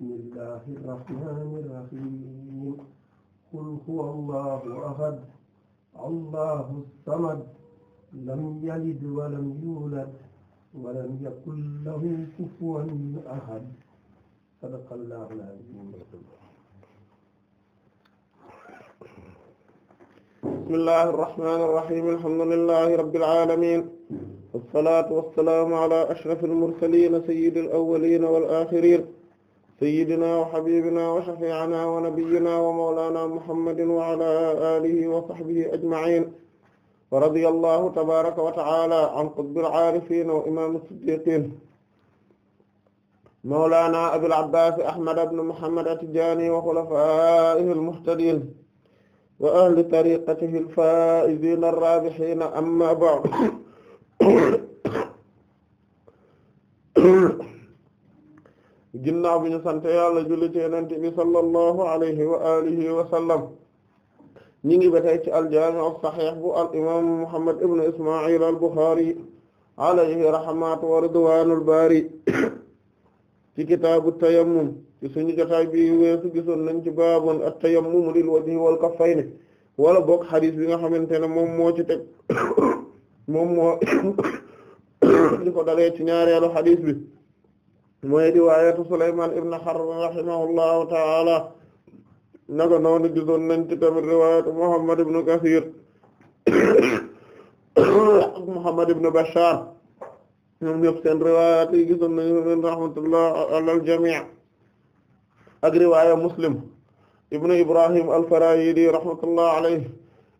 bismillah irrahman irrahim qul huwa allahu ahad allahu samad lam yalid walam yulad walam yakun lahu kufuwan ahad sadaqallahu al-azim bismillahi irrahmani irrahim alhamdulillahi rabbil alamin wassalatu wassalamu ala ashrafil mursalin sayyidil awwalin wal akhirin sayyidina wa habibina wa shafi'ina wa nabiyyina wa mawlana muhammadin wa ala alihi wa sahbihi ajma'in wa radiyallahu tabaraka wa ta'ala an qutbil aarifin wa imam siddiqin mawlana abil abbas ahmad ibn muhammad at-tijani wa khulafa'ihi al-muhtadin wa ahli tariqatihi al-faa'izin ar-rabihin amma ba'd ginnaaw bu ñu sant yàlla julli ci yonent bi sallallahu alayhi wa alihi wa sallam ñi ngi ba tey ci al-Jaami' as-Sahih bu al imam Muhammad ibn Isma'il al-Bukhari alayhi rahmatu wa ridwanul baari ci kitaabu tayammum ci suñu jotaay bi weesu gisoon nañ ci baabun at-tayammum lil wajhi wal kaffayni wala boog xadis bi nga xamante ne moom moo ci teg moom moo ko dalee ci ñaareelu xadis bi mooy riwaayatu Sulaymaan ibn Harb rahimahullahu taala naka noonu gisoon nañ ci tamit riwaayatu Muhammad ibn Kasiir Muhammad ibn Bashaar ñoom ñëpp seen riwaayaat yi gisoon nañu leen rahmatullah alal jamii ak riwaaya Muslim ibn Ibrahim al-Farahidi rahmatullah alayhi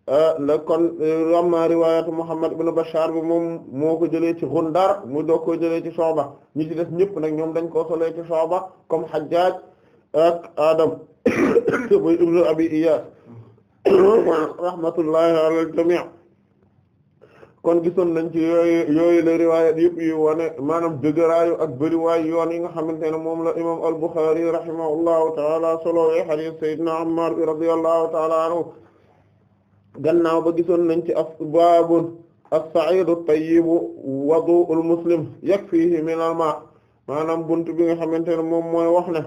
Euh, la kon euh, amma riwaayatu Muhammad ibn Bashar bi moom moo ko jëlee ci Gundar mu doo ko jëlee ci Shu'ba ñi ci def ñëpp nag ñoom dañ koo solee ci Shu'ba comme Hajjaj ak Adam muy ibn Abi Iyas rahmatullahi kon gisoon nañ ci yooyu yooyu la riwaayat yëpp yu wane maanaam dëgëraayu ak bëriwaay yoon yi nga xamante ne moom la imam al-Bukhari rahimahullahu taala solowee hadith sayyidina Ammar bi radiyallahu taala anhu gannaaw ba gisoon nañ ci asbaabun as-sa'idu tayyibu wudu'ul muslim yakfihi minal ma maanaam bunt bi nga xamante ne moom mooy wax ne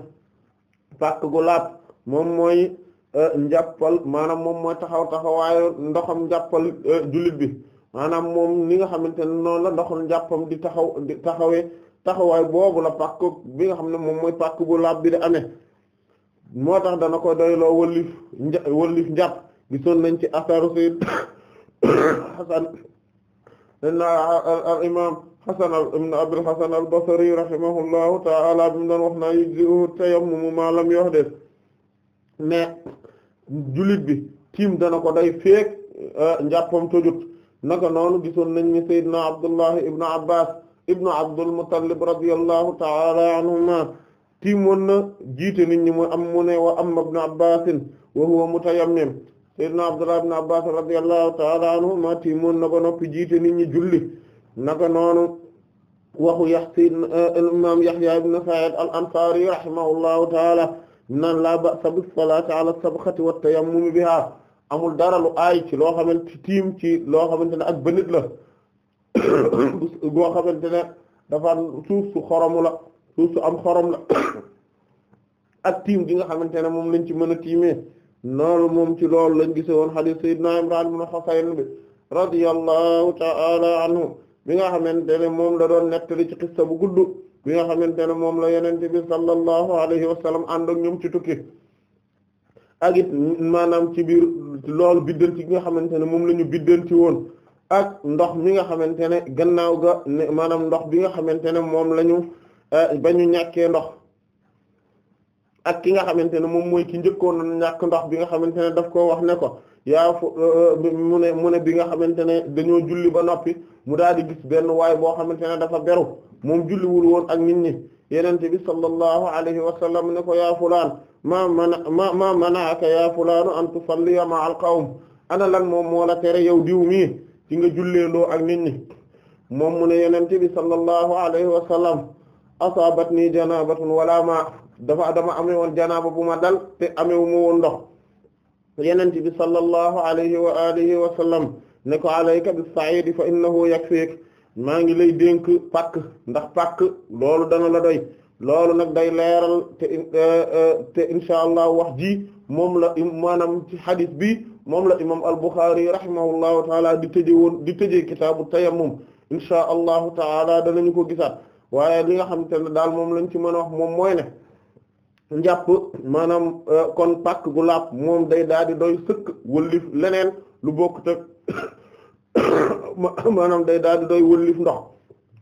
pàkk gu laab moom mooy e, njàppal maanaam moom mooy taxaw taxawaayu ndoxam njàppal e, jullit bi maanaam moom ni nga xamante ne noonu la ndoxul njàppam di taxaw di taxawee taxawaay boobu la pàkk bi nga xam ne moom mooy pakk bu laab bi di amee moo tax dana ko doyloo wëllif wëllif njàpp gisoon nañ ci asaaru sayyid Hasan al imaam Hasan ibn Hasan al Basri rahimahullahu ta'ala bi mu doon wax naa yujzi'uhu tayammumu ma lam yuhdith mais jullit bi tiim dana ko day feek euh, njàppam tojut naka noonu gisoon nañ ni sayyidna Abdullah ibn Abbas ibn Abdul Muttalib radiyallahu ta'ala anhuma tiim woon na nit ñi mu am ne wa amma ibn Abbasin wa huwa mutayammim sayyidina Abdullah ibn Abbas radiyallahu ta'ala anhuma timoon na ba noppi jiite nit ñi julli naka noonu waxu yax sayyidina imam Yahya ibn Sa'id al-Ansari rahimahullahu ta'ala nan la ba'sa bis-salati 'ala as-sabkhati wat-tayammum biha amul dara lu aay ci loo xamante tiim ci loo xamante ne ak bënit la goo xamante ne dafa suuf su la suuf am xorom la ak tiim gi nga xamante ne moom lañ ci mën a tiimee noonu moom ci loolu lañ gise woon hadith sayyidina Imran ibn Husayn bi radiyallahu ta'ala anhu bi nga xamante ne moom la doon nettali ci xissa bu gudd bi nga xamante ne moom la yenente bi sallallahu alayhi wa sallam ànd ak ñoom ci tukki ak it maanaam ci biir loolu biddanti bi nga xamante ne moom la ñu biddanti woon ak ndox mi nga xamante ne gannaaw ga ne maanaam ndox bi nga xamante ne moom la ñu eh, ba ñàkkee ndox ak ki nga xamante ne moom mooy ki njëkkoon ñàkk ndox bi nga xamante ne daf koo wax ne ko yaa fu euh, euh, bi nga xamante ne dañoo julli ba noppi mu daal di gis benn waay boo xamante ne dafa beru moom julliwul woon ak nit ñi yenente bi sallallahu alayhi wa sallam ne ko yaa fulaan ma mana ma ma manaaka yaa ana lan moom moo la tere yow diw mii ci nga julleeloo ak nit moom mu ne yenente bi sallallahu alayhi wa asaabat nii janabatun wala ma dafa dama amee woon janaaba bu ma dal te amewu ma woon ndox yenente bi sallallahu alayhi wa alihi wa sallam ne ko alayka bis sa'id fa innahu yakfik maa ngi lay dénk pàkk ndax pàkk loolu dana la doy loolu nag day leeral te te insha allah wax ji moom la maanaam ci xadis bi moom la imam al-Bukhari rahimahullahu taala di tëje woon di tëjee kitaabu tayammum insha allahu taala danañu ko gisaat waaye li nga xamante ne daal moom lañ ci mën a wax moom mooy ne njàpp maanaam euh, kon pàkk gu laab moom day daal di doy sëkk wëllif leneen lu bokkut ak maanaam day daal di doy wëllif ndox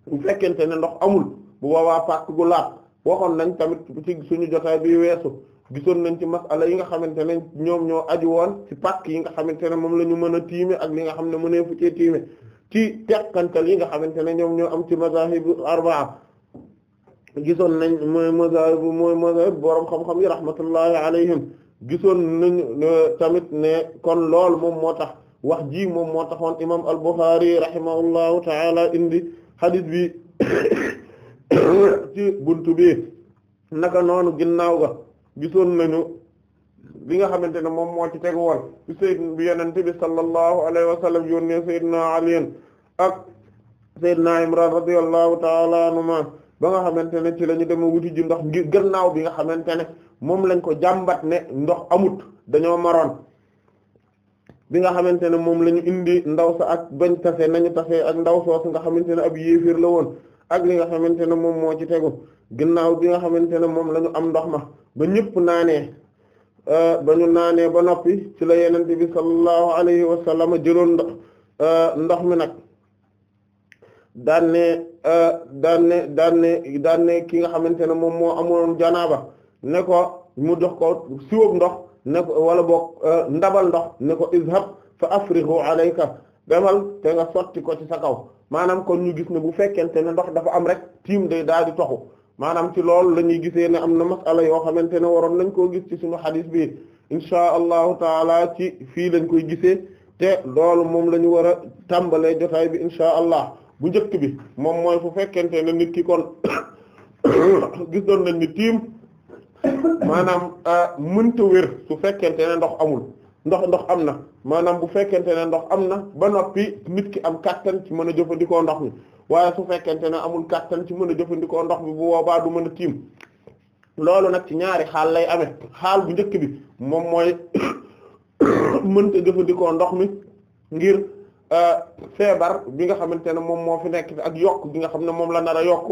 bu fekkente ne ndox amul bu boobaa pàkk gu laab waxoon nañ tamit ci suñu jotaay bi weesu gisoon nañ ci masala yi nga xamante ne ñoom ñoo aju woon ci pàkk yi nga xamante ne moom la ñu mën a tiime ak li nga xam ne mënee fu cee tiime ci tekkantal yi nga xamante ne ñoom ñoo am ci mazahib arbaa gisoon nañ mooy mazhab mooy mazhab borom xam-xam yi rahmatullahi alayhim gisoon nañ tamit ne kon lool moom moo tax wax ji moom moo taxoon imam al-Bukhari rahimahullahu taala indi hadith bi ci buntu bi naka noonu ginnaaw ga gisoon nañu li nga xamante ne moom moo ci tegu woon ci sayyid bi yonent bi sallallahu alayhi wa sallam yónnee sayyidina Ali ak sayyidina Imran radiyallahu taala anhuma ba nga xamante ne ci la ñu dem wuti ji ndox ngir gannaaw bi nga xamante ne moom lañ ko jàmbat ne ndox amut dañoo maroon bi nga xamante ne moom la indi ndaw sa ak bañ tase nañu tase ak ndaw soosu nga xamante ne ab yéeféer la woon ak li nga xamante ne moom moo ci tegu gannaaw bi nga xamante ne moom lañu am ndox ma ba ñëpp naanee euh, ba ñu naanee ba noppi ci la yenente bi sallallahu alayhi wa sallam jëloon ndox euh, ndox mi nag Euh, daan ne daan daan ne daan nga xamante ne moom moo amoon janaaba ne ko mu jox ko siwub ndox ne ko wala boog euh, ndabal ndox ne ko izhab fa afrighu alayka damal te nga sotti ko ci sa kaw maanaam kon ñu gis ne bu fekkente ne ndox dafa am rek tiim day daal di toxu maanaam ci loolu la ñuy gisee ne am na masala yoo xamante ne waroon nañ koo gis ci suñu xadis bi insha allahu taala ci fii lañ koy gisee te loolu moom la ñu war a tàmbalee jotaay bi insha allah bu njëkk bi moom mooy fu fekkente ne nit ki kon gis doon nañ ni tiim maanaam euh, mënta wér su fekkente ne ndox amul ndox ndox am na maanaam bu fekkente ne ndox am na ba noppi nit ki am kattan ci mën a jëfandikoo ndox mi waaye su fekkente ne amul kattan ci mën a jëfandikoo ndox mi bu boobaa du mën a tiim loolu nag ci ñaari xaal lay amee xaal bu njëkk bi moom mooy mënta jëfandikoo ndox mi ngir Euh, feebar bi nga xamante ne moom moo fi nekk ak yokk gi nga xam ne moom la nar a yokk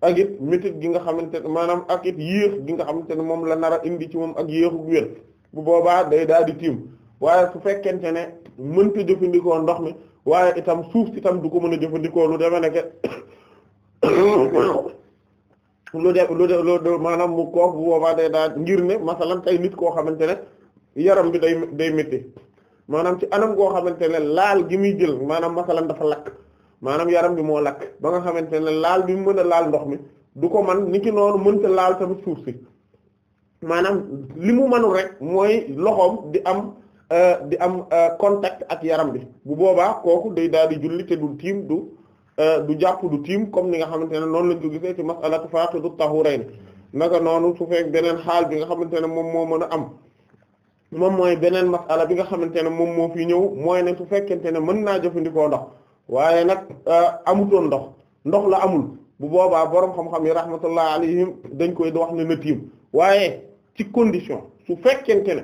ak it métit gi nga xamante ne maanaam ak it yéex gi nga xamante ne moom la nar a indi ci moom ak yéexu wér bu boobaa day daal di tiim waaye su fekkente ne mënta jëfandikoo ndox mi waaye itam suuf si itam du ko mën a jëfandikoo lu demee nekk lu de lu de lu maanaam mu koof bu boobaa day daal ngir ne masalan tey nit koo xamante ne yaram bi day day métti maanaam ci anam goo xamante ne laal gi muy jël maanaam masalan dafa lakk maanaam yaram bi moo lakk ba nga xamante ne laal bi mu mën a laal ndox mi du ko man ni ki noonu mënta laal tamit suuf si maanaam li mu manul rek mooy loxoom di am euh, di am euh, contact ak yaram bi bu boobaa kooku day daal di julli te du tiim du euh, du jàpp du tiim comme ni nga xamante ne noonu lañ ko gisee ci masalatu rey tahurayn naka noonu su fekk beneen xaal bi nga xamante ne moom moo mën a am moom mooy beneen masala bi nga xamante ne moom moo fi ñëw mooy ne su fekkente ne mën naa jëfandikoo ndox waaye nag euh, amutoon ndox ndox la amul bu boobaa borom xam-xam yi rahmatullah alayhim dañ koy wax ne na tiim waaye ci condition su fekkente ne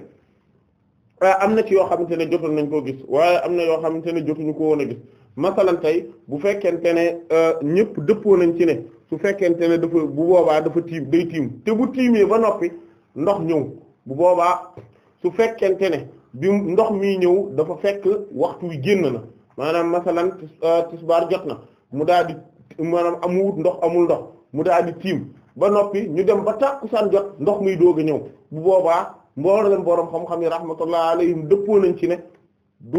euh, am na ci yoo xamante ne jotoon nañ koo waaye am na yoo xamante ne jotuñu ko woon a gis masalan tey bu fekkente ne euh, ñëpp dëppoo nañ ci ne su fekkee fekkente ne dafa bu boobaa dafa tiim day tiim te bu tiimee ba noppi ndox ñëw bu boobaa su fekkente ne bi ndox mi ñëw dafa fekk waxtu wi génn na maanaam masalan euh, tisbaar jot na mu daal di maanaam amuwut ndox amul ndox mu daal di tiim ba noppi ñu dem ba tàkkusaan jot ndox muy doog a ñëw bu boobaa mbooleem boroom xam-xam yi rahmatullah alayhim dëppoo nañ ci ne du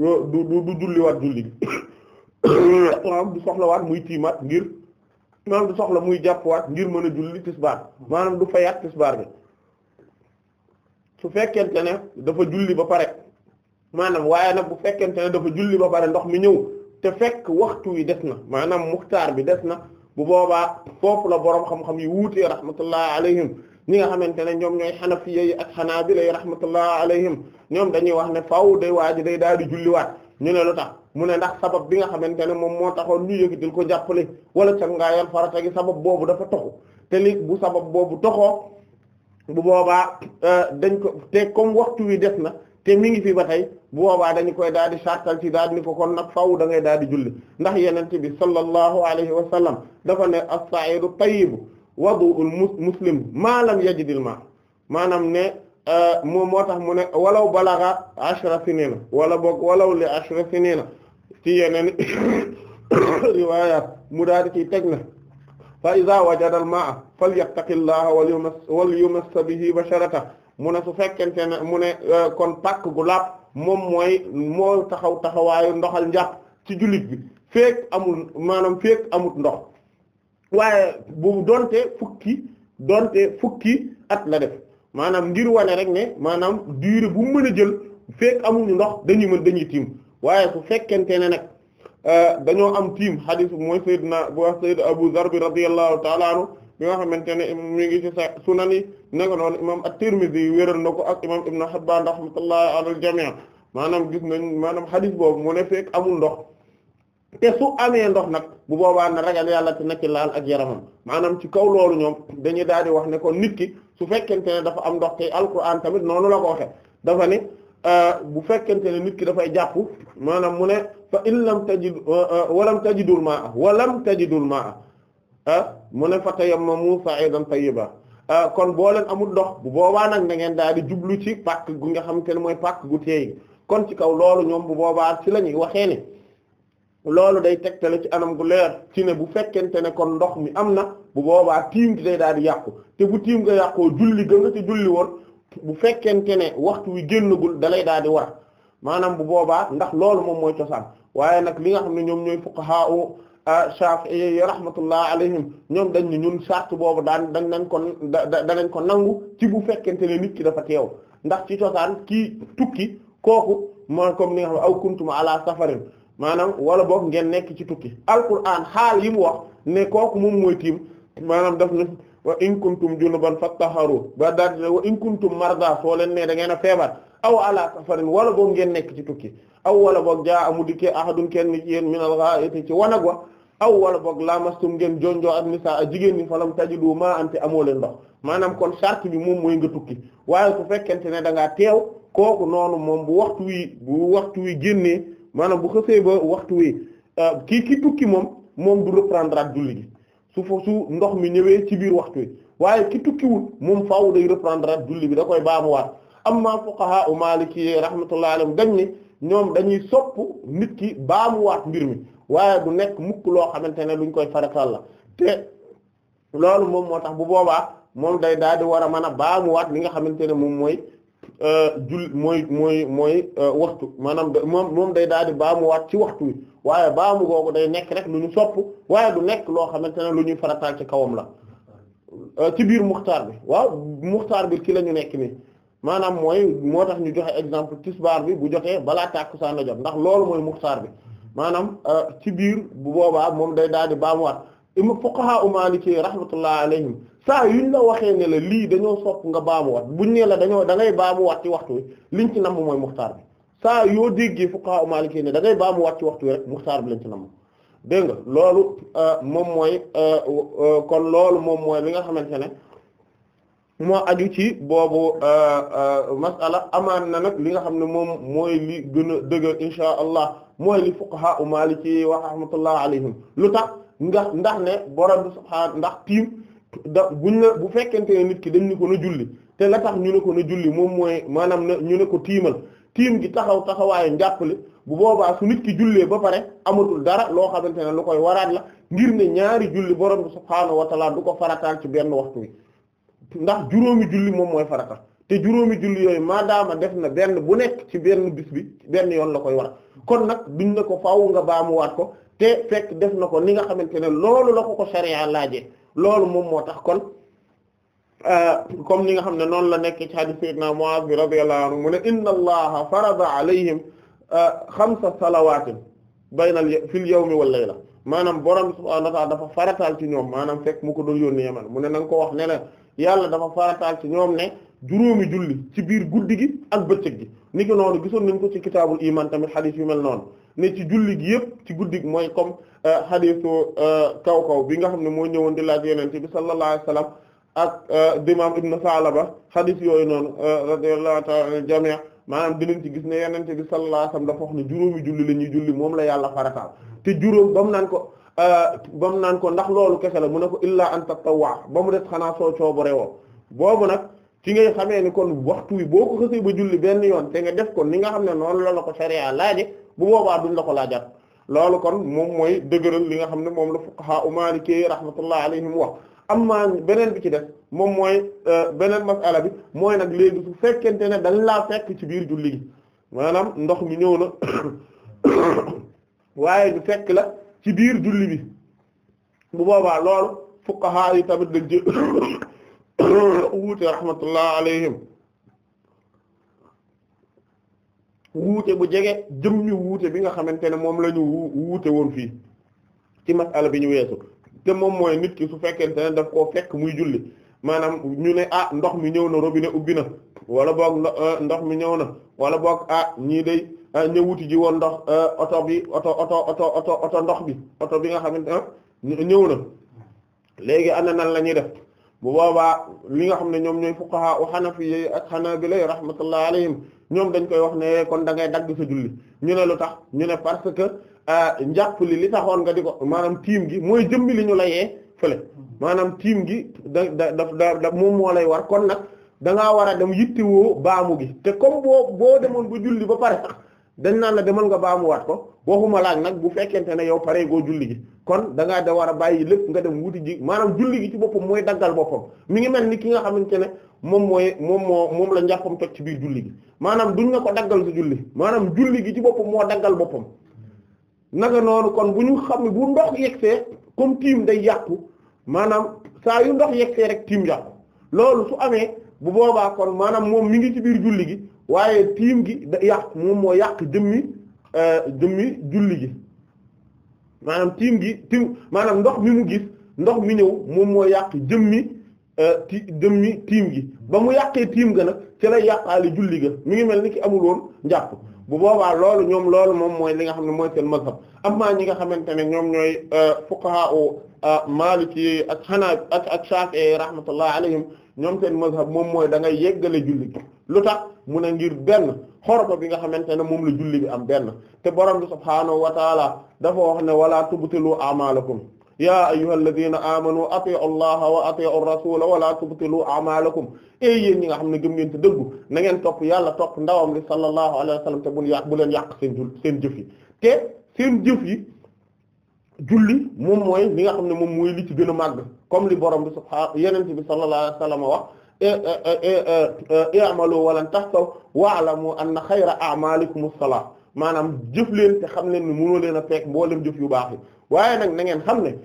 euh, du du du julliwaat julli bi maanaam du soxlawaat muy tiimaat ngir maanaam du soxla muy jàppwaat ngir mën a julli tisbaar maanaam du fayaat tisbaar bi su fekkente ne dafa julli ba pare maanaam waaye nag bu fekkente ne dafa julli ba pare ndox mi ñëw te fekk waxtu wi des na maanaam muxtaar bi des na bu boobaa foofu la borom xam-xam yi wuutee rahmatullah alayhim ni nga xamante ne ñoom ñooy xanafiya yi ak xanaa xanaabila yi rahmatullah alayhim ñoom dañuy wax ne faw day waa day daal di julliwaat ñu ne lu tax mu ne ndax sabab bi nga xamante ne moom moo taxoon ñu yëgitil ko jàppale wala ca ngaayal farata gi sabab boobu dafa toxu te li bu sabab boobu toxoo bu boobaa euh, dañ ko te comme waxtu wi des na te mi ngi fi ba tey bu boobaa dañu koy daal di sartal ci daal di ni ko kon nag faaw da ngay daal di julli ndax yenent bi sallallahu alayhi wa sallam dafa ne as-sa'idu tayyibu wadu'ul muslim ma lam yajidil ma maanaam ne euh, moom moo tax mu ne walaw balagha ashra sinina wala boog walaw li ashra sinina ci yeneen riwayat mu daal di ciy teg fa iza wajada al-ma'a falyattaqillaha walyumass bihi basharata mu ne su fekkente ne mu ne euh, kon pàkk gu laab moom mooy mool taxaw taxawaayu ndoxal njàpp ci jullit bi feek amul maanaam feek amut ndox waaye bu donte fukki donte at la def maanaam ngir wane rek ne maanaam durée bu mën a jël feek amuñu ndox dañuy mën dañuy tiim waaye su fekkente ne nag Euh, dañoo am tiim xadis mooy sayyidina bu wax sayyid Abu Zarr bi radiyallahu ta'ala anhu bi xamante ne mi ngi ci sunan yi naka noonu imam at-Tirmidhi wéral na ko ak imam Ibn Hibban rahmatullahi ala al-jami' maanaam gis nañ maanaam xadis boobu mu ne amul ndox te su ndox nag bu boobaa na ragal yàlla te nekk laal ak yaramam maanaam ci kaw loolu ñoom dañuy daal di wax ne ko nit ki su fekkente ne dafa am ndox te alquran tamit noonu la ko waxe dafa ne euh, bu fekkente ne nit ki dafay jàpp maanaam fa in lam tajidu walam tajidul ma'a walam tajidul ma'a ah mu ne fa tayammamu sa'idan tayyiba ah, kon boo leen amul ndox bu boobaa nag na ngeen daal di jublu ci pàkk gu nga xamante ne mooy pàkk gu teey kon ci kaw loolu ñoom bu boobaa ci lañuy ñuy waxee ne loolu day tegtale ci anam gu leer ci ne bu fekkente ne kon ndox mi am na bu boobaa tiim day daal di yàqu te bu tiim nga yàqoo julli ga nga ci julli woon bu fekkente ne waxtu wi génnagul dalay daal di war maanaam bu boobaa ndax loolu moom mooy cosaan waaye nag li nga xam ne ñoom ñooy fuqahaa Shafi'i rahmatullah alayhim ñoom dañ ni ñun sart boobu daan dañ nañ ko da danañ ko nangu ci bu fekkente ne nit ki dafa teew ndax ci cosaan kii tukki kooku moo comme ni nga xam ne aw kuntum ala safarin maanaam wala boog ngeen nekk ci tukki alquran xaal yi mu wax ne kooku moom mooy tiim maanaam daf ne wa in kuntum junuban fattaharu ba daal wa in kuntum marda soo leen ne da ngeen a feebar aw ala safarin wala boog ngeen nekk ci tukki aw wala boog jaa amu dikkee ahadun kenn ci yéen minal ghaa'iti ci wanag wa aw wala boog lamastum ngeen jonjoo ak nisaa a jigéen ñi falam tajidu maa ante amoo leen ndox maanaam kon charte mi moom mooy nga tukki waaye su fekkente ne da ngaa teew kooku noonu moom bu waxtu wi bu waxtu wi génnee maanaam bu xësee ba waxtu wi euh, kii ki tukki moom moom du reprendre ak julli gi su fa ndox mi ñëwee ci biir waxtu wi waaye ki tukkiwul moom faaw day reprendre ak julli bi da koy baamuwaat amma fuqaha u maliki rahmatullahi alayhim dañ ni ñoom dañuy sopp nit ki baamuwaat mbir mi waaye du nekk mukk loo xamante ne luñ koy faratal moom moo tax bu boobaa moom day daal di war a mën a baamuwaat li nga xamante ne moom mooy euh, jul mooy mooy mooy euh, waxtu maanaam moom day daal di baamuwaat ci waxtu waaye baamu googu day nekk rek lu sopp waaye du loo xamante ne lu ñuy farataal ci kawam la euh, ci biir muxtaar bi waaw muxtaar bi ki la ñu nekk nii maanaam mooy moo tax ñu joxe exemple tisbaar bi bu joxee balaa tàkkusaan la jot ndax loolu mooy muxtaar bi maanaam euh, ci biir bu boobaa moom day daal di baamuwaat ima fuqaha u maliki rahmatullah alayhim saa yuñ la waxee ne la lii dañoo sopp nga baamuwaat buñ ne la dañoo da ngay baamuwaat ci waxtu wi liñ ci namm mooy muxtaar bi saa yoo déggee fuqaha u ne da ngay baamuwaat ci waxtu wi rek muxtaar bi lañ ci namm dégg nga loolu euh, moom mooy euh, kon loolu moom mooy li nga xamante ne moo aju ci boobu euh, euh, masala amaan na nag li nga xam ne moom mooy li gën a dëgër insha allah mooy li fuqaha u maliki wa lu tax ndax ndax ne borom bi ndax tiim da buñ la bu fekkente ne nit ki dañ ni ko na te la tax ñu ne ko na julli moom mooy ñu ne ko tiimal tiim gi taxaw taxawaayu njàppale bu boobaa su nit ki jullee ba pare amatul dara loo xamante lu koy waraat la ngir ne ñaari julli borom bi subhaanahu wa ta'ala du ko farataal ci benn waxtu wi ndax juróomi julli moom mooy farata te juróomi julli yooyu daama def na benn bu nekk ci benn bis bi benn yoon la koy war kon nag duñ ne ko faaw nga baamuwaat ko te fekk def na ko ni nga xamante ne loolu la ko ko loolu moom moo tax kon euh, comme ni nga xam ne noonu la nekk ci hadith sayyidina Mu'adh bi radiyallahu anhu mu ne inna allaha farada alayhim euh, xamsa salawaatin bayna fil yawmi wal layla maanaam borom subhaanahu wa ta'aala dafa farataal ci ñoom maanaam fekk mu ko doon yónni Yaman mu ne na nga ko wax ne la yàlla dafa farataal ci ñoom ne juróomi julli ci biir guddi gi ak bëccëg gi ni ki noonu gisoon nañ ko ci kitaabul iman tamit xadiis yu mel noonu ne ci julli gi yëpp ci guddi gi mooy comme euh, xadiisu euh, kaw kaw bi nga xam ne moo ñëwoon di laaj yonent bi sallallahu alayhi wasallam ak euh, dimaam ibnu Saalaba xadiis yooyu noonu radiyallahu ta'ala al jami' maanaam dinañ ci gis ne yonent bi sallallahu alayhi wasallam dafa wax ne juróomi julli la ñuy julli moom la yàlla farataal te juróom bam ko Euh, ba mu naan ko ndax loolu kese la mu ne ko illaa an tatawwa ba mu def xanaa soo coobare woo boobu nag ci ngay xamee ni kon waxtu wi boo ko xësee ba julli benn yoon te nga def kon ni nga xam ne noonu la la ko sharia laaje bu boobaa duñ la ko laajaat loolu kon moom mooy dëgëral li nga xam ne moom la fuqaha maliki rahmatullah alayhim wax amma beneen bi ci def moom mooy euh, beneen masala bi mooy nag léegi su fekkente ne dañ laa fekk ci biir julli gi maanaam ndox mi ñëw na waaye la ci biir julli bi bu boobaa loolu fuqaha yi tamit dañ ci wuute rahmatullah alayhim wuute bu jege jëm ñu wuute bi nga xamante ne moom lañu ñu wuute woon fii ci masala bi ñu weesu te moom mooy nit ki su fekkente ne daf koo fekk muy julli maanaam ñu ne ah ndox mi ñëw na robinet ubbi na wala boog eh, ndox mi ñëw na wala boog ah ñii day ñëwuti ah, ji woon ndox ah, oto bi oto oto oto oto oto ndox bi oto bi nga xamante ne ñëw na léegi ana nan la ñuy def bu boobaa li nga xam ne ñoom ñooy fuqaha wa hanafiyyi ak hanabila rahmatullahi alayhim ñoom dañ koy wax ne kon da ngay dagg sa julli ñu ne lu tax ñu ne parce que ah, njàpp li li taxoon nga di ko maanaam tiim gi mooy jëmmi li ñu la yee fële tiim gi da da da da moom moo lay war kon nag da ngaa war a dem yittewoo baamu gi te comme boo boo demoon ba julli ba pare dañ naan la demal nga baamuwaat ko waxuma laaj nag bu fekkente ne yow pare goo julli gi kon dangaa ngaa war a bàyyi lépp nga dem wuti ji maanaam julli gi ci boppam mooy daggal boppam mi ngi mel ni ki nga xamante ne moom mooy moom moo la njàppam toj ci biir julli maanaam duñ na ko daggal sa julli maanaam julli gi ci boppam moo daggal boppam naka noonu kon bu ñu xam bu ndox yegsee comme tiim day yàqu maanaam saa yu ndox yegsee rek tiim yàqu loolu su amee bu boobaa kon maanaam moom mi ngi ci biir julli gi waaye tiim gi yàq moom moo yàq jëmmi euh, jëmmi julli gi maanaam tiim gi tiim maanaam ndox mi mu gis ndox mi ñëw moom moo yàq jëmmi euh, ti jëmmi tiim gi ba mu yàqee tiim ga nag ci lay yàqaale julli ga mi ngi mel ni ki amul woon bu boobaa loolu ñoom loolu moom mooy li nga xam ne mooy seen mazhab amma ñi nga xamante ne ñoom ñooy euh, fuqaha maliki ak xanaa ak ak shafi'i alayhim ñoom seen mazhab moom mooy da ngay yeggale julli gi lu tax mu ne ngir benn xorba bi nga xamante ne moom la julli bi am benn te borom bi subhaanahu wa taala dafa wax ne wala tubtilu a'maalakum yaa ayyuhalladhina amanu ati'u allaha wa ati'u rasula wala tubtilu a'maalakum ey yéen ñi nga xam ne gëm ngeen te dëggu na ngeen topp yàlla topp ndawam li sallallahu alayhi wa sallam te bul yàq bu leen yàq seen jul seen jëf yi te seen jëf yi julli moom mooy li nga xam ne moom mooy li ci gën a màgg comme li borom bi subhaanahu yenente bi sallallahu alayhi wa sallam wax Eh, eh, eh, i'malu walan tahsaw wa'lamu anna xayra a'malikum as-salah maanaam jëf leen te xam leen ni mënoo leen a fekk mboolem jëf yu baax yi waaye nag na ngeen xam ne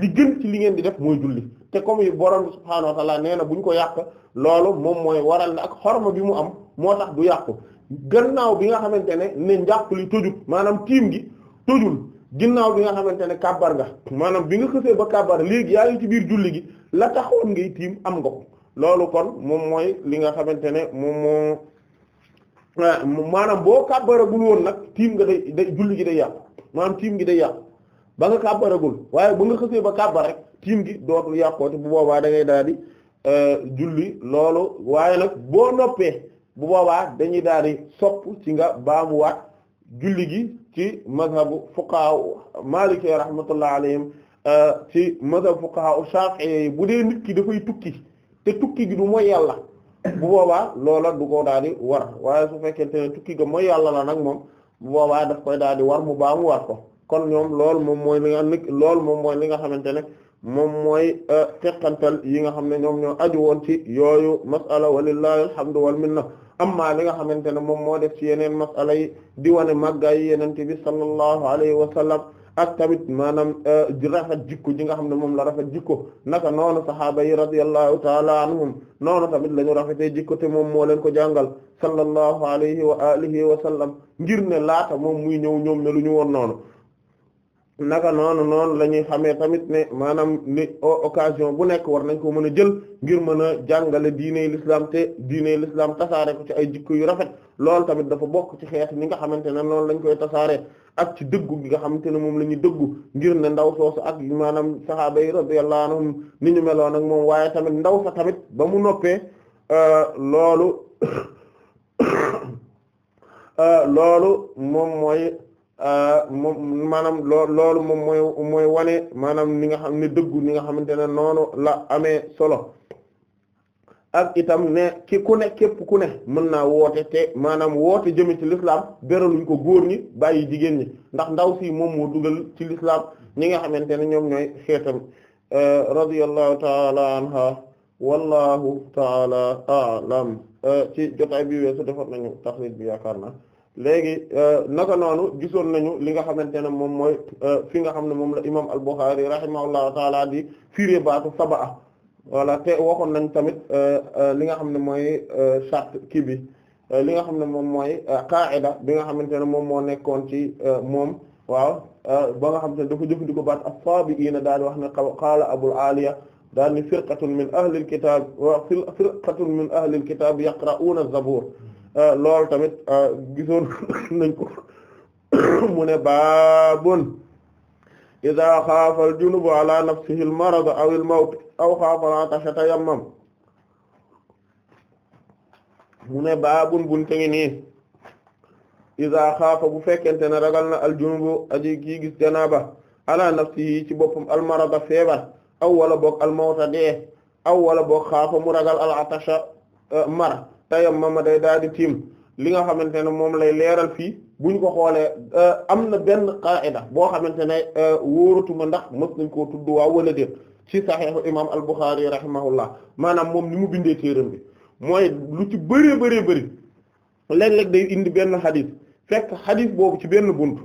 li gën ci li ngeen di def mooy julli te comme yi borom subhaanahu wa ta'ala nee na bu ñu ko yàq loolu moom mooy waral na ak xorma bi mu am moo tax du yàqu gannaaw bi nga xamante ne ne njàpp li tojul maanaam tiim gi tojul ginnaaw bi nga xamante ne kàbbar nga maanaam bi nga xësee ba kàbbar léegi yaa ngi ci biir julli gi la taxoon ngay tiim am nga ko loolu kon moom mooy li nga xamante ne moom moo ah, maanaam boo kàbbaragul woon nag tiim nga day day julli gi day yàqu maanaam tiim gi day yàqu ba nga kàbbaragul waaye bu nga xësee ba kàbbar rek tiim gi dootul yàqooti bu boobaa da ngay daal di euh, julli loolu waaye nag boo noppee bu boobaa dañuy daal di sopp ci nga baamuwaat julli gi ci mazhabu fuqaha maliki rahmatullah alayhim euh, ci mazhabu fuqaha shafi'i bu dee nit ki dafay tukki te tukki gi du mooy yàlla bu boobaa loola du daal di war waaye su fekkente ne tukki ga mooy yàlla la nag moom bu boobaa daf koy daal di war mu baa mu war ko kon ñoom lool moom mooy li nga loolu moom mooy li nga xamante ne moom mooy euh, teqantal yi nga xam ne ñoom ñoo aju woon ci yooyu masala walillahi alhamdu wal minna amma li nga xamante ne moom moo def ci yeneen masala yi di wane màggaay yenente bi sallallahu alayhi wa sallam ak tamit maanaam euh, rafet jikko ji nga xam ne moom la rafet jikko naka noonu sahaaba yi radiyallahu taala anhum noonu tamit la ñu rafetee jikko te moom moo leen ko jàngal sallallahu alayhi wa alihi wa sallam ngir ne laata moom muy ñëw ñoom lu ñu woon noonu naka noonu noonu la ñuy xamee tamit ne maanaam ni occasion bu nekk war nañ ko mën a jël ngir mën a jàngale diiney l'islam te diiney l'islam tasaare ko ci ay jikko yu rafet loolu tamit dafa bokk ci xeet ñi nga xamante ne noonu lañ koy tasaare ak ci dëggu gi nga xamante ne moom la ñu dëggu ngir ne ndaw soosu ak maanaam sahaaba yi radiyallahu anhum ni ñu meloon ak moom waaye tamit ndaw sa tamit ba mu noppee euh, loolu euh, loolu moom mooy euh, moom maanaam loo loolu moom mooy mooy wane maanaam ni nga xam ne dëggu ni nga xamante ne noonu la amee solo ak itam ne ki ku ne képp ku ne mën naa woote te maanaam woote jëme ci l'islam beraluñ ko góor ñi bàyyi jigéen ñi ndax ndaw si moom moo dugal ci l'islam ñi nga xamante ne ñoom ñooy xeetam euh, radiyallahu taala anha wallahu taala aalam euh, ci jotaay bi weesu defoon nañu taxrij bi yaakaar na léegi euh, naka noonu gisoon nañu li nga xamante ne moom mooy fi nga xam ne moom la imam al-Bukhari rahimahullahu taala di firé baatu sabaa voilà te waxoon nañ tamit euh, euh, li nga xam ne mooy euh, charte kii bi li nga xam ne moom mooy qaida bi nga xamante ne moom moo nekkoon ci moom waaw ba nga xam te ne dafa jëfandikoo baat as-sabiina daal di wax ne qaala abul aliya daal ni firqatun min ahlil kitab wa firqatun min ahlil kitab yaqra'una az-zabur loolu tamit gisoon nañ ko mu ne baabun idaa xaafa al junubu ala nafsihi al marad aw mawt aw xaafa al atasha tayammam mu ne baabun bunte ngi nii idaa xaafa bu fekkente ne ragal na al junubu aji kii gis janaaba ala nafsihi ci boppam al marada feebar aw wala boog al mawta dee aw wala boog xaafa mu ragal al atasha eh, mar tayammama day daal di tiim li nga xamante ne moom lay leeral fii bu ko xoolee euh, am na benn qaida boo xamante ne euh, wóoratuma ndax mës nañ koo tudd waaw wala déet ci saxiixu imaam al-Bukhari rahimahullah maanaam moom ni mu bindee téeram bi mooy lu ci bëree bëree bëri léeg-léeg day indi benn xadis fekk xadis boobu ci benn bunt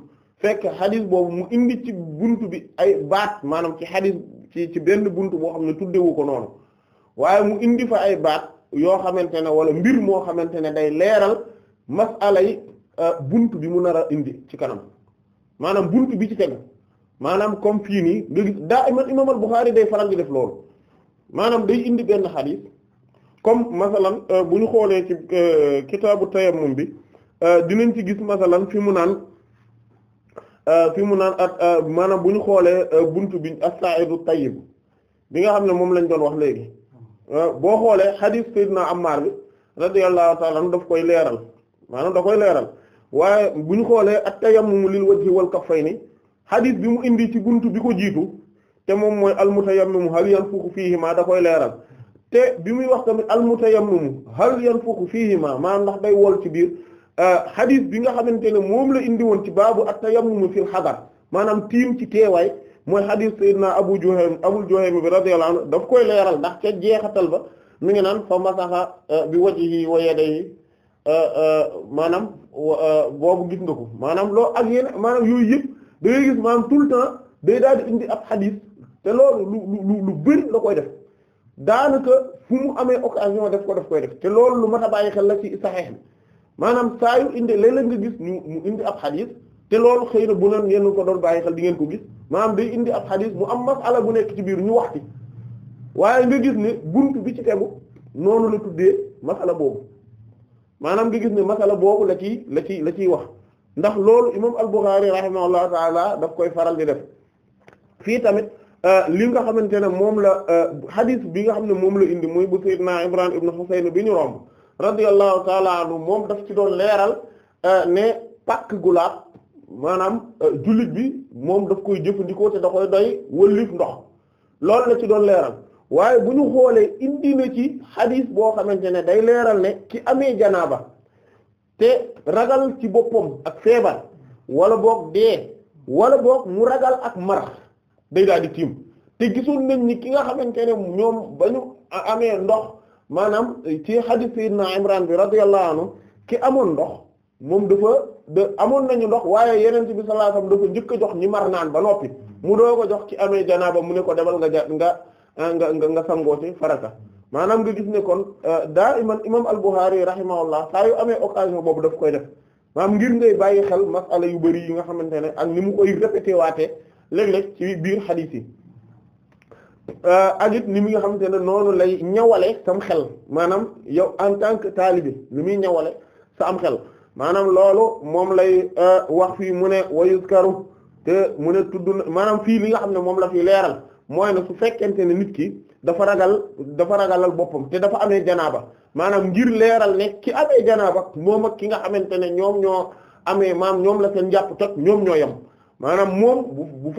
fekk xadis boobu mu indi ci bunt bi ay baat maanaam ci xadis ci ci benn bunt boo xam ne tuddewu ko noonu waaye mu indi fa ay baat yoo xamante ne wala mbir moo xamante ne day leeral masala yi Euh, bunt bi mu nar a indi ci kanam maanaam bunt bi ci tegu maanaam comme fii nii nga gis daa imaam imaam bu bukhari day faral di def loolu maanaam day indi benn xadiis comme masalan euh, bu ñu xoolee ci euh, kitaabu tayammum bi dinañ ci gis masalan fi mu naan fi mu naan at maanaam bu ñu xoolee bunt bi as-sa'idu tayyib bi nga xam ne moom lañ doon wax léegi boo xoolee xadiis Seydina Ammar bi radiyallahu ta'ala daf koy leeral maanaam da koy leeral waaye bu ñu xoolee at-tayammum lil wajhi wal ni xadis bi mu indi ci buntu bi ko jiitu te moom mooy al-mutayammimu hal yanfukhu fiihimaa da koy leeral te bi muy wax tamit al-mutayammimu hal yanfukhu fiihimaa maanaam ndax day wol ci biir euh, xadis bi nga xamante ne moom la indi woon ci baabu at mu fil xadar maanam tiim ci teewaay mooy xadis sayyidina Abu Juhaym Abu Juhaym bi radiyallahu anhu daf koy leeral ndax ca jeexatal ba mu ngi naan fa masaxa euh, bi wajhihi wa yadayhi euh, maanaam. Euh, boobu gis nga ko maanaam loolu ak yenn maanaam yooyu yëpp da gis maanaam tout le temps day daal di indi ab xadiis te loolu lu lu lu bëri la koy def daanaka fu mu amee occasion def ko def koy def te loolu lu mat a bàyyi xel la ci saxeex bi maanaam saa yu indi léeg-léeg nga gis ñu mu indi ab xadiis te loolu xëy na bu leen ngeen ko doon bàyyi xel di ngeen ko gis maanaam day indi ab xadiis mu am masala bu nekk ci biir ñu wax ci waaye nga gis ne bunt bi ci tegu noonu la tuddee masala boobu maanaam nga gis ne masala boobu la ci la ci la ciy wax ndax loolu imam al-Bukhari rahimahullahu taala daf koy faral di def fii tamit euh, li nga xamante ne moom la euh, hadith bi nga xam ne moom la indi muy bu Seydina Imran ibn Husayn bi ñu romb radiyallahu taala anhu moom daf ci doon leeral euh, ne pàkk gulaat maanaam jullit bi moom daf koy jëfandikoo te da koy doy wëllif ndox loolu la ci doon leeral waaye bu ñu xoolee indi na ci xadis boo xamante ne day leeral ne ki amee janaaba te ragal ci boppam ak feebar wala boog dee wala boog mu ragal ak mar day daal di tiim te gisoon nañ ni ki nga xamante ne ñoom ba ñu amee ndox maanaam ci xadis na Imran bi radiyallahu anhu ki amoon ndox moom dafa da amoon nañu ndox waaye yenente bi sallallahu alayhi wasallam dafa njëkk jox ñi mar naan ba noppi mu doo ko jox ci amee janaaba mu ne ko demal nga ja nga Ah, nga nga nga sangoo ci farata maanaam nga gis ne kon ah, daa iman imam al-Bukhari rahimahullah saa yu amee occasion boobu daf koy def maanaam ngir ngay bàyyi xel masala yu bari yi nga xamante ne ak ni mu koy répété waatee léeg-léeg ci biir xadiis yi ah, ak it ni mi nga xamante ne noonu lay ñawale sam xel maanaam yow en tant que taalibe ni muy ñawale sa am xel maanaam loolu moom lay wax fii mu ne wayuskaru te mu ne tudd maanaam fii li nga xam ne moom la fi leeral mooy ne su fekkente ne nit ki dafa ragal dafa ragalal boppam te dafa amee janaaba maanaam ngir leeral ne ki amee janaaba moom ak ki nga xamante ne ñoom ñoo amee maam ñoom la seen jàpp toj ñoom ñoo yam maanaam moom bu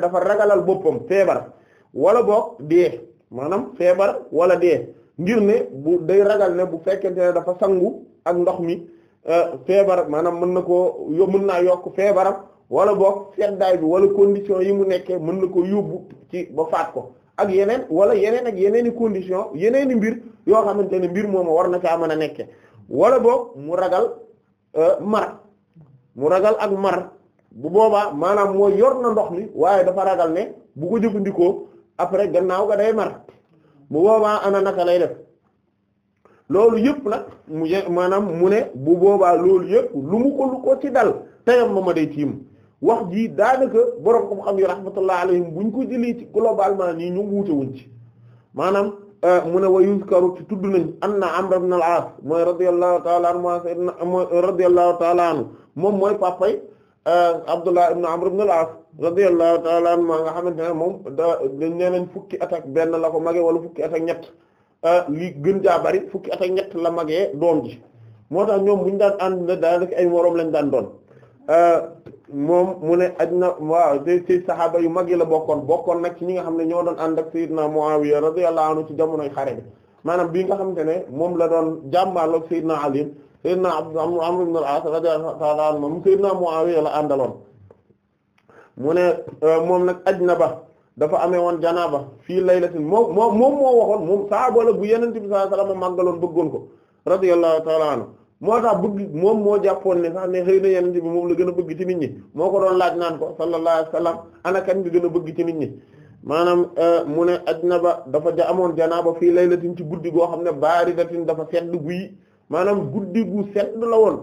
dafa ragalal boppam feebar wala boog dee maanaam feebar wala dee ngir ne bu day ragal bu fekkente ne dafa sangu ak ndox mi euh, feebar maanaam mën na koo mun naa yokk feebaram wala boog seddaay bi wala condition yi mu nekkee mën na ko yóbbu ci ba faat ko ak yeneen wala yeneen ak yeneen i condition yeneen i mbir yoo xamante ne mbir moom war na caa mën a nekke wala boog mu ragal euh, mar mu ragal ak mar bu boobaa maanaam mooy yor ndox mi waaye dafa ragal ne bu ko jëfandikoo après gannaaw ga day mar bu boobaa ana naka lay def loolu yëpp nag mu maanaam mu ne bu boobaa loolu yëpp lu mu ko lu ko ci dal tayam ma ma day tiim wax jii daanaka borom ko xam yu rahmatullah alayhim buñ ko jëlee ci globalement nii ñu wuute wuñ ci maanaam euh, mu ne wa yuzkaru ci tudd nañ anna Amr ibn al-As mooy radiyallahu ta'ala anhu mooy radiyallahu ta'ala moom mooy papay euh, Abdullah ibn Amr ibn al-As radiyallahu ta'ala anhu maa nga xamante moom da nee nañ fukki at benn la ko mage wala fukki at ak ñett euh, gën jaa bari fukki at ñett la magee doom ji moo tax ñoom buñu daan ànd daanaka ay moroom lañ daan doon Euh, moom mu ne aj na waaw te ci saxaaba yu mag yi la bokkoon bokkoon nag ci ñi nga xam ne ñoo doon ànd ak Seydina Muawiya radiyallahu anhu ci jamonoy xare bi maanaam bii nga xamante ne moom la doon jàmbaarloog Seydina Ali Seydina Amr ibn al-As radiyallahu anhu moom Seydina Muawiya la àndaloon mu ne euh, moom nag aj ba dafa amee woon janaaba fii laylatin moom moom moom moo waxoon moom saxaaba la bu Yonent bi sallallahu alayhi wasallam màggaloon bëggoon ko radiyallahu ta'ala anhu moo tax bëgg moom moo jàppoon ne sax ne xëy na yenente bi moom la gën a bëgg ci nit ñi moo ko doon laaj naan ko sallallahu alayhi wasallam ana kan nga gën a bëgg ci nit ñi maanaam euh, mu ne ajnaba dafa ja amoon janaaba la laylatin ci guddi goo xam ne baaridatin dafa sedd guyi maanaam guddi gu sedd la woon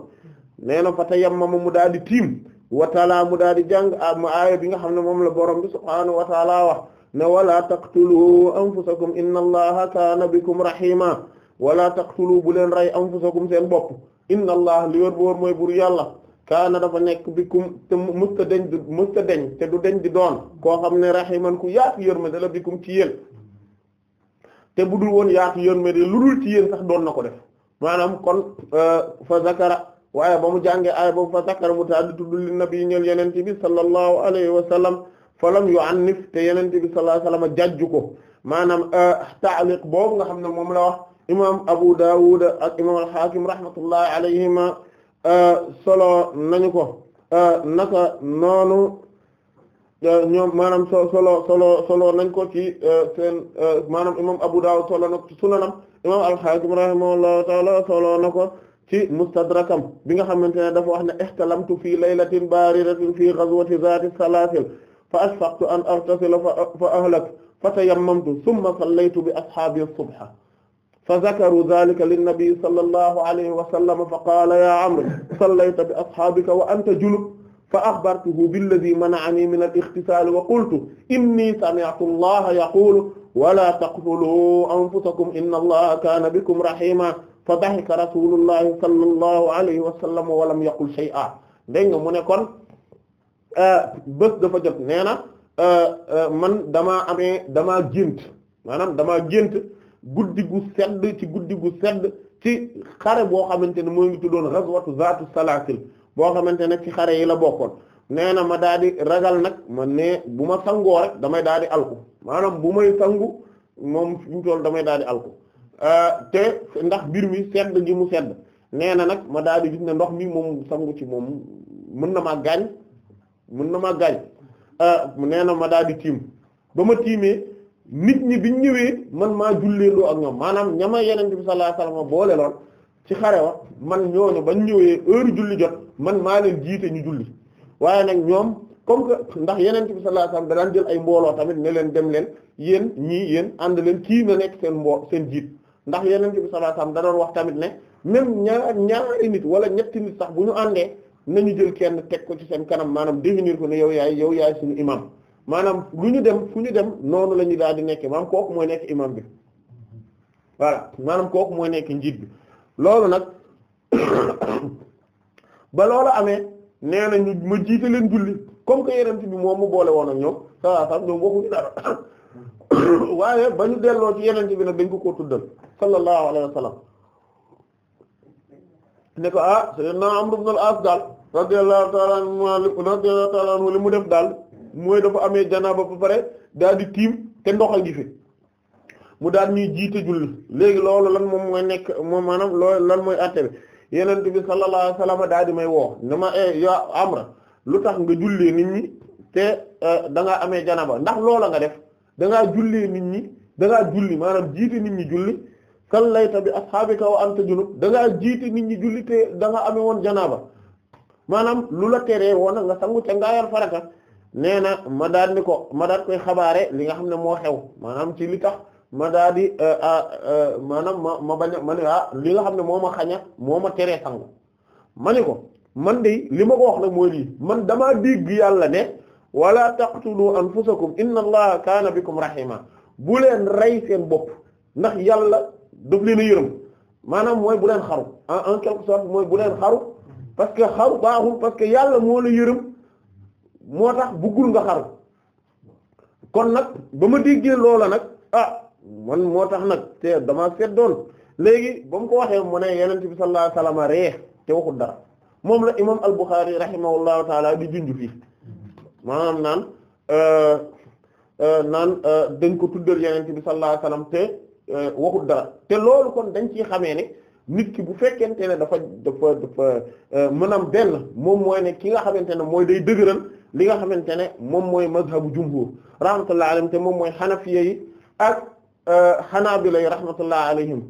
nee na fa ma mu daal di tiim wa taala mu daal di jàng ah, ma aaya bi xam ne moom la borom bi subhaanahu wa taala wax ne wala taqtulu anfusakum inna allaha kaana bikum rahima wala taqtulu bu leen rey anfusakum seen bopp inna allah li wër bu wër mooy bur yàlla kaana dafa nekk bikum te musta deñ du musta te du deñ di doon koo xam ne rahiman ku yaatu yërmande la bikum ci yéen te bu dul woon yaat yaatu yërmande lu dul ci yéen doon na ko def maanaam kon euh, fa zakara waaye ba mu jàngee aaya boobu fa zakara mu taddi tudd li nabi ñeel yenente bi sallallahu alayhi wa sallam falam yu annif te yenente bi sallallahu alayhi wa sallam ko maanaam euh, taaliq boobu nga xam ne moom la imam Abu Dawud ak imam al-Hakim rahmatullahi alayhima euh, solo nañu ko euh, naka noonu euh, ñoom maanaam so solo solo solo nañ ko ci seen maanaam imam Abu Dawud solo na ko ci sunanam imam al-Hakim rahimahullahu ta'ala solo na ko ci mustadrakam bi nga xamante ne dafa wax ne ihtalamtu fi laylatin bariratin fi ghazwati zati salasil fa ashfaqtu an artasila fa ahlak fa tayammamtu thumma sallaytu bi ashabi as-subha fa zakaru dhalika linnabi sallallahu alayhi wa sallam fa qaala ya amr sallayta bi ashaabika wa anta junub fa axbartuhu billadhi mana'ani min al-ightisaal wa qultu inni sami'tu allaha yaqulu wala taqtulu anfusakum inna allaha kaana bikum rahima fa dahika rasulullahi sallallahu alayhi wa sallam wa lam yaqul shay'a dégg nga mu ne kon bés dafa jot nee na man damaa amee damaa gént maanaam damaa gént guddi gu sedd ci guddi gu sedd ci xare boo xamante ne mooy ngi tuddoon ghazwatu zaatu salaasil boo xamante ne ci xare yi la bokkoon nee na ma daal di ragal nag ma ne bu ma sangoo damay daal di alku maanaam bu may sangu moom ñu toll damay daal di alku euh, te ndax mbir mi sedd gi mu sedd nee na nag ma daal di gis ne ndox mi moom sangu ci moom mën na maa gaañ mën na maa gaañ euh, nee na ma daal di tiim ba ma tiimee nit ñi bi ñu ñëwee man maa julleendoo ak ñoom maanaam ñama yenente bi sallallahu alayhi wasallam boole loon ci xare wa man ñooñu bañ ñëwee heure julli jot man maa leen jiite ñu julli waaye nag ñoom comme que ndax yenente bi sallallahu alayhi wasallam jël ay mbooloo tamit ne leen dem leen yéen ñii yéen ànd leen kii na nekk seen mboo seen jiit ndax yenente bi sallallahu wax tamit ne même ñaar ñaari nit wala ñetti nit sax bu ñu àndee nañu jël kenn teg ko ci seen kanam maanaam définir ko ne yow yaay yow yaay suñu imam maanaam lu ñu dem fu ñu dem noonu la ñu daal di nekkee maanaam kooku mooy nekk imam bi voilà maanaam kooku mooy nekk njiit bi loolu nag ba loolu amee nee na ñu ma jiite leen julli comme que yeneen bi moom mu boole woon ak ñoom saa sax ñoom waxuñu dara waaye ba ñu delloo ci yeneen bi nag dañ ko koo tuddal sallallahu alayhi wa sallam ko ah sayyidna Amr ibn al-As daal radiyallahu ta'ala anhu radiyallahu ta'ala anhu li mu def daal. mooy dafa amee janaaba ba pare daal di tiim te ndox a gi fi mu daal ñuy jiite julli léegi loolu lan moom mooy nekk moom maanaam loolu lan mooy àtte bi yeneen bi sallallahu alayhi wasallam daal di may woo ne ma eh, ya amra lu tax nga jullee nit ñi te eh, da ngaa amee janaaba ndax loola nga def da ngaa jullee nit ñi da ngaa julli maanaam jiite nit ñi julli sallayta bi ashabika wa anta junub da ngaa nit ñi julli te da nga amee woon janaaba maanaam lu la teree woon nga sangu te ngaa yar faraka nee na ma daal ni ko ma daal koy xabaare li xam ne moo xew maanaam ci li tax ma daal di euh, euh, euh, ma ma a ma ne ah li nga xam ne moo ma xaña moo ma tere sangu ma ni ko man de li ma ko wax nag mooy lii man dama dégg yàlla ne wala taqtulu anfusakum inna allaha kaana bikum rahima bu leen rey seen bopp ndax yàlla daf leen a yërëm maanaam mooy bu leen xaru en en quelque sorte mooy bu leen xaru parce que xaru baaxul parce que yàlla moo yërëm moo tax buggul nga xaru kon nag ba ma déggee loola nag ah man moo tax nag te dama seet léegi ba mu ko waxee mu ne yenent bi sallallahu alayhi wa sallam ree te waxul dara moom la imam al-Bukhari rahimahullahu di junj fii maanaam naan euh, euh, naan euh, dañ ko tuddal yenent bi sallallahu alayhi te waxul dara te loolu kon dañ ci xamee ne nit ki bu fekkente ne dafa dafa dafa maanaam benn moom mooy ne ki nga xamante ne mooy day dëgëral li nga xamante ne moom mooy mazhabu jumhur rahmatullahi alayhim te moom mooy xanafiya yi ak xanaabila euh, yi rahmatullahi alayhim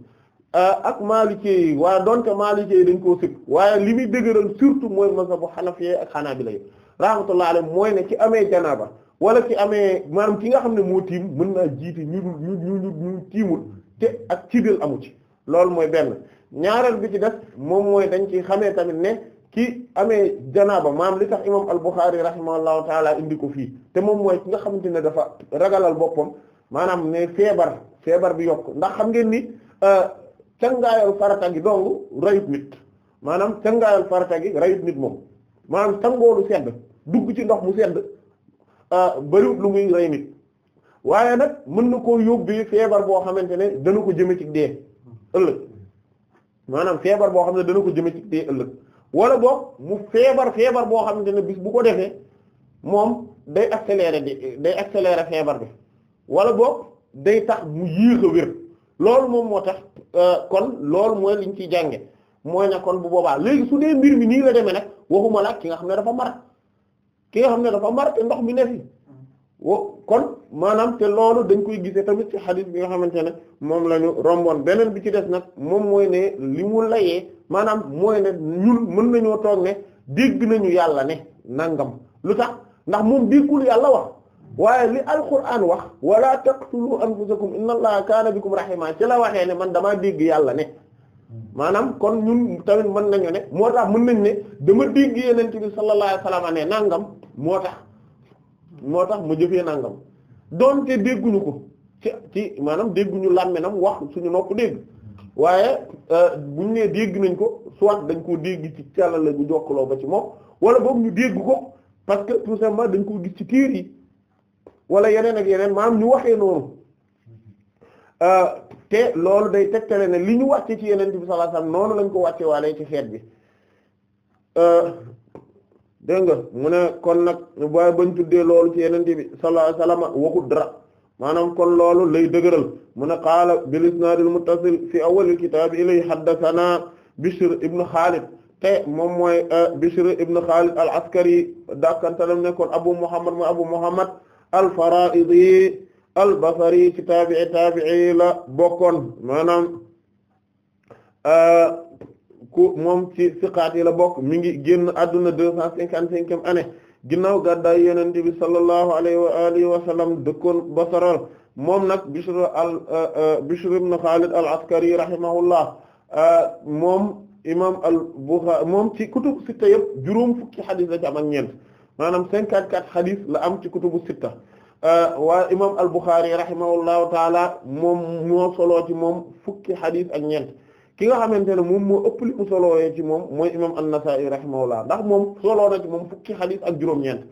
euh, ak maalikee yi waaye donte maalikee yi dañ koo waaye li muy dëgëral surtout mooy mazhabu xanafiya yi ak xanaabila yi rahmatullahi alayhim mooy ne ci amee janaaba wala ci amee maanaam ki nga xam ne moo tiim mën naa jiite ñu ñu ñu ñu tiimul te ak ci amu ci loolu mooy benn ñaareel bi ci def moom mooy dañ ci xamee tamit ne ki amee janaaba maam li tax imam al-Bukhari rahimahullahu taala indi ko fii te moom mooy ki nga xamante ne dafa ragalal boppam maanaam ne feebar feebar bi yokk ndax xam ngeen ni euh, cangaayal farata gi dong rayut nit maanaam cangaayal farata gi rayut nit moom maanaam sangoolu sedd dugg ci ndox mu sedd euh, bariwut lu muy rey nit waaye nag mën na koo yóbbee feebar boo xamante ne dana ko jëme ci dee ëllëg maanaam feebar boo xam ne dana ko jëme ci ëllëg wala boog mu feebar feebar boo xamante ne bis bu ko defee moom day accélérer di day accélérer feebar bi wala boog day tax mu yéex wér loolu moom moo tax euh, kon loolu mooy liñ ciy jànge mooy ne kon bu boobaa léegi su dee mbir mi nii la demee nag waxuma la ki nga xam ne dafa mar ki nga xam ne dafa mar ndox mi ne fi kon maanaam te loolu dañ koy gisee tamit ci xadis bi nga xamante ne moom la ñu romboon beneen bi ci des nag moom mooy ne li mu layee maanaam mooy ne ñun mën nañoo toog ne dégg nañu yàlla ne nangam lu tax ndax moom déggul yàlla wax waaye li alquran wax wala taqtulu anfusakum inna allaha kaana bikum rahima ci la waxee ne man damaa dégg yàlla ne maanaam kon ñun tamit mën nañu ne moo tax mën nañ ne dama dégg yeneen ci bi sallallahu alayhi wasallam nangam moo moo tax ma jëfee nangam donte dégguñu ko ci ci maanaam dégguñu làmminam wax suñu nopp dégg waaye euh, buñ nee dégg nañ ko soit dañ koo dégg ci calal la ñu jokkaloo ba ci moom wala boobu ñu dégg ko parce que tout simplement dañ koo gis ci tiir yi wala yeneen ak yeneen maanaam ñu waxee noonu euh, te loolu day tegtale ne li ñu wàcce ci yeneen bi sallallahu alayhi wasallam noonu lañ ko wàcce waalee ci xeet bi euh, dégg nga kon nag waaye bañ tuddee loolu ci yenente bi sallallahu alayhi maanaam kon loolu lay dëgëral mu ne qaala bil isnaadil muttasil fi awwalil kitaab ilay haddasanaa Bishr ibn Khalid te moom mooy euh, Bishr ibn Khalid al-Askari dàkkantalam nekkoon Abu Muhammad mooy Abu Muhammad al-Faraaidi al-Basri la bokkoon maanaam euh, ku moom ci siqaat yi la bokk mi ngi génn adduna deux cent cinquante-cinquième année ginnaaw gàddaay yonent bi sallallahu alayhi wa alihi wa sallam dëkkoon Basra moom nag Bishr al euh, euh, Bishr ibn Khalid al-Askari rahimahullah euh, moom imam al-Bukhari moom ci kutubu sitta yëpp juróom fukki xadis la ci am ak ñeent maanaam cinquante-quatre xadis la am ci kutubu sitta waa imam al-Bukhari rahimahullahu taala moom moo soloo ci moom fukki xadis ak ñeent ki nga xamante ne moom moo ëpp li mu solooyee ci moom mooy imam an-Nasa'i rahimahullah ndax moom soloo na ci moom fukki xadis ak juróom-ñeent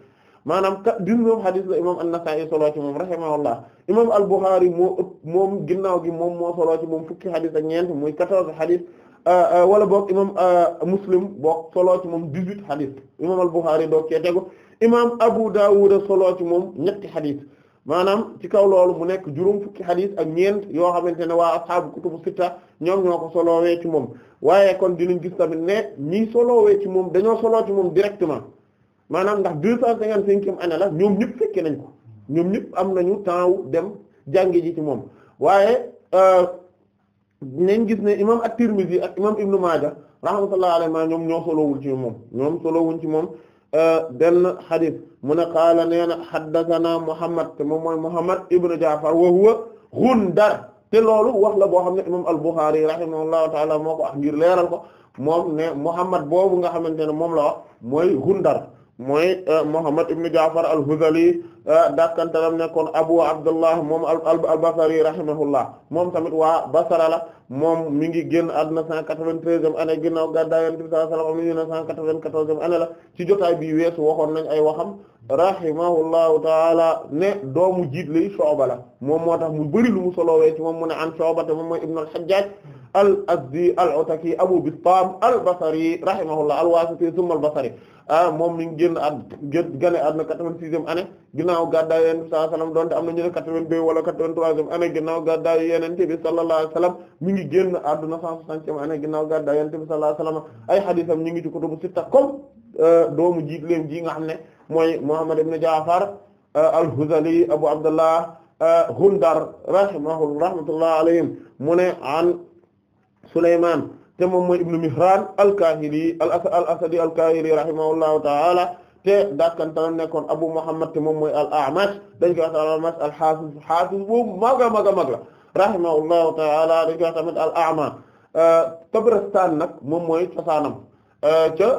maanaam kat dix-neuf la imam an-Nasa'i soloo ci moom rahimahullah imam al-Bukhari moo ëpp moom ginnaaw gi moom moo soloo ci moom fukki xadis ak ñeent muy quatorze xadis euh, euh, wala boog imam euh, Muslim boog soloo ci moom dix-huit xadis imam al-Bukhari doog cee tegu imam Abu Dawud soloo ci moom ñetti xadis maanaam ci kaw loolu mu nekk juróom fukki xadis ak ñeent yoo xamante ne waa a ashaabu kutubu sitta ñoom ñoo ko solowee ci moom waaye kon dinañ gis tamit ne ñii solowee ci moom dañoo soloo ci moom directement maanaam ndax deux cent cinquante-cinquième année la ñoom ñëpp fekke nañ ñoom ñëpp am nañu temps dem jàngi ji ci moom waaye euh, nañ gis ne imam at-Tirmidhi ak imam Ibn Maaja rahmatullahi alayhi ma ñoom ñoo solowul ci moom ñoom solowuñ ci moom benn xadis mu ne qaala nee na haddathana Muhammad te moom mooy Muhammad ibn Ja'far wa huwa Ghundar te loolu wax la boo xam ne imam al-Bukhari rahimahullahu ta'ala moo ko wax ngir leeral ko moom ne Muhammad boobu nga xamante ne moom la wax mooy Ghundar mooy euh, Muhammad ibn Ja'far al-Hudhali Ah, dakkantalam nekkoon Abu Abdullah moom al-Basri rahimahullah moom tamit waa Basra la moom mi ngi génn àdduna 193e année ginnaaw gàddaay Yonent bi sallallahu alayhi wa sallam am na 194e année la ci jotaay bi weesu waxoon nañ ay waxam rahimahullahu taala ne doomu jiit lay Shu'ba la moom moo tax mu bari lu mu solowee ci moom mu ne an Shu'ba te moom mooy Ibn al al azdi al utaki abu bistaam al basri rahimahullah al wasiti thumma al basri ah, moom mi ngi génn at génn at na quatre-vingt-sixième année ginnaaw gàddaay yonent bi sallallahu alayhi wasallam doonte am na ñu ne quatre-vingt-deux wala quatre-vingt-troisième année ginnaaw gàddaay yonent bi mi ngi génn àdduna cent soixantième année ginnaaw gàddaay yonent bi sallallahu alayhi wasallam ay xadiisam ñu ngi ci kutubu sitta comme euh, doomu jiit leen ji nga xam ne mooy Muhammad ibn Jaafar euh, al-Huzali Abu Abdullah euh, Hundar rahimahullah rahmatullah alayhim mu ne an Sulaymaan te moom mooy ibnu Mihraan al-Kaahili al-Asadi al-Kaahili rahimahullahu ta'ala te daakantalam nekkoon Abu Muhammad te moom mooy al-A'mash dañ koy wax al-A'mash al-Haafiz Haafiz boobu mag a mag a mag ta'ala dañ koy wax al-A'ma Tabaristan nag moom mooy cosaanam ca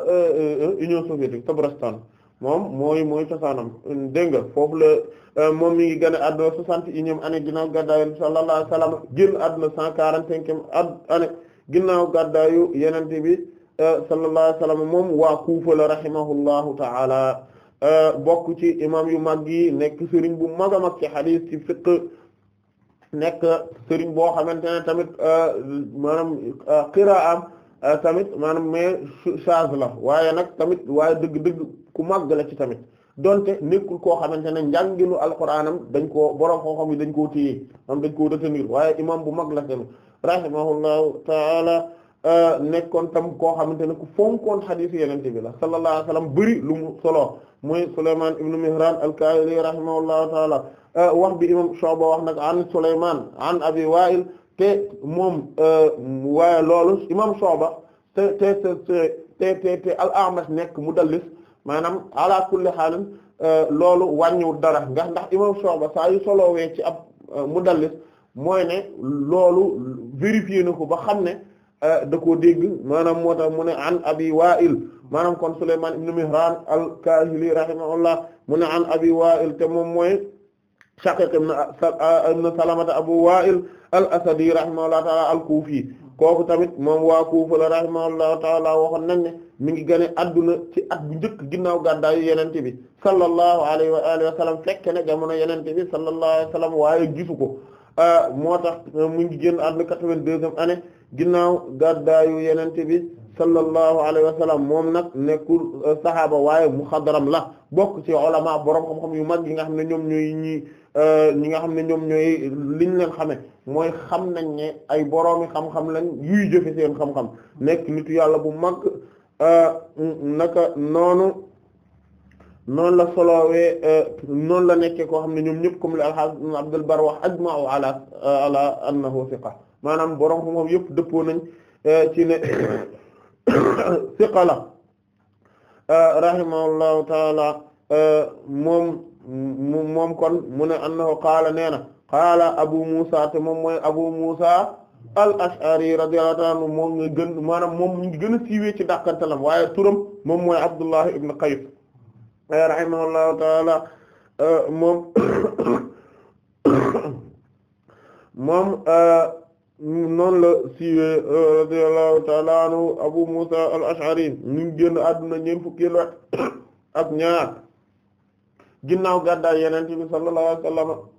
Union soviétique Tabaristan moom mooy mooy cosaanam dégg nga foofu la moom mi ngi gën a àdduna soixante et unième année ginnaaw cent quarante-cinquième année ginnaaw gàddaayu yenente bi euh, sallallahu alayhi wa sallam moom waa Kufa la rahimahullahu ta'ala euh, bokk ci imam yu mag yi nekk sëriñ bu mag a mag ci xadis ci fiqh nekk sëriñ boo xamante ne tamit euh, maanaam qiraam tamit maanaam mais chage la waaye nag tamit waaye dëgg-dëgg ku màgg la ci tamit donte nekkul ko xamante ne njànginu alquraanam dañ koo boro koo xam dañ koo téye dañ koo retenir waaye imam bu mag la tamit rahimahullahu taala euh, nekkoon tam ko xamante ne ku fonkoon xadiis yeneen bi la sallallahu alayhi bëri lu mu solo muy Souleymane ibn Mihran al-Kahili rahimahullahu taala euh, wax bi imam Shu'ba wax nag an Souleymane an Abi Wa'il te moom euh, waaye loolu imam Shu'ba te te te te te al-A'mash nekk mudallis maanaam ala kulli xaalin euh, loolu wàññiwul dara nga ndax imam Shu'ba saa yu solowee ci ab euh, mudallis mooy ne loolu vérifié na ko ba xam ne euh, da koo dégg maanaam moo tax mu ne an abi wa'il maanaam kon Sulaymaan ibn Mihraan al-Kaahili rahimahullah mu ne an abi wa'il te moom mooy Shaqiq ibn Salamata abu wa'il al-Asadi rahimahullah ta'ala al-Kufi kooku tamit moom waa Kufa la rahimahullahu taala waxoon nañ ne mi ngi gane adduna ci at bu njëkk ginnaaw gàddaayu yenente bi sallallahu alayhi wa alihi wa sallam fekke ne jamono yenente bi sallallahu alayhi wa sallam waaye gisu ko a ah, moo tax mu ngi génn adduna quatre-vingt-deuxième année ginnaaw gàddaayu yenente bi sallallahu alayhi wa sallam moom nag nekkul euh, saxaaba waaye muxadram la bokk ci ulama borom xam-xam yu mag yi nga xam ne ñoom ñooy ñi euh, ñi nga xam ne ñoom ñooy liñ leen xamee mooy xam nañ ne ay boroomi xam-xam lañ yuy jëfe seen xam-xam nekk nitu yàlla bu mag euh, naka noonu noonu la solowee noonu la nekkee koo xam ne ñoom ñëpp comme li al-Hafiz ibn Abdul Barr wax ajma'u ala ala maanaam borom xam-xam yëpp dëppoo nañ ci ne siqala rahimahullahu taala moom moom kon mu ne annahu qaala nee na qaala abu musa te moom mooy abu musa al ash'ari radiyallahu ta'ala moom nga gën maanaam moom ci dàqantalam waaye turam moom mooy abdullahi ibn qays rahimahullahu taala moom moom noonu la siiwee euh, radiyallahu ta'ala anhu Abu Musa al-Ash'ari ñu ngi génn àdduna ñeent fukki la ñaar ginnaaw gàddaay Yonent bi sallallahu alayhi wa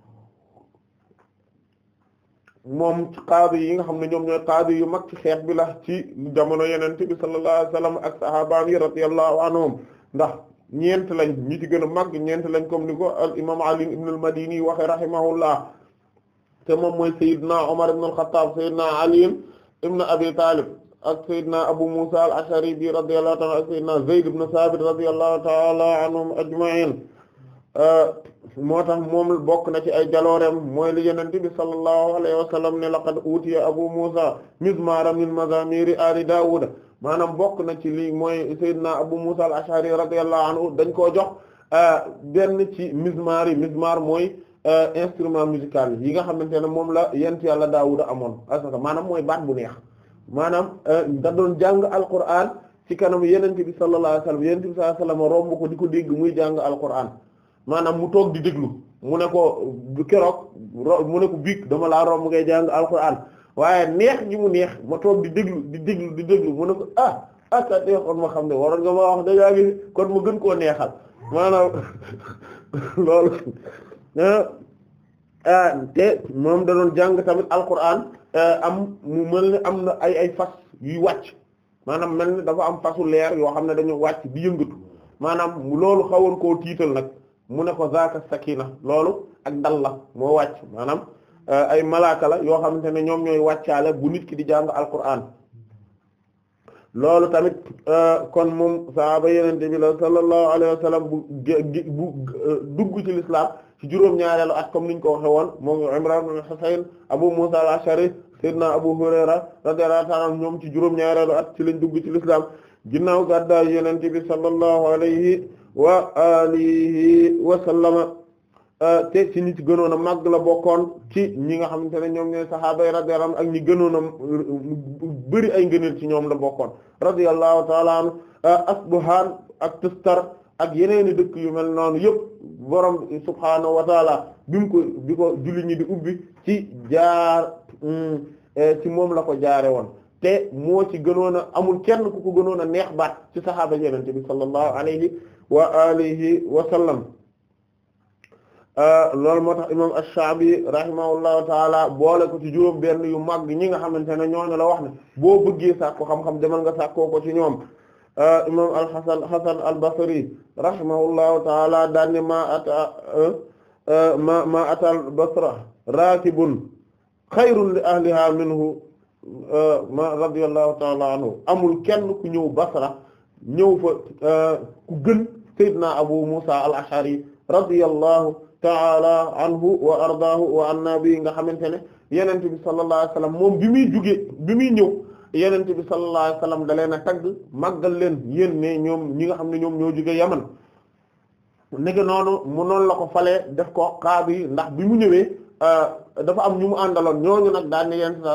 moom ci qaadi yi nga xam ne ñoom ñooy qaadi yu mag ci xeex bi la ci jamono yeneen bi sallallahu alayhi wa sallam ak sahabaam yi radiyallahu ndax ñeent lañ ñi ci gën a mag ñeent lañ comme ni ko al imaam Ali ibn al-Madini waxe rahimahullah te moom mooy Seydina Omar ibn al-Khattab Seydina Ali ibn Abi Talib ak Seydina Abu Musa al-Ash'ari bi radiyallahu ta'ala ak Seydina Zayd ibn Sabit radiyallahu ta'ala anhum ajma'in euh, moo tax moom bokk na ci ay jaloorem mooy li Yonent bi sallallahu alayhi wa sallam ne laqad utiya Abu Musa mizmaran min mazamiri ali Dawud maanaam bokk na ci lii mooy Seydina Abu Musa al-Ash'ari radiyallahu anhu dañ koo jox euh, benn ci mizmar yi mizmar mooy. Euh, instrument musical yi nga xamante na moom la yent yàlla Daawuda amoon asaka maanaam mooy baat bu neex maanaam euh, da doon jàng Alqur'an ci kanam yonent bi sallallahu alayhi wasallam yonent bi sallallahu alayhi wasallam romb ko di ko dégg muy jàng Alqur'an maanaam mu toog di déglu mu ne ko keroog mu ne ko biig dama laa romb ngay jàng Alqur'an waaye neex gi mu neex ma toog di déglu di déglu di déglu mu ne ko ah ah ça neexoon ma xam ne waroon nga ma wax dëgg yàlla kon ma gën koo neexal maanaam loolu. Euh, euh, te moom da jàng tamit alquran euh, am mu mel ni am na ay ay fas yuy wàcc maanaam mel ni dafa am fasu leer yoo xam ne dañu wàcc di yëngatu maanaam loolu xawoon ko tiital nag mu ne ko zaaka sakina loolu ak dal la moo wàcc maanaam ay malaaka la yoo xamante ne ñoom ñooy wàccaale bu nit ki di jàng alquran loolu tamit kon moom sahaaba yenente bi la sallallahu alayhi bu bu dugg ci l'islam ci juróom-ñaareelu at comme niñ ko waxe woon moom Imran ibn Husayn Abu Musa al-Ash'ari Seydina Abu Hurayra radiyallahu ta'ala anhu ñoom ci juróom-ñaareelu at ci lañ dugg ci l'islam ginnaaw gàddaay Yonent bi sallallahu alayhi wa alihi wa euh, te ci ñi ci gënoon a màgg la bokkoon ci ñi nga xamante ne ñoom ñooy sahaaba yi radiyallahu anhum ak ñi gënoon a bëri ay ngëneel ci ñoom la bokkoon radiyallahu ta'ala anhu euh, Asbuhan ak Tustar ak yeneeni dëkk yu mel noonu yëpp borom subhaanahu wa taala bi ko bi ko julli ñi di ubbi ci jaar mm, e, ci moom la ko jaare woon te moo ci gënoon a amul kenn ku ko gënoon a neex baat ci saxaaba yenente bi sallallahu alayhi wa alihi wa e, loolu moo tax imam ash-Sha'bi rahimahullahu taala boole ko ci juróom benn yu mag ñi nga xamante ne ñooñu la wax ne boo bëggee sàkku xam-xam demal nga sàkkoo ko ci ñoom Euh, imam al-Hasan Hasan al-Basri rahimahullahu taala daanne ma ata euh, euh, ma ma atal basra raakibun xayrun li ahliha minhu ma radiyallahu taala anhu amul kenn ku ñëw basra ñëw fa ku gën sayyidina abu musa al-ashari radiyallahu taala anhu wa ardaahu wa annabi nga xamante ne yenente bi sallallahu alayhi wasallam moom bi muy jóge bi muy ñëw yonent bi sallallahu alayhi wasallam da a tagg màggal leen yéen ne ñoom ñi nga xam ne ñoom ñoo jóge yaman nege noonu mu noonu la ko falee def ko xaabi ndax bi mu ñëwee euh, dafa am ñu mu àndaloon ñooñu nag daan ne yonent bi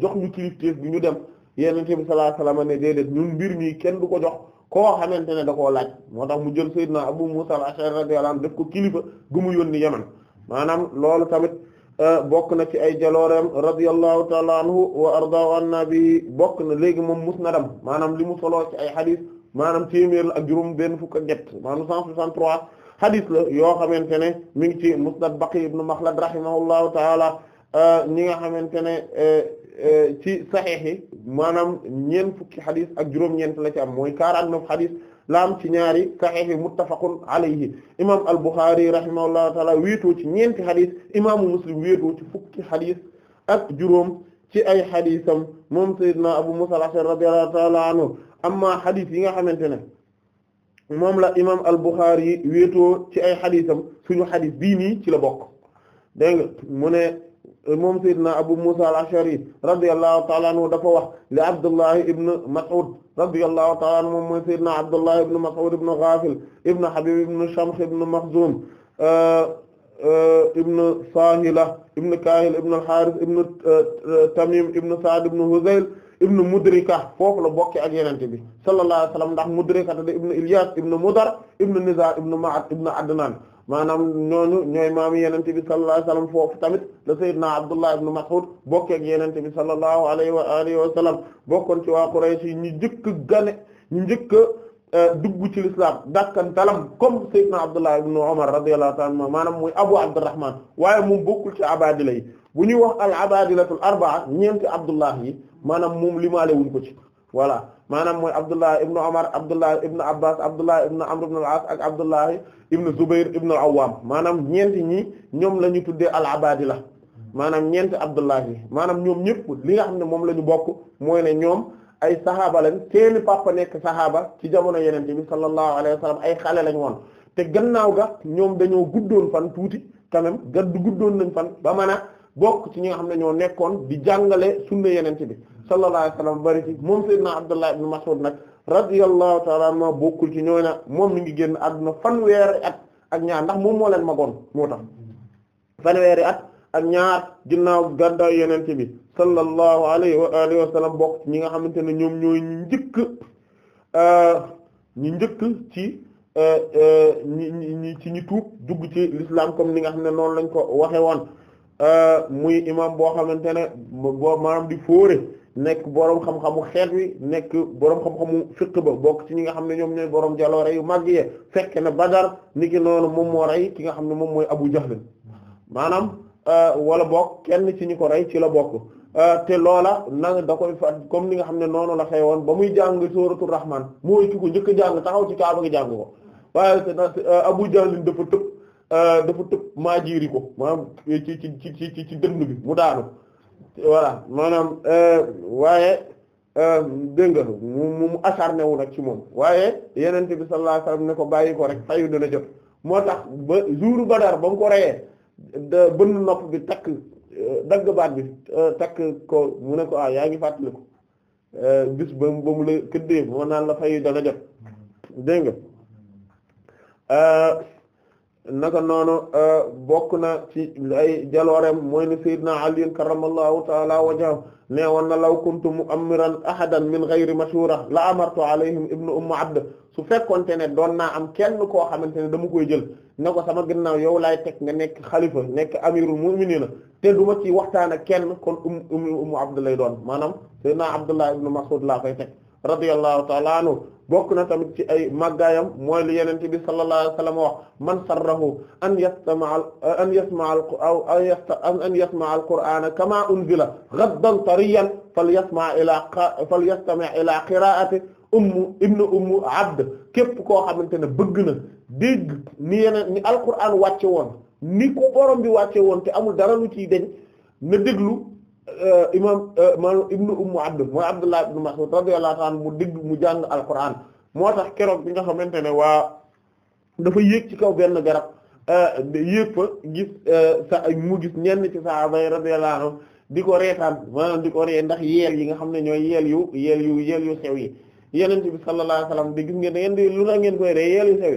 jox ñu kilifteef gi ñu dem yonent bi sallallahu alayhi wasallam ne ñun mbir mi kenn du ko jox koo xamante ne da koo laaj moo tax mu jël Seydina Abu Musa al-Ash'ari radiyallahu anhu def ko kilifa gu mu yónni yaman maanaam loolu tamit. Euh, bokk na ci ay jalooreem radiyallahu taala anhu wa ardaahu anna bi bokk na léegi moom musnadam maanaam li mu soloo ci ay xadis maanaam téeméer ak juróom benn fukk ak ñett maanaam 163 xadis la yoo xamante ne mi ngi ci musnad Baqi ibn Makhlad rahimahullahu taala euh, ñi nga xamante ne euh, ci saxiix yi maanaam ñeent fukki xadis ak juróom-ñeent la ci am mooy 49 xadis. laam ci ñaari sahih muttafaqun alayhi imam al-Bukhari rahimahullahu taala wéetoo ci ñeenti xadis imaamu Muslim wéetoo ci fukki xadis ak juróom ci ay xadisam moom sayyidina Abu Musa al-Ash'ari radiyallahu taala anhu amma xadis yi nga xamante ne moom la imam al-Bukhari wéetoo ci ay xadisam suñu xadis bii nii ci la bokk dégg nga moom sayyidina Abu Musa al-Ash'ari radiyallahu ta'ala anhu dafa wax li Abdullah ibn Mas'ud radiyallahu ta'ala anhu moom mooy sayyidina Abdullah ibn Mas'ud ibn Ghafil ibn Habib ibn Shamkh ibn Makhzum euh, euh, ibn Sahila ibn Kahil ibn al-Harith ibn euh, Tamim ibn Sa'd ibn Huzayl ibn Mudrika foofu la bokk ak yenente bi sallallahu alayhi wa sallam ndax Mudrika te de ibn Ilyas ibn Mudar ibn Niza ibn Ma'ad ibn Adnan maanaam ñooñu ñooy maam yenente bi sallallahu alayhi wa sallam foofu tamit la sayyidna Abdullah ibn Mas'ud bokkee ak yenente bi sallallahu alayhi wa alihi wa sallam bokkoon ci waa Quraysh yi ñu njëkk gane ñu njëkk euh, dugg ci l'islam dakkantalam comme sayyidna Abdullah ibn Umar radiyallahu ta'ala anhu maanaam muy Abu Abdurrahman waaye moom bokkul ci abadila yi bu ñuy wax al abadilatul arbaa ñeenti Abdullah yi maanaam moom limaale wuñ ko ci voilà maanaam mooy Abdullah ibn Umar Abdullah ibn Abbas Abdullah ibn Amr ibn al-As ak Abdullah ibn Zubair ibn al-Awwam maanaam ñeenti ñi ñoom la ñu tuddee al-Abadila maanaam ñeenti Abdullah yi maanaam ñoom ñëpp li nga xam ne moom la ñu bokk mooy ne ñoom ay saxaaba lañ seeni papa nekk saxaaba ci jamono yeneen bi sallallahu alayhi wa ay xale lañ woon te gannaaw ga ñoom dañoo guddoon fan tuuti quand même gaddu guddoon nañ fan ba mën a bokk ci ñi nga xam ne ñoo nekkoon di jàngale sunna yeneen bi. sallallahu alayhi wa bari ci moom Seydina Abdullah ibn Mas'ud nag radiyallahu ta'ala anhu bokkul ci ñooñu moom mi ngi génn àdduna fanweeri at a ñaar ndax moom moo leen magoon moo tax fanweeri at ak ñaar ginnaaw gàddaay yeneen bi sallallahu alayhi wa alihi wa sallam bokk ñi nga xamante ne ñoom ñooy ñu njëkk euh, njëkk ci euh, euh, ñi ñi ci ñu tuub dugg ci l'islam comme ni nga xam ne noonu lañ ko waxe woon muy imam boo xamante ne boo maanaam di fóore nekk boroom xam-xamu xeet wi nekk boroom xam-xamu fiqh ba bokk ci ñi nga xam ne ñoom ñooy boroom jaloore yu màgg yee fekke na Badar ni ki noonu moom moo rey ki nga xam ne moom mooy Abu Jahl maanaam euh, wala bokk kenn ci ñi ko rey ci la bokk euh, te loola nanga da koy comme ni nga xam ne noonu la xewoon ba muy jàng sóoratul Rahman mooy ki ko njëkk a jàng taxaw ci Kaaba gi jàng ko waaye euh, Abu Jahl dafa tëb dafa tëb maajiiri ko maanaam ci ci ci ci ci dënn bi mu daanu voilà maanaam euh, waaye euh, dégg nga mu mu acharné wu nag ci moom waaye yeneen bi sallallahu laa wasallam ne ko bàyyi ko rek fayu dana jot moo tax ba jour Badar ba mu ko reyee da bënn nopp bi takk euh, dagg baat bi takk ko mu ne ko ah yaa ngi fàttaliku bis ba ba mu la këddee moo naan la fayu dana jot dégg nga naka noonu euh, bokk na ci ay jaloorem mooy ne sayyidina Ali karamallahu taala wajhahu ne woon na law kuntu mu'ammiran ahadan min ghayri mashura la amartu alayhim ibnu ummu abd su fekkonte ne doon naa am kenn koo xamante ne dama koy jël ne ko sama ginnaaw yow laay teg nga nekk xalifa nekk amirul mu'minina te duma ci waxtaan ak kenn kon um ummu abd lay doon maanaam sayyidina Abdullah ibnu Mas'ud laa fay teg radiyallahu ta'ala anhu bokk na tamit ci ay màggaayam mooy li yenente bi sallallahu alayhi wa sallam wax man sarrahu an yastama an yasmaa aw an yasmaa alqur'ana kama unzila ghaddan tariyan falyasma ila falyastami ila qira'ati ummu ibnu ummu abd képp koo xamante ne bëgg na dégg ni yeneen ni alqur'an wàcce woon ni ko borom bi wàcce woon te amul dara lu ciy deñ na déglu Euh, imam euh, maanaam ibnu ummu abd mooy abdullah ibnu mas'ud radiyallahu ta'ala mu dégg mu jàng alquran moo tax keroog bi nga xamante ne waa dafa yéeg ci kaw benn garab euh, yéeg fa gis sa mu gis ñenn ci sahaaba yi radiyallahu di ko reetaan maanaam di ko ree ndax yeel yi nga xam ne ñooy yeel yu yeel yu yeel yu yi yeneen bi sallallahu alayhi wasallam gis ngeen da ngeen di lu tax ngeen koy ree yeel yu sew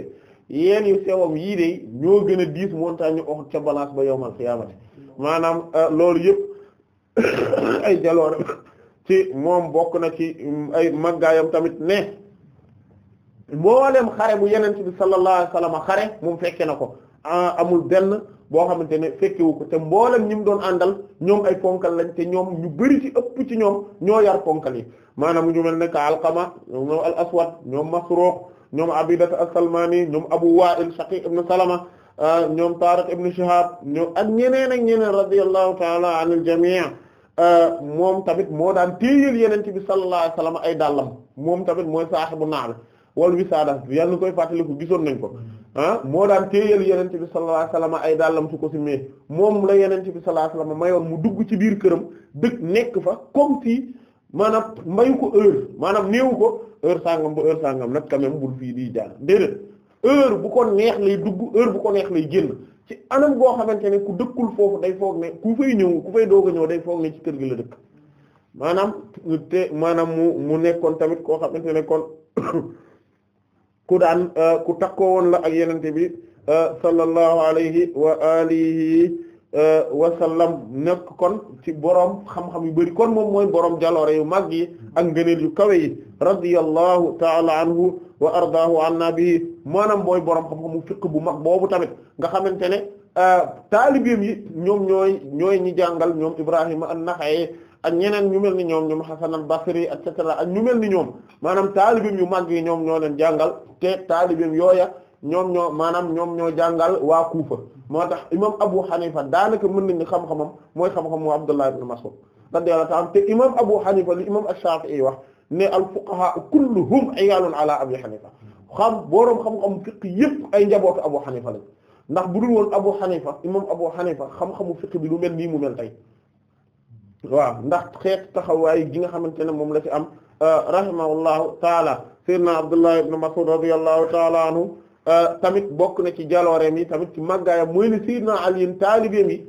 yi yeel yu sewam yii de ñoo gën a diis montagne ñu ox ca balance ba yowmal xiyaamati maanaam loolu yëpp ay jaloor ci moom bokk na ci ay màggaayam tamit ne mboolem xare mu yeneen bi sallallahu alayhi wasallam xare mum fekke na ko ah, amul benn boo xamante ne fekkewu ko te mboolem ñi mu doon àndal ñoom ay ponkal lañ te ñoom ñu bari ci ëpp ci ñoom ñoo yar ponkal yi maanaam ñu mel ne ka alqama ñoom al aswad ñoom masruq ñoom abidata as-salmani ñoom abu wa'il shaqiq ibn salama ah, ñoom tariq ibn shihab ñoom ak ñeneen ak ñeneen radiyallahu ta'ala anil jami' Euh, moom tamit moo daan téyeel yenente bi sallallahu alayhi wasallam ay dàllam moom tamit mooy saahibu naal wal wisaada yàlla na koy fàttaliku gisoon nañ ko ah moo daan téyeel yenente bi sallallahu alayhi wasallam ay dàllam su ko si mee moom la yenente bi sallallahu alayhi wasallam mayoon mu dugg ci biir këram dëkk nekk fa comme si maanaam mbayu ko heure maanaam néewu ko heure sàngam bu heure sangam nag quand bu bul fii di jaar déedéet heure bu ko neex lay dugg heure bu ko neex lay génn ci anam goo xamante ne ku dëkkul foofu day foog ne ku fay ñëw ku fay doog a ñëw day foog ne ci kër gi la dëkk maanaam te maanaam mu mu nekkoon tamit koo xamante ne kon ku daan euh, ku takkoo woon la ak yenente bi euh, sallallahu alayhi wa alihi euh, wa sallam nekk kon ci boroom xam-xam yu bari kon moom mooy boroom jaloore yu mag yi ak ngëneel yu kawe yi radiyallahu ta'ala anhu wa ardaahu anna bi maanaam mooy borom xam-xamu fiqh bu mag boobu tamit nga xamante ne euh, taalibeem yi ñoom ñooy ñooy ñi jàngal ñoom Ibrahima an-Naxa'i ak ñeneen ñu ni ñoom ñoom Hasan al-Basri et cetera ak ñu mel ni ñoom maanaam taalibeem yu mag yi ñoom ñoo leen jàngal te taalibeem yooya ñoom ñoo maanaam ñoom ñoo jàngal waa Kuufa moo tax imam Abu Hanifa daanaka mën nañu xam-xamam mooy xam-xamu Abdullah ibn Mas'ud radiyallahu ta'ala te imam Abu Hanifa li imam Ash-Shafi'i wax. ne al fuqaha kulluhum iyalun ala abi xanifa xam boroom xam-xam fiq yépp ay njabootu abu xanifa lañ ndax bu dul woon abu xanifa imam abu xanifa xam-xamu fiq bi lu mel nii mu mel tey waaw ndax xeet taxawaay gi nga xamante ne moom la ci am euh, rahimahullahu taala sayyidina abdullah ibn mas'ud radiyallahu taala anhu euh, tamit bokk na ci jalooreem yi tamit ci màggaayam mooy ne sayyidina ali taalibeem yi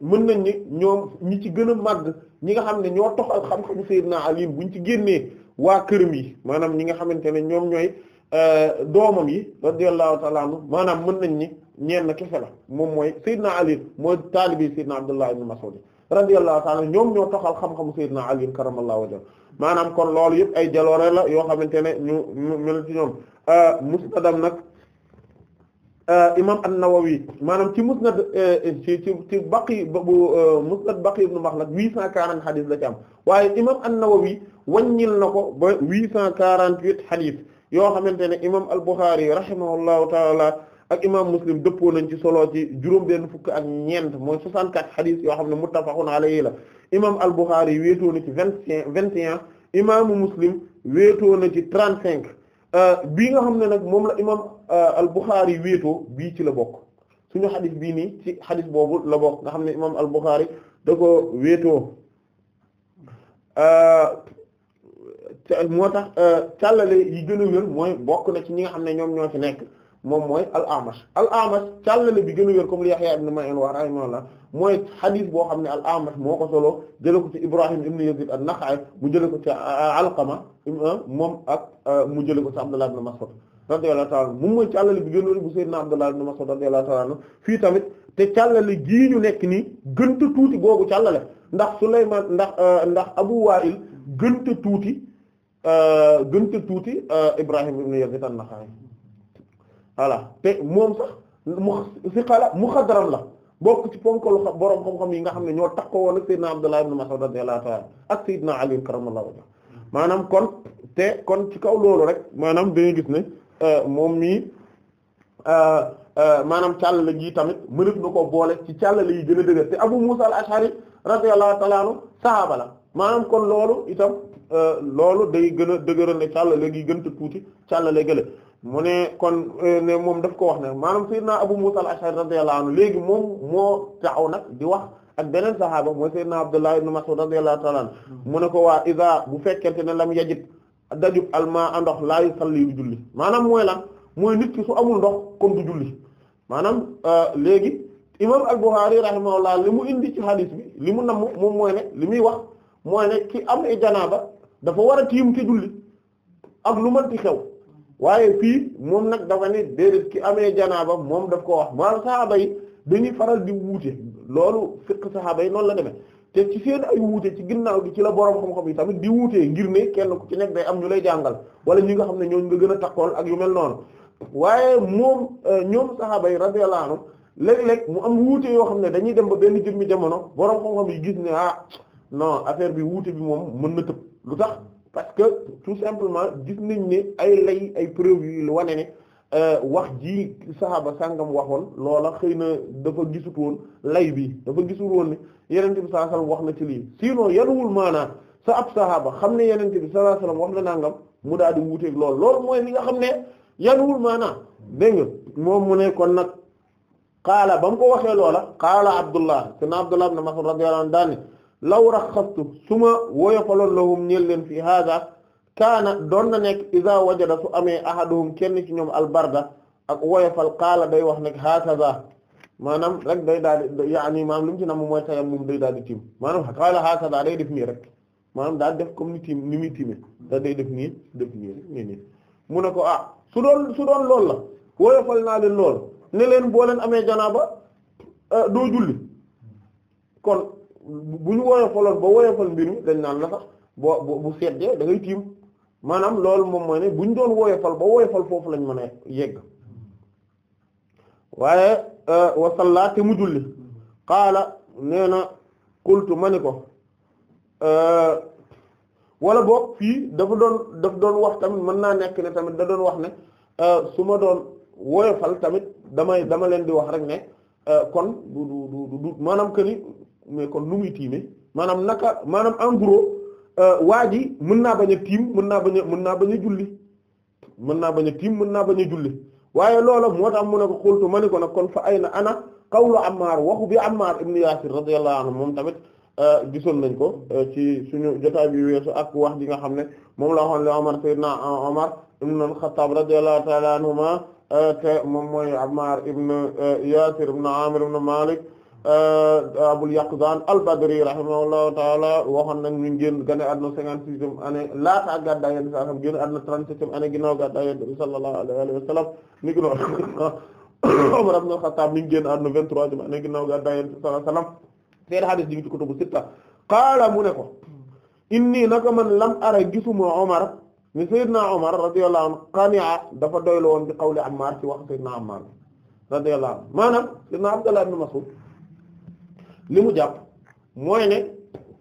mën nañ ni ñoom ñi ci gën a màgg ñi nga xam ne ñoo toxal xam-xamu Seydina bu ñu ci génnee waa këram yi maanaam ñi nga xamante ne ñoom ñooy euh, doomam yi radiyallahu ta'ala anhu maanaam mën nañ ni ñeen kese la moom mooy Seydina Ali mooy taalibi Seydina Abdullah ibn Mas'ud radiyallahu ta'ala ñoom ñoo toxal xam-xamu Seydina Ali karamallahu wajhahu maanaam kon loolu yëpp ay jaloore la yoo xamante ne ñu mel ci ñoom euh, musnadam nag Euh, imam an-Nawawi maanaam ci musnad euh, ci ci ci baqi bu euh, musnad baqi ibn Makhlad huit cent quarante xadis la ci am waaye imam an-Nawawi wàññil na ko ba huit cent quarante huit yoo xamante ne imam al-Bukhari rahimahullahu taala ak imam Muslim dëppoo nañ ci solo ci juróom benn fukk ak ñeent mooy soixante-quatre xadis yoo xam ne muttafaqun alayhi la imam al-Bukhari wéetoo na ci vingt cinq vingt et un imaamu Muslim wéetoo na ci trente-cinq bii nga xam ne nag moom la imam Euh, al-Bukhari wéetoo bii ci la bokk suñu xadis bii nii ci xadis boobu la bokk nga xam ne imaam al-Bukhari da ko wéetoo euh, moo tax euh, càllale yi gën a wér mooy bokk na ci ñi nga xam ne ñoom ñoo ci nekk moom mooy al-Amash al-Amash càllale bi gën a wér comme li Yahya ibn Ma'in wa rahimahullah mooy xadis boo xam ne al-Amash moo ko solo jële ko ci Ibrahim ibn Yazid an-Nakha'i mu jële ko ci Alqama moom ak mu jële ko ci Abdullah ibn Mas'ud radiyallahu ta'ala moom mooy càllale bi gënoon bu Seydina Abdullah ibn Mas'ud radiyallahu ta'ala anhu fii tamit te càllale jii ñu nekk nii gënta tuuti googu càllale ndax Sulaymaan ndax euh, ndax Abu Wa'il gënta tuuti euh, gënta tuuti euh, Ibrahim ibn Yazid an-Nakha'i voilà te moom sax mu si xala mu xadaram la bokk ci ponkalu borom xam-xam yi nga xam ne ñoo takkoo woon ak Seydina Abdullah ibn Mas'ud radiyallahu ta'ala ak Seydina Ali karramallahu wajhahu maanaam kon te kon ci kaw loolu rek maanaam dañuy gis ne Euh, moom mii euh, euh, maanaam càllale gi tamit mënef na ko boole ci càllale yi gën a dëgër te Abu Musa al-Ash'ari radiyallahu ta'ala anhu sahaaba la maanaam kon loolu itam loolu day gën a dëgëral ne càllale gi gën a tuuti càllale gële mu ne kon ne moom daf ko wax ne maanaam Seydina Abu Musa al-Ash'ari radiyallahu anhu léegi moom moo aw nag di wax ak beneen sahaaba mooy Seydina Abdullah ibn Mas'ud radiyallahu ta'ala anhu hmm. mu ne ko waa isa bu fekkente ne lam yajid dajub almaa ndox laa yusalli du julli maanaam mooy lan mooy nit ki su amul ndox kon du julli maanaam euh, léegi imam al-Bukhari rahimahullah li mu indi ci hadith bi li mu namm moom mooy ne li muy wax mooy ne ki am i janaaba dafa war a tiim ci julli ak lu mënti xew waaye fii moom nag dafa ne déedéet ki amee janaaba moom daf ko wax maanaam saxaaba yi dañuy faral di wuute loolu fiqh saxaaba yi noonu la demee te ci seen ay wuute ci ginnaaw gi ci la borom xam-xam yi tamit di wuutee ngir ne kenn ku ci nekk day am ñu lay jàngal wala ñi nga xam ne ñooñu nga gën a takkool ak yu mel noonu waaye moom euh, ñoom saxaaba yi radiyallahu anhu léeg-léeg mu am wuute yoo xam ne dañuy dem ba benn jëmmi jamono borom xam-xam yi gis ne ah non affaire bi wuute bi moom mën na tëb lu tax parce que tout simplement gis nañ ne ay lay ay preuve lu wane ne Euh, wax ji saxaaba sàngam waxoon loola xëy na dafa gisut woon lay bi dafa gisut woon ne yonent bi sallallahu alayhi wax na ci lii sinon yaruwul maanaa sa ab saxaaba xam ne yonent bi sallallahu alayhi wasallam wax na nangam mu daal di wuuteeg lool loolu mooy li nga xam ne yaruwul maanaa dégg nga moom mu ne kon nag qaala ba mu ko waxee loola qaala Abdullah sena Abdullah ibn Mas'ud radiyallahu anhu daal ne law raxastu su ma woyofaloon lahum ñeel leen fii hada kaana doon na nekk iza wajada su amee ahaduhum kenn ki ñoom albarda ak woyofal qaala day wax xaa hakaza maanaam rek day daal di yaani maanaam lu mu ci nam mooy tayammum day daal di tiim maanaam qaala hakaza day def nii rek maanaam daal def comme ni tiim ni muy tiime da day def nii def nii rek nii mu ne ko ah su doon lool doon loolu la woyofal naa leen lool ne leen boo leen amee janaaba eh, doo julli kon bu ñu woyofaloon ba woyofal mbir mi dañ naan la sax boo bu seddee dangay ngay tiim maanaam loolu moom mooy ne ñu doon woyofal ba woyofal foofu lañ mën a yegg waaye euh, wasalla te mu julli qaala nee na qultu ma ni ko euh, wala boog fii dafa doon daf doon wax tamit mën naa nekk ne tamit da doon wax ne euh, su ma doon woyofal tamit damay dama leen di wax rek ne kon du du du du maanaam que ni mais kon nu muy tiime maanaam naka maanaam en gros Euh, waa ji mën naa bañ a tiim mën naa bañ a mën naa bañ a julli mën naa bañ a tiim mën naa bañ a julli waaye loolo moo tax mu ne ko xultu ma ni ko nag kon fa ay na ana qawlu Ammaar waxu bi Ammaar ibn Yaasir radiyallahu anhu moom tamit euh, gisoon nañ ko euh, ci suñu jotaay bi weesu ak wax ji nga xam ne moom la waxoon le Omar sayyidna Omar ibn al-Khattab radiyallahu moom mooy Ammaar ibn Yaasir ibn Aamir ibn Maalik Euh, Abul Yaqzan al-Badri rahimahullahu ta'ala waxoon nañ ñu génn gane àdduna cinquante-sixième année laata ak gàddaay Yonent bi sallallahu alayhi wasallam génn àdduna trente-septième année ginnaaw gàddaay Yonent bi sallallahu alayhi wasallam ni sitta qaala mu ne ko inni naka man lam ara gisuma Umar ni Seydina Umar radiyallahu anhu qani'a dafa doylu woon bi qawli Ammar ci wax Seydina Ammar radiyallahu anhu maanaam Seydina Abdullah ibn Mas'ud li mu jàpp mooy ne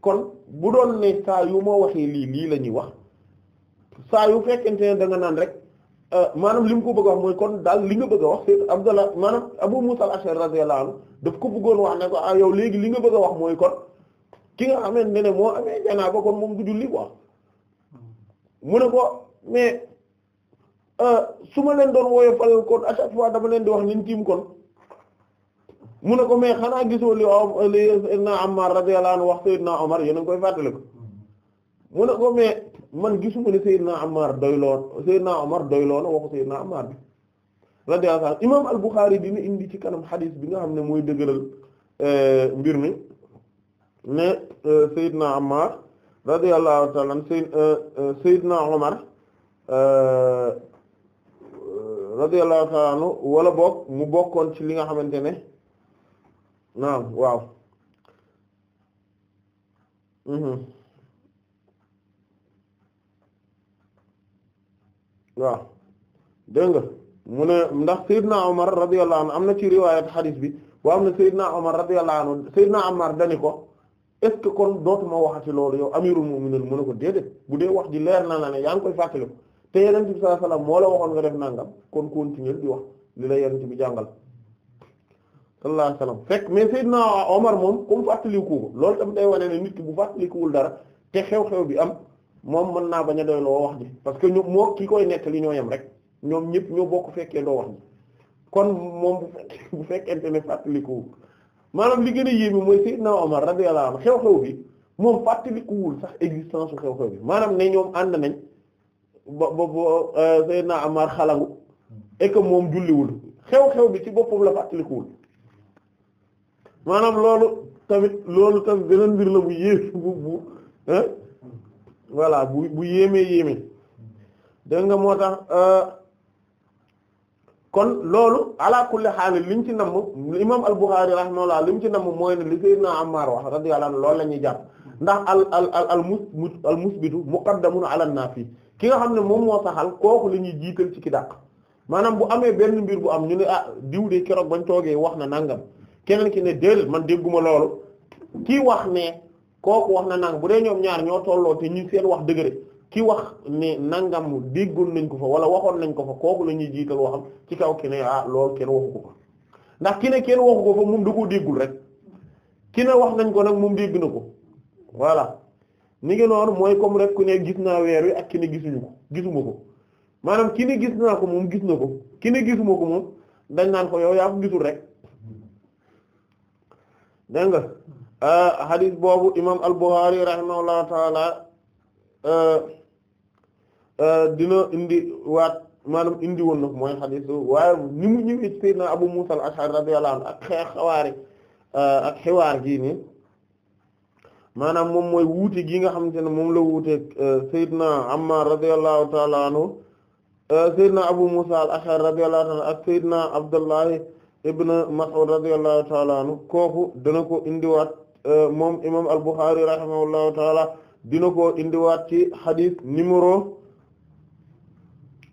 kon bu doon ne saa yu ma waxee lii lii la ñuy wax saa yu fekkente ne da nga naan rek euh, maanaam li mu ko bëgg a wax mooy kon daal li nga bëgg a wax c'est Abdallah maanaam Abu Musa al-Ash'ari radiyallahu anhu daf ko bëggoon wax ne ko ah yow léegi li nga bëgg a wax mooy kon ki nga xamante ne moo amee janaaba kon moom du julli quoi mu ne ko mais euh, su ma leen doon woyofal kon à chaque fois dama leen di wax nañ tiim kon. mu ne ko mais xanaa gisoo li li Seydina Ammar radiyallahu anhu wax Seydina Omar yéen koy fàttali ko mu ne ko mais man gisuma ne Seydina Ammar doyloo Seydina Omar bi radiyallahu anhu imaam al-Bukhari dina indi ci kanam xadiis bi nga xam ne mooy dëgëral euh, mbir mi ne euh, Seydina Ammar radiyallahu ta'ala an euh, Seydina Omar radiyallahu ta'ala anhu mu bokkoon ci li nga xamante ne naam waaw mhm. waaw dégg nga mu ne ndax Seydina Omar radiyallahu anhu am na ci riwaayat xadiis bi boo am ne Seydina Omar radiyallahu anhu Seydina Omar dani ko est ce que kon dootuma waxati loolu yow amirul mu'minin mu ne ko déedéet bu dee wax ji leer na la ne yaa ngi koy fàttali ko te yenent bi sallallahu alayhi moo la waxoon nga def nangam kon continuer di wax li la yenent bi jàngal sallallahu alayhi wasallam fekk mais Seydina Omar moom comme fàttalikuwu ko loolu tam day wane ne nit ki bu fàttalikuwul dara te xew-xew bi am moom mën naa bañ a doy loo wax ji parce que ñoom moo ki koy nettali ñoo yem rek ñoom ñëpp ñoo bokk fekkee doo wax ji kon moom bu fekkente ne fàttalikuwul maanaam li gën a yéeme mooy Seydina Omar radiyallahu anhu xew-xew bi moom fàttalikuwul sax existence su xew-xew bi maanaam ne ñoom ànd nañ ba ba ba euh, Seydina Omar xalangu et que moom julliwul xew-xew bi ci boppam la fàttalikuwul. maanaam loolu tamit loolu tamit beneen mbir la bu yéeme bu bu voilà bu bu yéemee yéeme dégg nga moo tax euh, kon loolu ala kulli li liñ ci namm imam al-Bukhari rahimahullah liñ ci namm mooy ne li Seydina Ammar wax radiyallahu anhu loolu la ñuy jàpp ndax al al al mu mus al musbitu muqaddamun ala nafi ki nga xam ne moom moo saxal kooku la ñuy jiital ci ki dàq maanaam bu amee benn mbir bu am ñu ne ah diw de keroog bañ toogee wax na nangam. keneen ki ne déedéet man dégguma loolu kii wax ne kooku wax na nang bu dee ñoom ñaar ñoo tolloo te ñu seen wax dëgëre ki wax ne nangamu déggul nañ ko fa wala waxoon nañ ko fa kooku la ñuy jiital waxam ci kaw ki ne ah loolu kenn waxu ko fa ndax ki ne kenn waxu ko fa moom da koo déggul rek ki ne wax nañ ko nag moom dégg na ko voilà ni ngi noonu mooy comme rek ku ne gis naa weer wi ak ki ne gisuñu ko gisuma ko maanaam ki ne gis naa ko moom gis na ko ki ne gisuma ko moom dañ naan ko yow yaa ko gisul rek dégg nga euh, hadith boobu imam al-Bukhari rahimahullahu taala euh, euh, dina indi waat maanaam indi woon nag mooy hadith waaye ni mu ñëwee ci Abu Musa al-Ash'ari radiyallahu anhu ak xeex xawaari ak xiwaar gii nii maanaam moom mooy wuuti gi nga xamante ne moom la wuuteeg Seydina Ammar radiyallahu ta'ala anhu Seydina Abu Musa al-Ash'ari radiyallahu ta'ala ak Seydina Abdullahi ibn Mas'ud radiyallahu taala anhu kooku dina ko indiwaat euh, moom imam al-Bukhari rahimahullahu taala dina ko indiwaat ci xadis numéro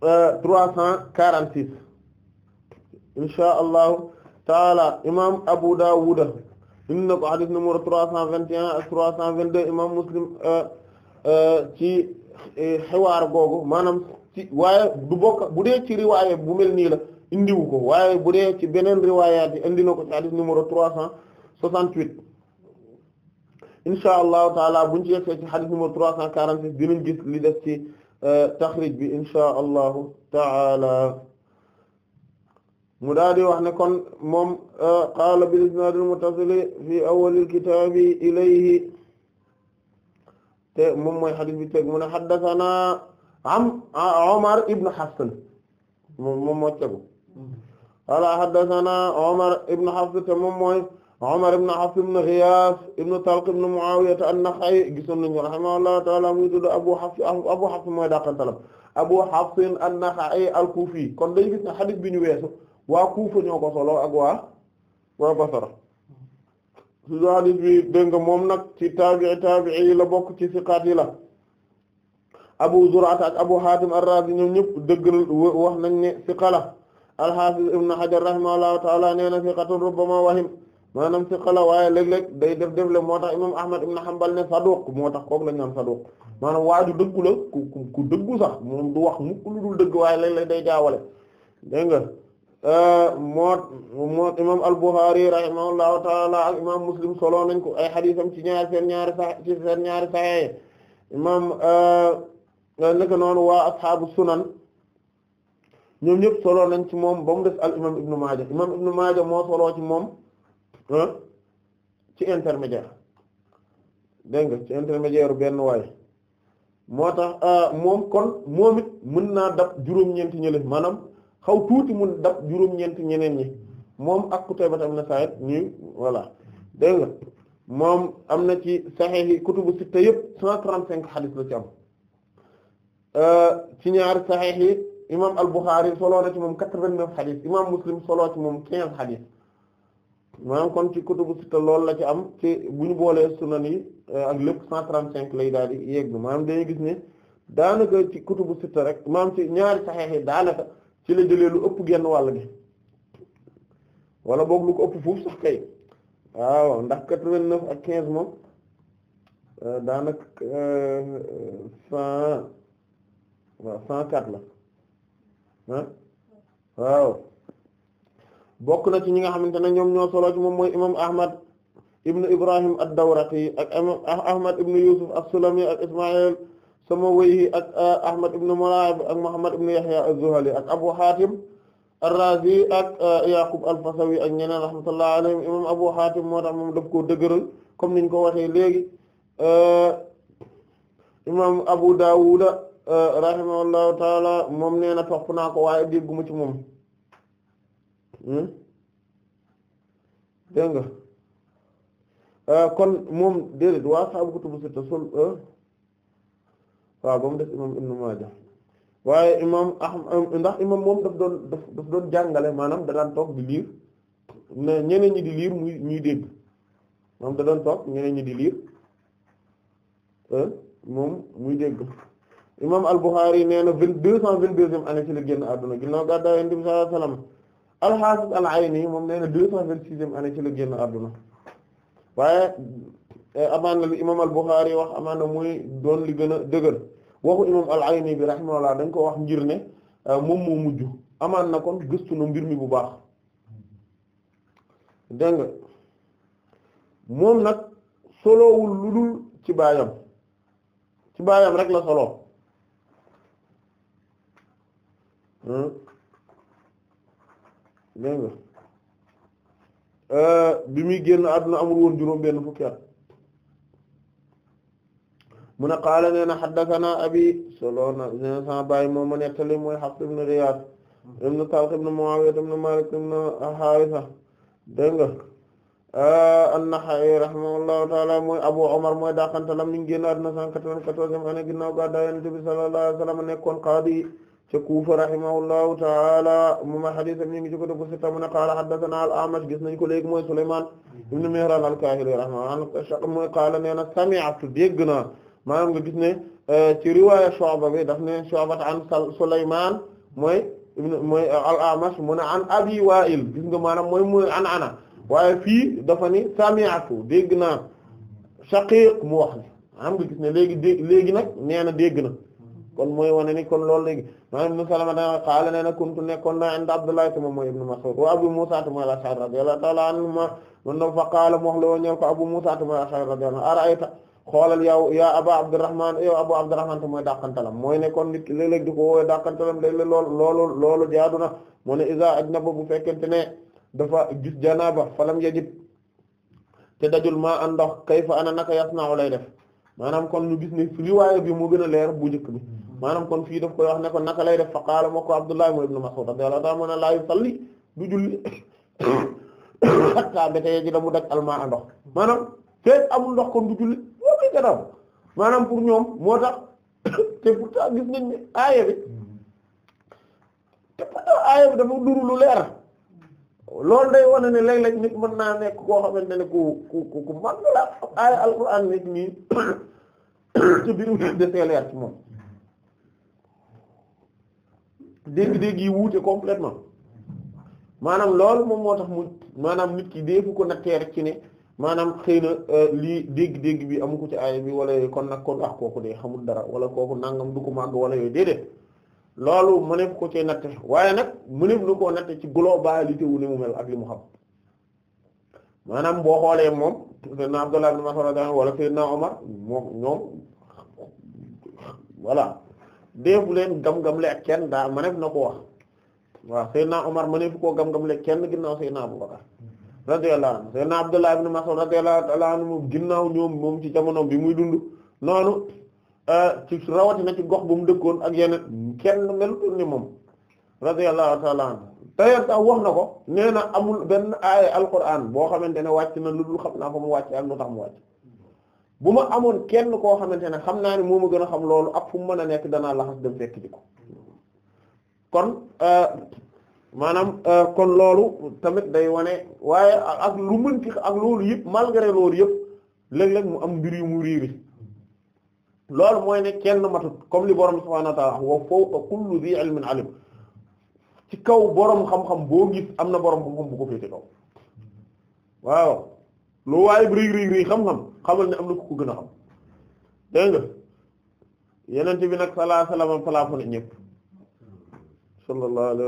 euh, trois cent quarante six insha allahu taala imam Abu Dawud indi ko xadis numéro trois cent vingt et un ak trois cent vingt deux imam Muslim euh, ci xiwaar googu maanaam ci waaye du bokk bu dee ci riwaaye bu mel nii la indiwu ko waaye bu dee ci beneen riwaayaat yi indi na ko ci hadith numéro trois cent soixante-huit insha allahu taala buñ ci yegsee ci hadith numéro trois cent quarante-six dinañ gis li def ci euh, taxrij bi insha allahu taala mu daal di wax ne kon moom euh, qaala bil isnaadil muttasili fi awwalil kitaabi ilayhi te moom mooy xadis bi teg mu ne xaddasanaa am Omar ibn Hassan moom moom moo tegu ala haddathana Omar ibn Hafs te moom mooy Omar ibn Hafs ibn Ghiyaas ibn Talq ibn Mu'aawiya an-Nakha'i gisoon nañu rahimahullahu ta'ala muy tudd Abu Hafs Abu Hafs mooy dàqantalam Abu Hafs an-Nakha'i al-Kufi kon dañu gis ne hadith bi ñu weesu waa Kufa ñoo ko solo ak waa waa Basra su bi dégg nga moom ci taabi'i taabi'i la bokk ci siqaat Abu Zur'a Abu Hatim ar-Razi ñoom ñëpp dëggal wax nañ ne siqa al-Hafiz ibn Hajar rahimahullahu ta'ala nee na thiqatun rubbama wahim maanaam thiqa la waaye léeg-léeg day def def le moo tax imam Ahmad ibn Hanbal ne saduq moo tax kooku lañ naan saduq maanaam waaju dëggu la ku ku dëggu sax moom du wax mukk lu dul dëgg waaye léeg-léeg day jaawale dégg nga euh, moo moo imam al-Bukhari rahimahullahu ta'ala ak imam Muslim solo nañ ko ay xadiisam ci ñaari seen ñaari sax ci ñaari saxee imam euh, naka noonu waa ashaabu sunan ñoom ñëpp solo nañ ci moom ba mu des al imam ibnu maaja imam ibnu maaja moo solo ci moom ah, ci intermédiaire dégg nga ci intermédiaire benn waay moo tax ah, moom kon moom it mën naa dab juróom-ñeenti ñële maanaam xaw tuuti mu dab juróom-ñeenti ñeneen ñi moom ak Qutayba am na saayit ñu voilà dégg nga moom am na ci sahih yi kutubu sitta yëpp cent trente cinq xadis la ci am ah, ci ñaar sahih yi imam al-Bukhari solo na ci moom quatre-vingt-neuf xadis imam Muslim solo ci moom quinze xadis maanaam kon ci kutubu sitta loolu la ci am ci bu ñu boolee sunan yi euh, ak lépp cent trente-cinq daal di yegg maanaam dañuy gis ne daanaka ci kutubu sitta rek maanaam ci ñaari saxeex yi daanaka ci la jëlee lu ëpp genn wàll gi wala boog lu ko ëpp fuuf sax kay waaw ndax quatre-vingt-neuf ak quinze moom euh, daanaka euh, cent waaw cent quatre la waaw bokk na ci ñi nga xamante ne ñoom ñoo solo ci moom mooy imam ahmad ibn ibrahim ad-dawraqi ak ah, ahmad ibn yusuf as-sulami ak isma'il samawayhi ak uh, ahmad ibn mulaab ak muhammad ibn yahya az ak abu hatim ar-razi ak uh, yaqub al-fasawi ak ñeneen rahmatullah alayhim imam abu hatim moo tax moom daf koo niñ ko waxee léegi uh, imam abu dawuda Euh, rahimahullahu taala moom nee na topp naa ko waaye dégguma ci moom hmm? dégg euh, kon moom déedéet waa saabu kutubu sitta sol euh, waaw ba def imam Ibn Maaja waaye imam ndax imam moom daf doon daf daf doon jàngale maanaam dadaan daan toog di liir ne ñeneen ñi di liir muy ñuy dégg moom da doon toog ñeneen ñi di liir moom muy dégg imam al-Bukhari nee na vingt deux cent vingt deuxième année ci la waaye eh, amaan na li imam al wax amaan na muy doon li gën a dëgër waxu imam al-Ayni bi rahimahullah dañ ko wax ngir ne eh, moom moo mujj amaan na kon gëstu na mbir mi bu baax dégg nga moom nag solowul lu dul ci baayam ci baayam rek la solo Hmm? dégg nga euh, bi muy génn àdduna amul woon juróom benn fukki at mu ne qaala nee na haddathana solo na nee na baay moom ma nettali mooy Hafs ibn Riyad ibn Talq ibn Muawiya ibn Malik ibn Haritha dégg nga euh, an-Naxa'i rahimahullahu ta'ala mooy Abu Umar mooy daakantalam mi ngi génn àdduna cent quatre-vingt-quatorzième année ginnaaw gàddaay Yonent bi sallallahu alayhi wa sallam nekkoon qaadi ci Kufa rahimahullahu ta'ala mooma hadisam ñi ngi ci ko def sitta mu ne qaala haddathana al-A'mash gis nañ ko léegi mooy Sulaymaan ibn Mihraan al-Kaahili rahimahullah mooy qaala nee na sami'tu dégg naa nga gis ne euh, ci riwaaya Shu'ba bi daf ne Shu'ba an Sulaymaan mooy mooy al-A'mash mu an Abi Waa'il gis nga maanaam mooy mooy an ana waaye fii dafa ni sami'tu dégg naa Shaqiiq mu wax ni maanaam nga gis ne léegi nag nee na dégg na kon mooy wane ni kon loolu léegi maanaam ibnu Salama dana qaala nee na kuntu nekkoon naa inda Abdullah te moom mooy ibnu Mas'ud wa Abu Musa te mooy al-Ash'ari Abu Musa yow yaa Aba Abdurrahman Abu Abdurrahman te mooy dàqantalam mooy ne kon nit ki léeg-léeg di ko woowee dàqantalam léeg-léeg loolu loolu loolu jaadu na bu fekkente ne dafa gis janaaba falam yajid te dajul maa an ndox kayfa ana naka yasna'u lay def maanaam kon ñu gis ne riwaaya bi mu gën a leer bu jëkk bi maanaam kon fii daf koy wax ne ko naka lay def fa qaala moo ko Abdullah ibn Mas'ud radiyallahu ta'ala anhu laa yusalli du julli mu daj almaa amul ndox kon du julli maanaam pour ñoom moo tax te pourtant gis nañ lu leer loolu day wane ne léeg-léeg nit mën naa nekk koo xamante ne ku ku ku ku mag la aaya alxuraan nit ñi ci biir desee leer moom dégg-dégg yi wuute complètement maanaam loolu moom moo tax mu maanaam nit ki deefu ko nattee rek ci ne maanaam xëy na euh, lii dégg-dégg bi amu ko ci aaya bi wala yooyu kon nag kon ah kooku de xamul dara wala kooku nangam du ko màgg wala yooyu déedéet loolu mëneef ko cee natte waaye nag mëneef na koo natte ci globalité wu ni mu mel ak li mu xam maanaam boo xoolee moom Seydina Abdullah ibn Mas'ud wala Seydina Omar moom ñoom deefu leen gam-gamle ak kenn daa mëneef na ko wax waaw Seydina Omar mëneefu ko gam-gamle kenn ginnaaw Seydina Abubakar radiyallahu anhu Seydina Abdullah ibn Mas'ud radiyallahu anhu ginnaaw ñoom moom ci jamono bi muy dund noonu euh, rawatina ci gox bu mu dëkkoon ak yeneen kenn melutoon ni moom radiyallahu ta'ala anhu d'ailleurs sax wax na ko nee na amul benn aaya alquran boo xamante ne wàcc na lu dul xam naa ko mu wàcc ak lu tax mu wàcc bu ma amoon kenn koo xamante ne xam naa ne moo ma gën a xam loolu ak fu mu mën nekk danaa laxas dem fekk ji ko kon euh, maanaam euh, kon loolu tamit day wane waaye ak lu mënti ak loolu yëpp malgré loolu yëpp léeg-léeg mu am mbir yu mu riiri loolu mooy ne kenn matut comme li borom subhaanahu wa ta'aala wa fawqa kulli dhi ilmin alim ci kaw borom xam-xam boo gis am na borom xam-xam bu ko féete kaw waaw. lu waaye riig riig riig xam-xam xamal ne am na ku ko gën a xam dégg yeneen bi nag sallallahu alayhi wa sallam plafonné ñëpp sallallahu alayhi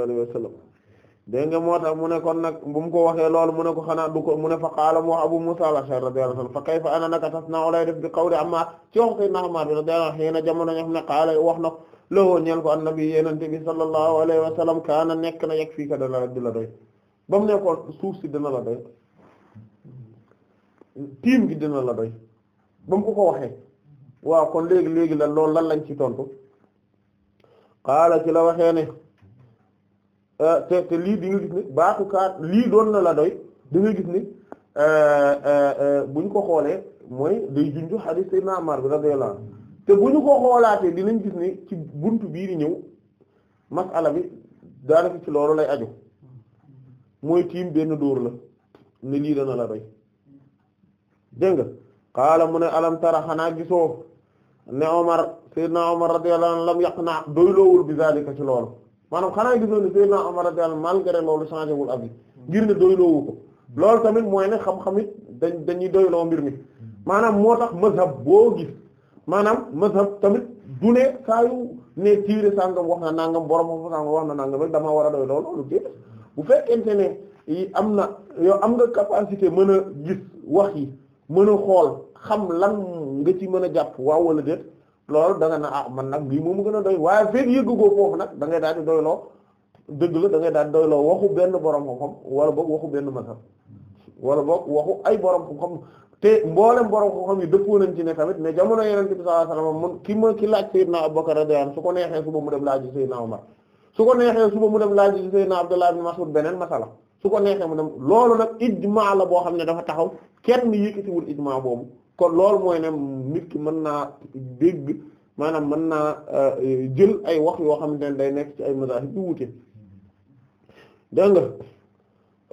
wa mu ne nag bu mu ko waxee loolu mu ne ko xanaa du mu ne fa qaala mu wax Abu Musa al-Ash'ari radiyallahu anhu fa kayfa ana naka tas naa lay def bi qawli Ammaar ci wax Sayyidina Ammaar bi radiyallahu anhu xëy na jamono ñoo xam ne qaala wax na lowoo ñeel ko annabi yenente bi sallallahu alayhi wa sallam nekk na yeg fii ka di la doy ba mu nekkoon suuf si dana la doy tiim gi dina la doy ba mu ko ko waxee waaw kon léegi léegi la lool lan lañ ci tontu xaala ci la waxee ne euh, te te lii di nga gis ne baatu kaat lii doon na la doy dina gis ni euh, euh, bu ñu ko xoolee mooy day junju hadith Seydina Amar bi radiyallahu anhu te bu ñu ko xoolaatee dinañ gis ni ci bunt bii di ñëw masala bi daanaka ci loolu lay aju mooy tiim benn dóor la ne lii dana la doy dégg nga qaala mu ne alam tara xanaa gisoo ne Omar Seydina Omar radiyallahu anhu lam yaq naa doyloowul bi zalika ci loolu maanaam xanaa gisoo ne Seydina Omar radiyallahu anhu malgré loolu changé wul abi ngir ne doyloowu ko loolu tamit mooy ne xam-xamit dañ dañuy doyloo mbir mi maanaam moo tax mazhab boo gis maanaam mazhab tamit du ne saa yu ne tiire sàngam wax na nangam borom xam sàngam wax na nangam rek damaa war a doy loolu loolu dé bu fekkente ne am na yow am nga capacité mën a gis wax yi mën a xool xam lan nga ci mën a jàpp waaw wala déet loolu da nga na ah man nag lii moom gën a doy waaye feeg yëggagoo foofu nag da ngay daal di doyloo dëgg la da ngay daal di doyloo waxu benn borom xam-xam wala boog waxu benn mazhab wala boog waxu ay borom xam-xam te mboolem borom xam-xam yi dëppoo nañ ci ne tamit mais jamono Yonent bi sallallahu alayhi mun ki ma ki laaj Sayyidina Abubakar radiyallahu anhu su ko neexee suba dem laaj Sayyidina Umar su ko neexee su suba mu dem laaj Sayyidina Abdullah ibn Mas'ud beneen masala su ko neexee mu dem loolu nag ijmaa la boo xam ne dafa taxaw kenn yëkkatiwul ijmaa boobu kon loolu mooy ne nit mën naa dégg maanaam mën naa euh, jël ay wax yoo xamante ne day nekk ci ay mazahib yu wuute nga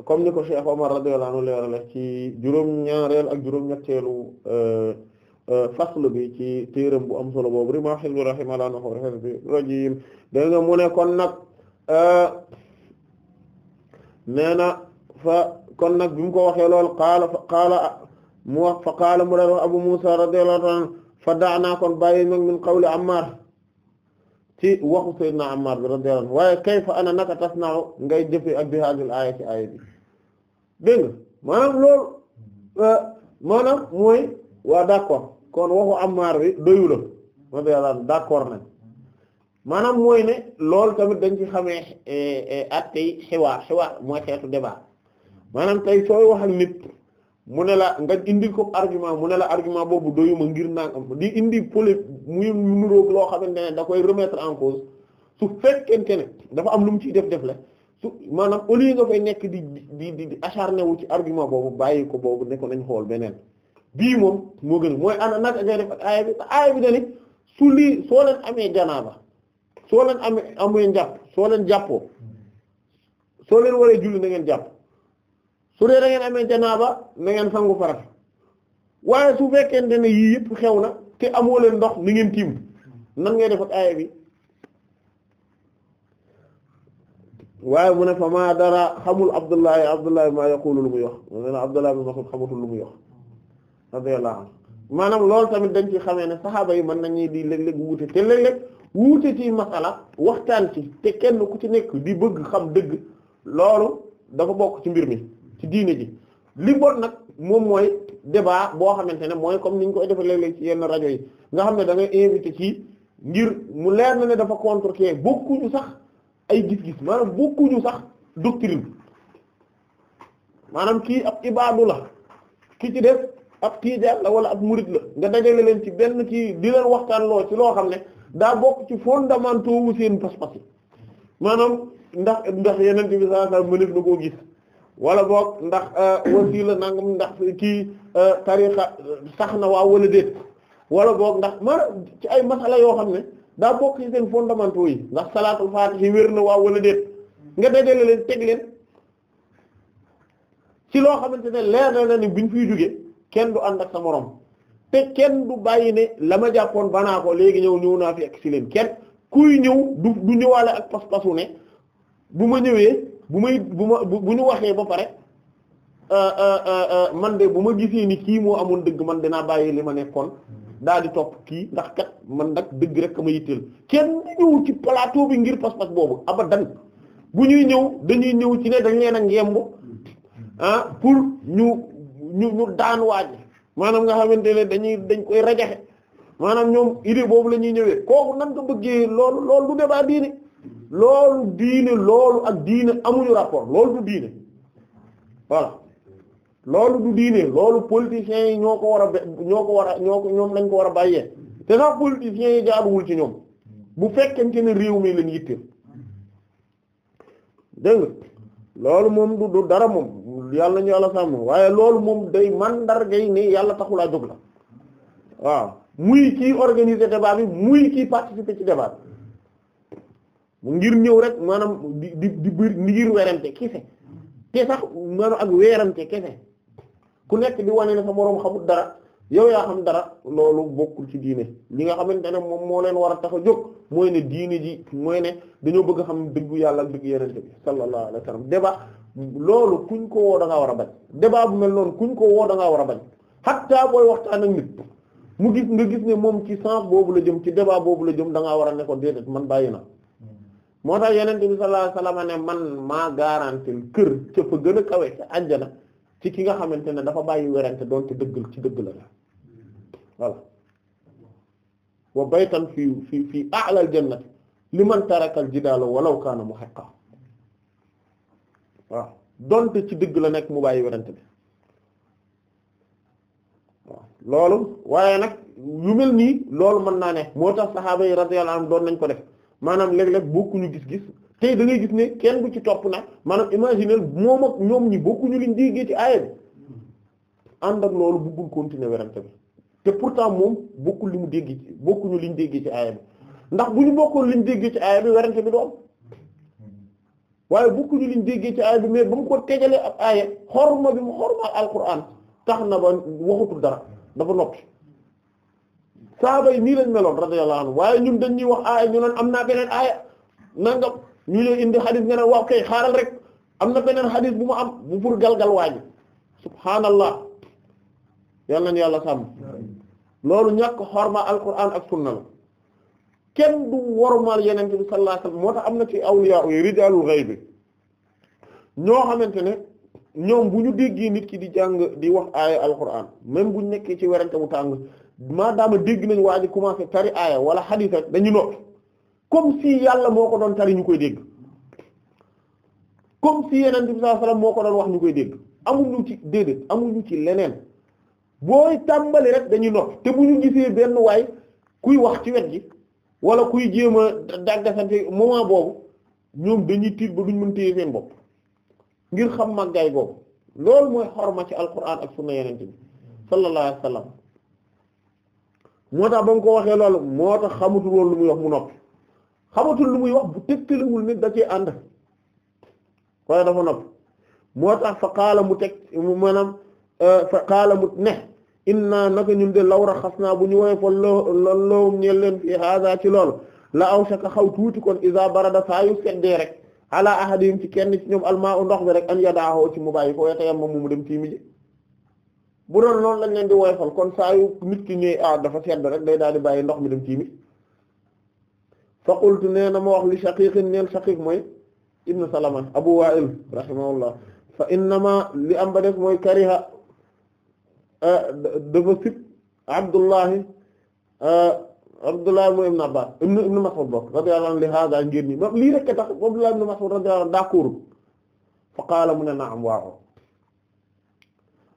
comme ni ko Cheikh Omar radiyallahu ci juróom-ñaareel ak juróom-ñetteelu euh, euh, faslu bi ci téeram bu am solo boobu Rimaahil Rahiim ala kon nag. nee na fa kon nag bi mu ko waxee lool qaala fa mu wax fa qaala mu daan wax Abu Musa radiyallahu anhu fa daanaa kon nag min qawli Ammar ci waxu Seydina Ammar bi radiyallahu anhu waaye kayfa ana naka tasna'u ngay jëfee ak bi hadil aaya ci aaya bi dégg nga maanaam loolu euh, maanaam mooy waa d'accord kon waxu Ammar bi doyu la radiyallahu anhu d'accord maanaam mooy ne loolu tamit dañ ci xamee eh, eh, attey xiwaa xiwaa mooy xeetu débat maanaam tey soo waxal nit mu ne la nga indi ko argument mu ne la argument boobu doyuma ngir nangam di indi poli muy numéro loo xamante ne da koy remettre en cause su fekkente dafa am lu mu ciy def def la su maanaam au lieu nga fay nekk di di di wu ci argument boobu bàyyi ko boobu ne nañ xool beneen bii moom moo gën mooy ana naka ngay def ak aaya bi te su lii soo leen amee janaaba soo leen amee amee njàpp soo leen jàppoo soo leen waree julli na ngeen jàpp su dee da amee janaaba na ngeen sangu farat waaye su fekkente ne yii yëpp xew na te amoo leen ndox ni ngeen tiim nan ngay def ak aaya bi waaye mu ne fa maa dara xamul Abdullahi Abdullahi maa yaqulu lu muy wax mu ne Abdullahi bin Mas'ud xamatul lu muy wax radiyallahu anhu maanaam loolu tamit dañ ci xamee ne saxaaba yi mën nañuy di léeg-léeg wuute te léeg-léeg wuute ci masala waxtaan ci te kenn ku ci nekk di bëgg xam dëgg loolu dafa bokk ci mbir mi ci diine ji li nag moom mooy débat boo xamante ne mooy comme ni ñu koy defee léeg-léeg ci yenn rajo yi nga xam ne da ngay invité ci ngir mu leer na ne dafa contre kee bokkuñu sax ay gis-gis maanaam bokkuñu sax doctrine maanaam kii ab ibaadu la ki ci def ab tiijaan la wala ab murid la nga dajale leen ci benn kii di leen waxtaan loo ci loo xam ne daa bokk ci fondamentaux wu seen pas-pas yi maanaam ndax ndax yeneen bi sallallahu alayhi wasallam mënef na koo gis wala boog ndax euh, wasiila nangam ndax kii euh, tarixa sax na waa wala déet wala boog ndax ma ci ay masala yoo xam ne daa bokk ci seen fondamentaux yi ndax salaatul faatihi wér na waa wala déet nga dajale leen teg leen ci loo xamante ne leer na na ni buñ jóge kenn du ànd ak sa morom te kenn du bàyyi ne la ma jàppoon banaa ko léegi ñëw ñëw naa fi ak si leen kenn kuy ñëw du du ñëwaale ak pas-pasu ne bu ma ñëwee bu may bu ma bu ñu waxee ba pare euh, euh, euh, man de bu ma gisee ni kii moo amoon dëgg man dinaa bàyyi li ma nekkoon daal di topp kii ndax kat man nag dëgg rek ka ma yitteel kenn ñëw ci plateau bi ngir pas-pas boobu abadan bu ñuy ñëw dañuy ñëw ci ne dañ leen a ngemb ah, pour ñu ñu ñu daan waaj maanaam nga xamante ne dañuy dañ koy rajaxe maanaam ñoom idée boobu la ñuy ñëwee kooku nan ko bëggee loolu loolu du débat diine loolu diine loolu ak diine amuñu rapport loolu du diine voilà loolu du diine loolu politiciens yi ñoo ko war a ñoo ko war a ñoo ko ñoom lañ ko war a bàyyee te sax politiciens yi jaaduwul ci ñoom bu fekkente ne réew mi lañ yitteel dégg nga loolu moom du dara moom yàlla ñu yàlla sàmm waaye loolu moom day mandargay ne yàlla taxul a jóg la waaw muy kii organiser débat bi muy kii participer ci débat bi ngir ñëw rek maanaam di di di bir ngir werante kese te sax ak weerante kese ku nekk di wane ne sa moroom xamul dara yow yaa xam dara loolu bokkul ci diine li nga xamante ne moom moo leen war a tax a jóg mooy ne diine ji mooy ne dañoo bëgg xam dëggu yàlla ak dëggu yeneen bi sallallahu alayhi wa sallam débat loolu kuñ ko woo da ngaa war a bañ débat bu mel noonu kuñ ko woo dangaa war a bañ xatta booy waxtaan ak nit mu gis nga gis ne moom ci sens boobu la jëm ci débat boobu la jëm da ngaa war a ne ko déedéet man bàyyi na moo tax yeneen bi sallallahu alayhi wasallam ne man maa garantil kër ca fa gën a kawe ca àjjana ci ki nga xamante ne dafa bàyyi werante doon te dëgg ci dëgg la voilà wa baytan fi fi fi a'la al jannati liman taraka al jidaala walaw kaana muhaqqan waaw donte ci dëgg la nekk mu bàyyi yonent bi waaw loolu waaye nag yu mel nii loolu mën naa ne moo tax saxaaba yi radiyallahu anhum doon nañ ko def maanaam léeg-léeg bokkuñu gis-gis tey da ngay gis ne kenn bu ci topp nag maanaam imaginer moom ak ñoom ñi bokkuñu liñ déggee ci aaya bi ànd ak loolu bëggul continuer werante bi te pourtant moom bokkul li mu déggee ci bokkuñu liñ déggee ci aaya bi ndax bu ñu bokkoon liñ déggee ci aaya bi werante bi du waaye bokkuñu liñ déggee ci aaya bi mee ba mu ko tegalee ab aaya xorma bi mu xormaal alquran tax na ba waxutul dara dafa noppi saaba yi nii lañ meloon radiyallahu anhu waaye ñun dañ ñuy wax aaya ñu naan am naa beneen aaya nanga ñu lay indi xadis nga ne waaw kay xaaral rek am na beneen xadis bu mu am bu pour galgal waaji subhaanallah yal nañu yàlla sàmm loolu ñàkk xorma alquran ak sunna la kenn du wormaal yeneen bi sallallahu alayhi moo tax am na ci awliya yi rijaalul bi ñoo xamante ne ñoom bu ñu déggee nit ki di jàng di wax aaya alquran même bu nekkee ci werante mu tàng maadaama dégg nañ waa ji tari aaya wala hadith rek dañu noppi comme si yàlla moo ko doon tari ñu koy dégg comme si yeneen bi sallallahu alayhi moo ko doon wax ñu koy dégg amuñu ci déedéet amuñu ci leneen booy tàmbali rek dañuy noppi te bu ñu gisee benn waay kuy wax ci wet gi. wala kuy jéem a dàggasante moment boobu ñoom dañuy tiit ba duñ mën téye seen bopp ngir xam mag gaay boobu loolu mooy xor ma ci alquran ak sunna yeneen bi sallallahu alayhi moo tax ba mu ko waxee loolu moo tax xamatul woon lu muy wax mu noppi xamatul lu muy wax bu tëkkaliwul nit da cee ànd waaye dafa noppi moo tax fa qaala mu teg mu maanaam fa qaala mu ne inna naka ñun de law naa bu ñu woyofal loo loo ñeel leen fi haaza ci loolu la aw shaka xaw tuuti kon iza barada saa yu seddee rek ala ahadihim ci kenn ci ñoom almaa u ndox bi rek an yadaahu ci mu bàyyi ko weta yam ma mu dem tiimi ji bu doon loolu lañ leen di woyofal kon saa yu ki ñëw ah dafa sedd rek day daal di bàyyi ndox mi dem tiimi fa qultu nee na ma wax li shaqiqin neel shaqiq mooy ibnu salama abu wa'il rahimahullah fa innama li am Ah, dafa sib Abdullahi ah, Abdullahi ibn Abbas ibn ibn Mas'ud bokk radiyallahu anhu li hada ngir nii ba lii rekk tax Abdullahi ibn Mas'ud radiyallahu d'accord fa qaala mu ne naam waaw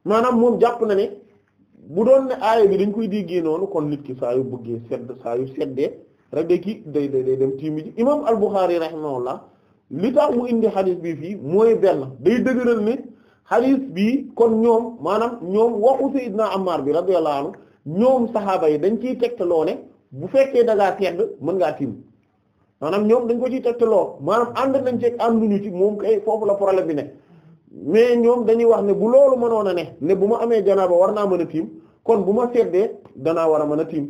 maanaam moom jàpp na ne bu doon ne aaya bi dañ koy déggee noonu kon nit ki saa yu bëggee sedd saa yu seddee rek day kii day day dem tiimi ji imaam al-Bukhari rahimahullah li tax mu indi xadiis bi fii mooy benn day dëgëral ne xadiis bi kon ñoom maanaam ñoom waxu am Ammar bi radiyallahu anhu ñoom saxaaba yi dañ ciy tegtaloo ne bu fekkee da ngaa tedd mën ngaa tiim maanaam ñoom dañ ko ciy loo maanaam ànd nañ ceeg ànduñu ci moom kay foofu la problème bi ne mais ñoom dañuy wax ne bu loolu mënoon a ne ne bu ma amee janaaba war naa mën a tiim kon bu ma seddee danaa war a mën a tiim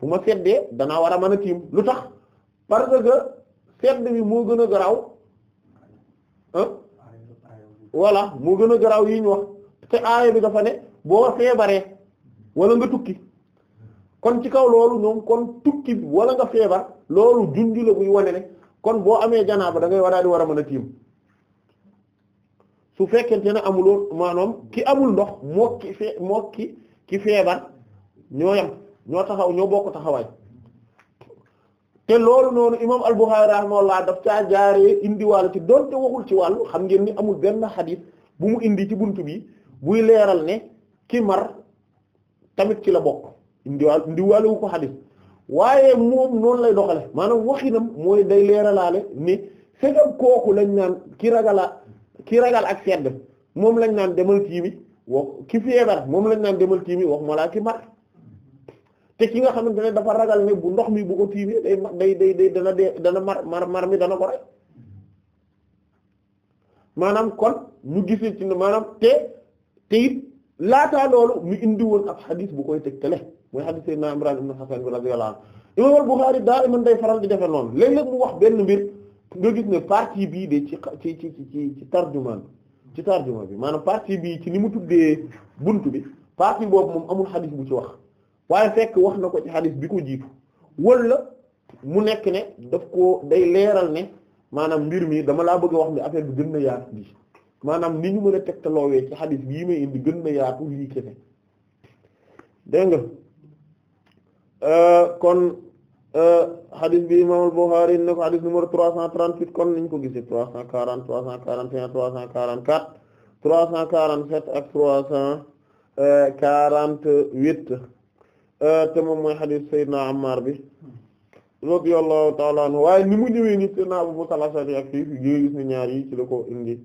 bu ma seddee danaa war a mën a tiim lu tax parce que sedd bi moo gën a garaaw voilà moo gën a garaaw yi ñu wax te aaya bi dafa ne boo feebaree wala nga tukki kon ci kaw loolu ñoom kon tukki wala nga feebar loolu junju la buy wane ne kon boo amee janaaba da ngay war di war a mën a tiim su fekkente ne amuloo maanaam ki amul ndox moo ki fee ki ki feebar ñoo yam ñoo taxaw ñoo bokk taxawaay. te loolu noonu imam al-Bukhari rahimahullah daf caa jaaree indiwaale ci donte waxul ci wàllu xam ngeen ni amul benn xadis bu mu indi ci buntu bi buy leeral ne ki mar tamit ci la bokk indiwaal indiwaale wu ko xadis waaye moom noonu lay doxale maanaam waxinam mooy day leeralaale ni fekkam kooku lañ naan ki ragala ki ragal ak sedd moom lañ naan demal tiimi wax ki feebar moom lañ naan demal tiimi wax ma laa ki mar te ki nga xamante ne dafa ragal ne bu ndox mi bu ko tiimee day day day day dana dee dana mar mar mi dana ko rek maanaam kon ñu gisee ci maanaam te te it laataa loolu mu indi woon ab xadiis bu koy tegtale mooy xadiis Seydina Imraan ibn Hasan radiyallahu anhu imam al-Bukhari daa iman day faral di defe noonu léeg-léeg mu wax benn mbir nga gis ne partie bii de ci ci ci ci ci tarjumaan ci tarjumaan bi maanaam partie bii ci ni mu tuddee bunt bi partie boobu moom amul xadiis bu ci wax waaye fekk wax na ko ci xadis bi ko jiitu wala mu nekk ne daf ko day leeral ne maanaam mbir mi dama laa bëgg a wax ne affaire bi gën na yaatu bi maanaam ni ñu mën a tegtaloowee ci xadis bii may indi gën na yaatu lii kese dégg nga euh, kon euh, xadis bi imam al-Bukhari ne ko xadis numéro 338 kon niñ ko gisee 340 341 344 347 ak 348 Euh, te moom mooy xadiis Seydina Ammar bi radiyallahu ta'ala anhu waaye ni mu ñëwee ni Seydina Abu Musa al-Ash'ari ak fii gi gis ni ñaar yi ci la ko indi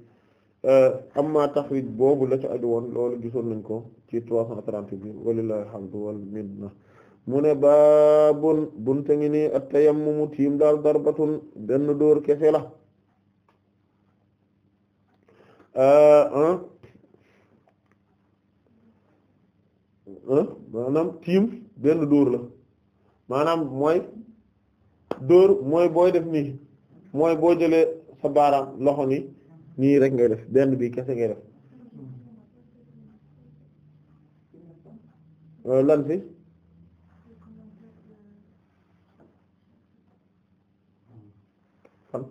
euh, amma taxrij boobu la ci aju woon loolu gisoon nañ ko ci trois cent trente bi walillahi alhamdu wal minna mu ne baabun bunte ngi nii at-tayammumu tiim daal darbatun benn dóor kese la euh, maanaam tiim benn dóor la maanaam mooy dóor mooy booy def nii mooy boo jëlee sa baaraam loxo nii nii rek ngay def benn bii kese ngay def euh, lan fi fan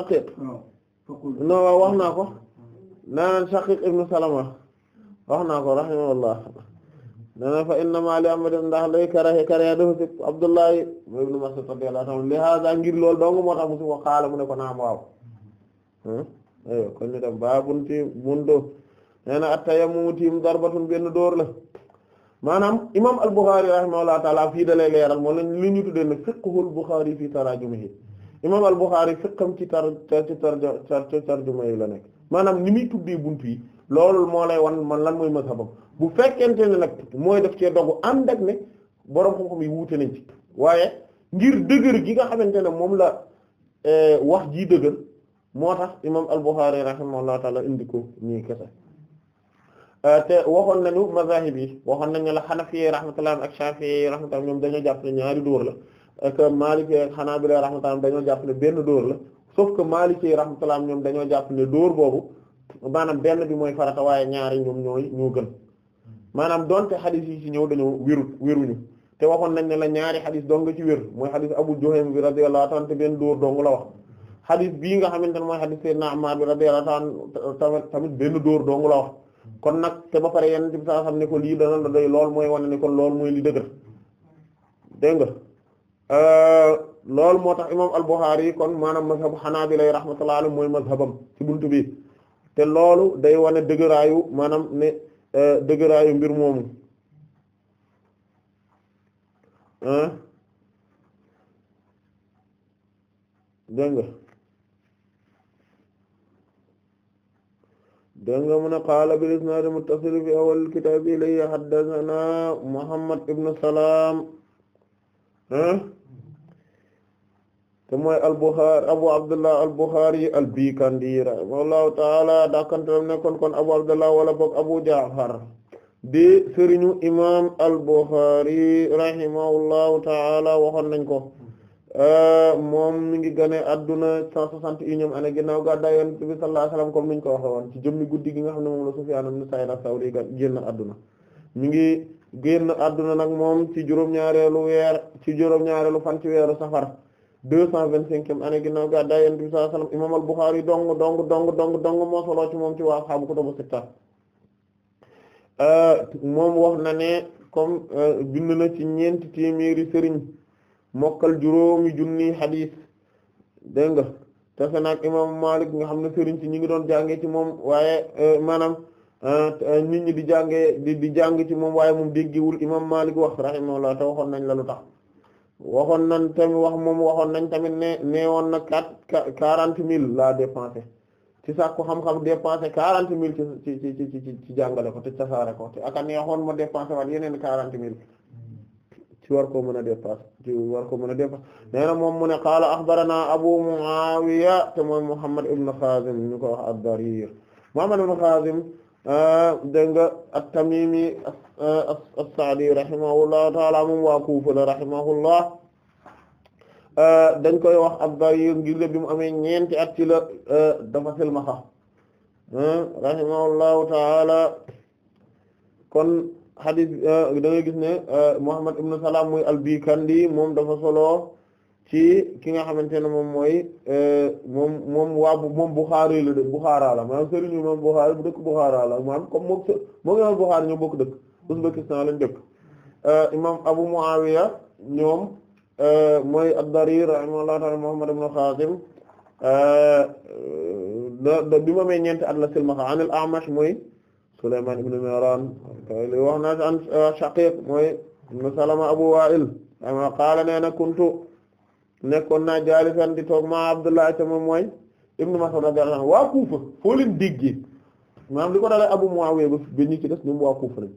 lan non waaw wax naa ko naan Shaqiq ibnu Salama wax naa ko rahimahullah nana fa inna ma li amadi ndax lay karaxe karaxe dafa si Abdullahi ibnu Mas'ud radiyallahu anhu ngir lool dong moo tax ko si waxaala mu ne ko naam waaw hmm? ayo kon ni tam ba bun tiim mun do nee na at-tayammum tiim benn dóor la maanaam imam al-Bukhari rahimahullah taala fii leeral moo lañ li ñu tuddee ne fiqhul Bukhari fii taraajumihi imaam al-Bukhari fiqam ci tar ci tar ci tarjuma yi la nekk maanaam ni muy tuddee buntu yi loolu moo lay wan man lan mooy mazhabam bu fekkente ne nag mooy def cee dogu ànd ak ne boroom xam-xam yi wuute nañ ci waaye ngir dëgër gi nga xamante ne moom la eh, wax jii dëgër moo tax imaam al-Bukhari rahimahullahu ta'ala indi ko nii kese eh, te waxoon nañu mazahib yi waxoon nañu la Hanafi rahmatullah ak Shafi'i rahmatullah ñoom dañoo jàpp ne ñaari dóor la ak Maliki ak Hanabila rahmatullah dañoo jàpp ne benn dóor la sauf que Maliki rahmatullah ñoom dañoo jàpp ne dóor boobu maanaam benn bi mooy farata waaye ñaari ñoom ñooy ñoo gën maanaam donte xadis yi ci ñëw dañoo wérut wéruñu te waxoon nañ ne la ñaari xadis dong nga ci wér mooy xadis Abu Juhaym bi radiyallahu ta'ala te benn dóor dong la wax xadis bii nga xamante ne mooy xadis Seydina Ammar bi radiyallahu ta'ala tamit tamit benn dóor dong la wax kon nag te ba pare yenn ci saa xam ne ko lii dana la doy lool mooy wane ne kon lool mooy li dëgër dégg nga Euh, loolu moo tax imam al-Bukhari yi kon maanaam mazhabu xanaabila rahmatullah alayhi mooy mazhabam ci buntu bi te loolu day wane dëgëraayu maanaam ne euh, dëgëraayu mbir moomu dégg nga dégg nga mu ne qaala bil fi awwal kitaab ilayhi haddathana Muhammad ibn Salaam te mooy al-Bukhari Abu Abdullah al-Bukhari al-Bikandi rahimahullahu ta'ala dakantam nekkoon kon Abu Abdullah wala boog Abu Ja'far di sëriñu imam al-Bukhari rahimahullahu ta'ala waxoon nañ ko euh, moom mi ngi gane adduna cent soixante et unième année ginnaaw gàddaay Yonent bi sallallahu alayhi ko waxe woon ci jëmmi guddi gi nga xam ne moom la Sufyaan ibn Sa'iid la sawri génn adduna mi ngi génn àdduna nag moom ci juróom-ñaareelu weer ci juróom-ñaareelu fan ci weeru safar deux cent vingt-cinquième année ginnaaw gàddaay Yonent bi sallallahu alayhi wasallam imaam al dong dong dong dong dong moo solo ci moom ci waa ashaabu kutubu sitta euh, moom wax na ne comme euh, bind na ci ñeenti téeméeri sëriñ mokkal juróomi junni xadiis dégg nga te nag imaam Maalik nga xam ne sëriñ ci ñi ngi doon jàngee ci moom waaye euh, maanaam Euh, nit ñi di jàngee di di jàng ci moom waaye moom déggiwul imam Malik wax rahimahullah te waxoon nañ la lu tax waxoon nañ tamit wax moom waxoon nañ tamit ne woon na quatre quarante mille la dépensé ci sàkku xam-xam dépensé quarante mille ci ci ci ci ci jàngale ko te ko te aka neexoon ma dépensé waat yeneen quarante mille ci war ko mën a dépensé ci war ko mën a dépensé nee na moom mu ne qaala axbarana Abu Muawiya te mooy Muhammad ibn Xaazim ñu ko wax ad-Darir Muhammad ibn Xaazim Ah, dégg nga at-Tamimi ah, ah, as-Sa'di rahimahullahu taala moom waa Kuufa rahimahullah dañ koy wax Ad-Dariir ngir ne bi mu amee ñeenti at ci la dafa silmaxa rahimahullahu taala kon hadith da gis ne Muhammad ibn Salam muy al-Bikandi moom dafa solo. ci ki nga xamante ne moom mooy euh, moom waa moom Buxaari la dëkk Buxaara la maanaam sëriñu moom Buxaari bu dëkk Buxaara la maanaam comme moom moom imaam Buxaari ñoo bokk dëkk Uzbekistan lañ dëkk euh, imaam Abu Muawiya ñoom euh, mooy ad-Darir rahimahullahu ta'ala Muhammad ibn Xaasim da bi ma mee ñeenti at la silmaxa an al-A'mash mooy Sulaymaan ibn Mihraan li wax na an mooy ibn kuntu nekkoon naa jaalisan di toog ma Abdullah ca moom mooy ibnu Mas'ud radiyallahu waa Kuufa foo leen déggee li ko dalee Abu Muawiya ba ba ñu def des ñoom waa Kuufa lañ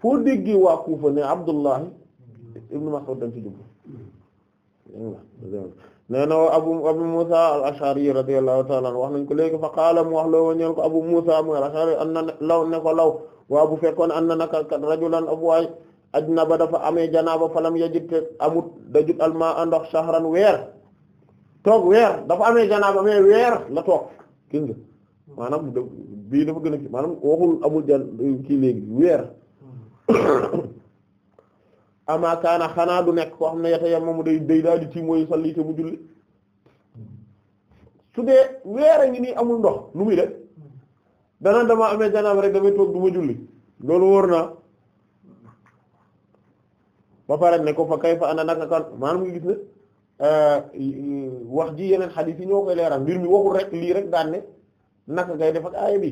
foo déggee waa Kuufa ne Abdullah ibnu Mas'ud dañ ci jublu nee na abu abu Musa al-Ash'ari radiyallahu ta'ala wax nañ ko léegi fa qaala mu wax loo wa ñeen ko abu Musa mu al-Ash'ari an na law ne law waa bu fekkoon an na naka rajulan ab waay ajnaba dafa amee janaaba falam yajid te amut dajut alma a ndox shahran weer toog weer dafa amee janaaba mais weer la toog gis nga maanaam gën a kii maanaam waxul amul jan kii léegi weer ama kaana xanaa du nekk koo xam ne yata yammamu day day daal di ci mooy salli mu julli su dee weer a ngi nii amul ndox nu muy def dana dama amee janaaba rek damay toog du julli loolu wóor naa ba pare ne ko fa kay fa ana naka kan maanaam nga gis ne euh, wax ji yeneen xadiis yi ñoo koy leeral mbir mi waxul rek lii rek daan ne naka ngay def ak aaya bi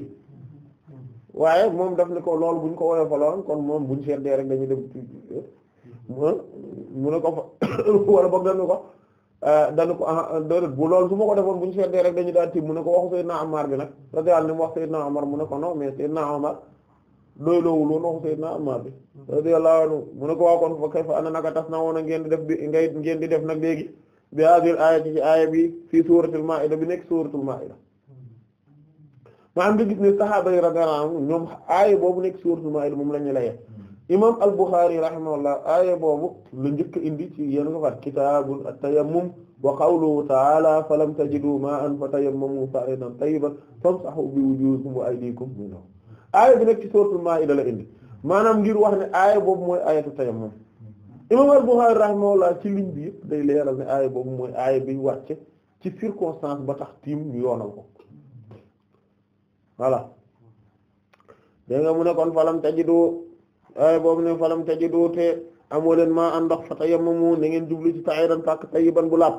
waaye moom daf ne ko loolu buñ ko woyoo fa lool kon moom buñ seet dee rek dañuy dem mu ne ko fa wala boog dañu ko euh, dañu ko ah, ah, déedéet bu loolu su ma ko defoon buñ seet dee rek dañu daal tiim mu ne ko waxu Seydina Omar bi nag radiyallahu anhu wax Seydina Omar mu ne ko non mais Seydina Omar doyloowul woon waxu Seydina Umar bi radiyallahu anhu mu ne ko ana naka tas na woon di def nag léegi bi hadil aaya ci bi fii suuratul maa'ida bi nekk suuratul maa'ida maa ngi gis ne sahaaba yi radiyallahu anhum ñoom boobu nekk suuratul maa'ida moom la ñu laye imam al-Bukhari rahimahullah boobu la njëkk indi ci yéen nga fat kitaabul tayammum wa qawluhu ta'ala falam tajidu maa'an fatayammamu sa'idan tayyiban famsahu bi wujuhikum wa aydikum aaya bi nag ci suratul maa'ida la indi maanaam ngir wax ne aaya boobu mooy aayatu tayammum imam al-Bukhari rahimahullah ci ligne bi yëpp day leeral ne aaya boobu mooy aaya bi wàcce ci circonstance ba tax tiim ñu yoonal ko voilà dégg mu ne kon falam tajidu aaya boobu ne falam tajidu te amoo leen maa an ndox fa tayammamu na ngeen jublu ci ta'iran pak tayiban bu laab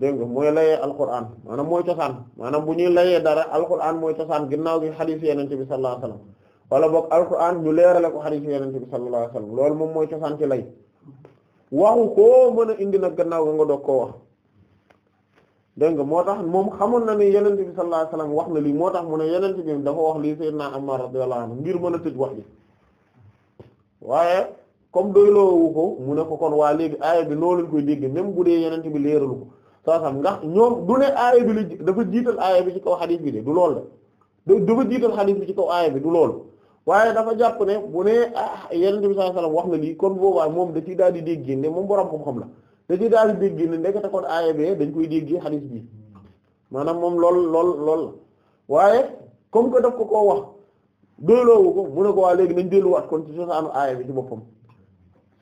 dégg nga mooy layee alquran maanaam mooy cosaan maanaam bu ñuy layee dara alquran mooy cosaan ginnaaw gi xadiis yenente bi sallallahu alayhi wasallam wala boog alquran ñu leerale ko xadiis yenente bi sallallahu alayhi loolu moom mooy cosaan ci lay waxu koo mën a indi nag gannaaw nga doog koo wax nga moo tax moom xamoon na ne yenente bi sallallahu alayhi wax na lii moo tax mu ne yenente bi dafa wax lii sayyidina am radiyallahu anhu ngir mën a tëj wax bi waaye comme doyloowu ko mu ne ko kon waa léegi aaya bi noonu lañ koy dégg même bu dee yenente bi leeralu ko saasam ndax ñoom du ne aaya bi la dafa jiital aaya bi ci kaw xadiis bi de du lool de dafa jiital xadiis bi ci kaw aaya bi du lool waaye dafa jàpp ne bu ne ah yenente bi sallallahu alayhi wasallam wax na lii kon boobaa moom da ciy daal di déggee moom borom xam-xam la da ciy daal di déggee ne ndekete kon aaya bi dañ koy déggee xadiis bi maanaam moom lool lool lool la comme que daf ko ko wax doyloowu ko mu ne ko waa léegi nañ delluwaat kon ci sosaanu aaya bi ci boppam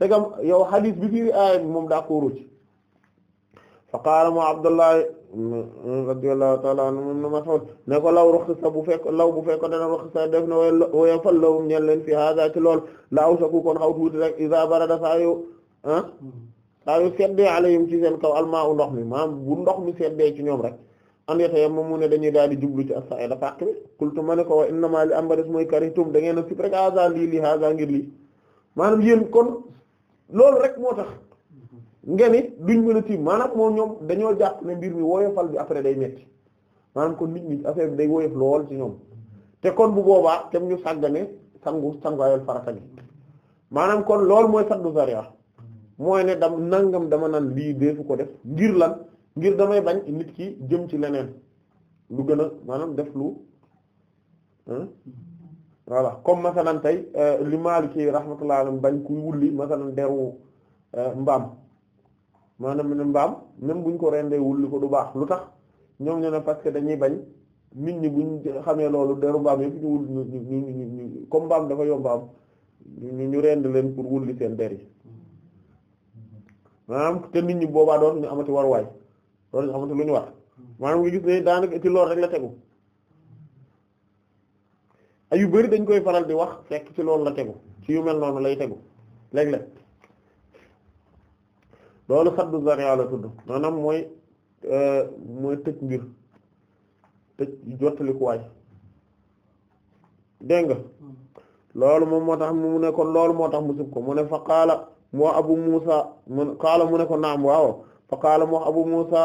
c'est comme yow xadiis bi fiiri aaya bi moom daa koo rocc fa qaala mu Abdullahi radiyallahu ta'ala anhu ibn ne ko law ruxsa bu fekk law bu fekk dana ruxsa def na wooye fal lawum ñeen leen fi hada ci lool la awsaku kon xaw tuuti rek isa barada saa yu ah, ndox mi bu ndox mi seddee ci ñoom rek an yata yam mu dañuy daal di jublu ci as-sa'ida ma ne ko wa innama li ambades mooy karitum da a sib rek hada lii lii hada ngir lii kon loolu rek moo tax ngeen it duñ mën a tiim maanaam moom ñoom dañoo jàpp ne mbir mi woyofal bi après day metti maanaam kon nit ñi affaire bi day woyof lool ci ñoom te kon bu boobaa tam ñu sàggane sangu sangu ayol maanaam kon loolu mooy saddu sariya mooy ne dam nangam dama naan lii deefu ko def ngir lan ngir damay bañ nit ki jëm ci leneen lu gën a maanaam def lu comme masalan tey euh, li Maliki rahmatullah alayhi bañ ku wulli masalan deru euh, mbaam maanaam ne mbaam bu buñ ko rendee wulli ko du baax lu tax ñoom ne na parce que dañuy bañ nit ñi buñ xamee loolu deru mbaam yëpp ñu wul ñu comme mbaam dafa yomba am ñu ñu rend leen pour wulli seen der yi maanaam te nit ñi boobaa doon ñu amati war waay doon ñu amati lu ñu war maanaam nga gis ne daanaka ci lool rek la tegu ay yu bari dañ koy faral di wax fekk ci loolu la tegu ci yu mel noonu lay tegu léeg-léeg loolu saddu zari'a la tudd maanaam mooy euh, mooy tëj mbir tëj jottalikuwaay dégg nga loolu moo tax mu ne kon loolu moo tax mu sib ko mu ne fa qaala mu wax abu musa mu qaala mu ne ko naam waaw fa qaala mu wax abu musa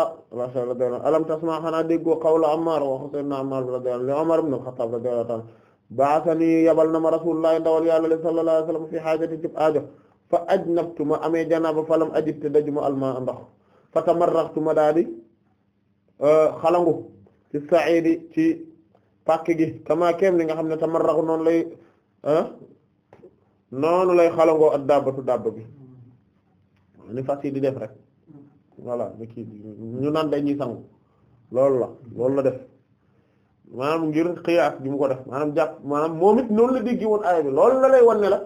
radiyallahu alam tasma xanaa déggoo qawla Ammar wa Sayyidina Ammar radiyallahu li Umar ibn al-Khattab radiyallahu ta'ala ba'athani yabal na ma Rasulullah ndawal yàlla sallallahu alayhi wa sallam fi haajati cib aajo fa ajnabtu ma amee janaaba falam ajib te daju ma almaa ndox fa tamarraxtu ma daal di euh, xalangu ci sa'iidi ci pàkk gi kamaa keem li nga xam ne tamarraxu noonu lay noonu lay xalangoo ak dàbbatu dàbb bi ni fas yi di def rek voilà ñu naan dañuy sangu loolu la loolu la def maanaam ngir xiyaas gi mu ko def maanaam jàpp maanaam moom it noonu la déggi woon aaya bi lool la lay wan la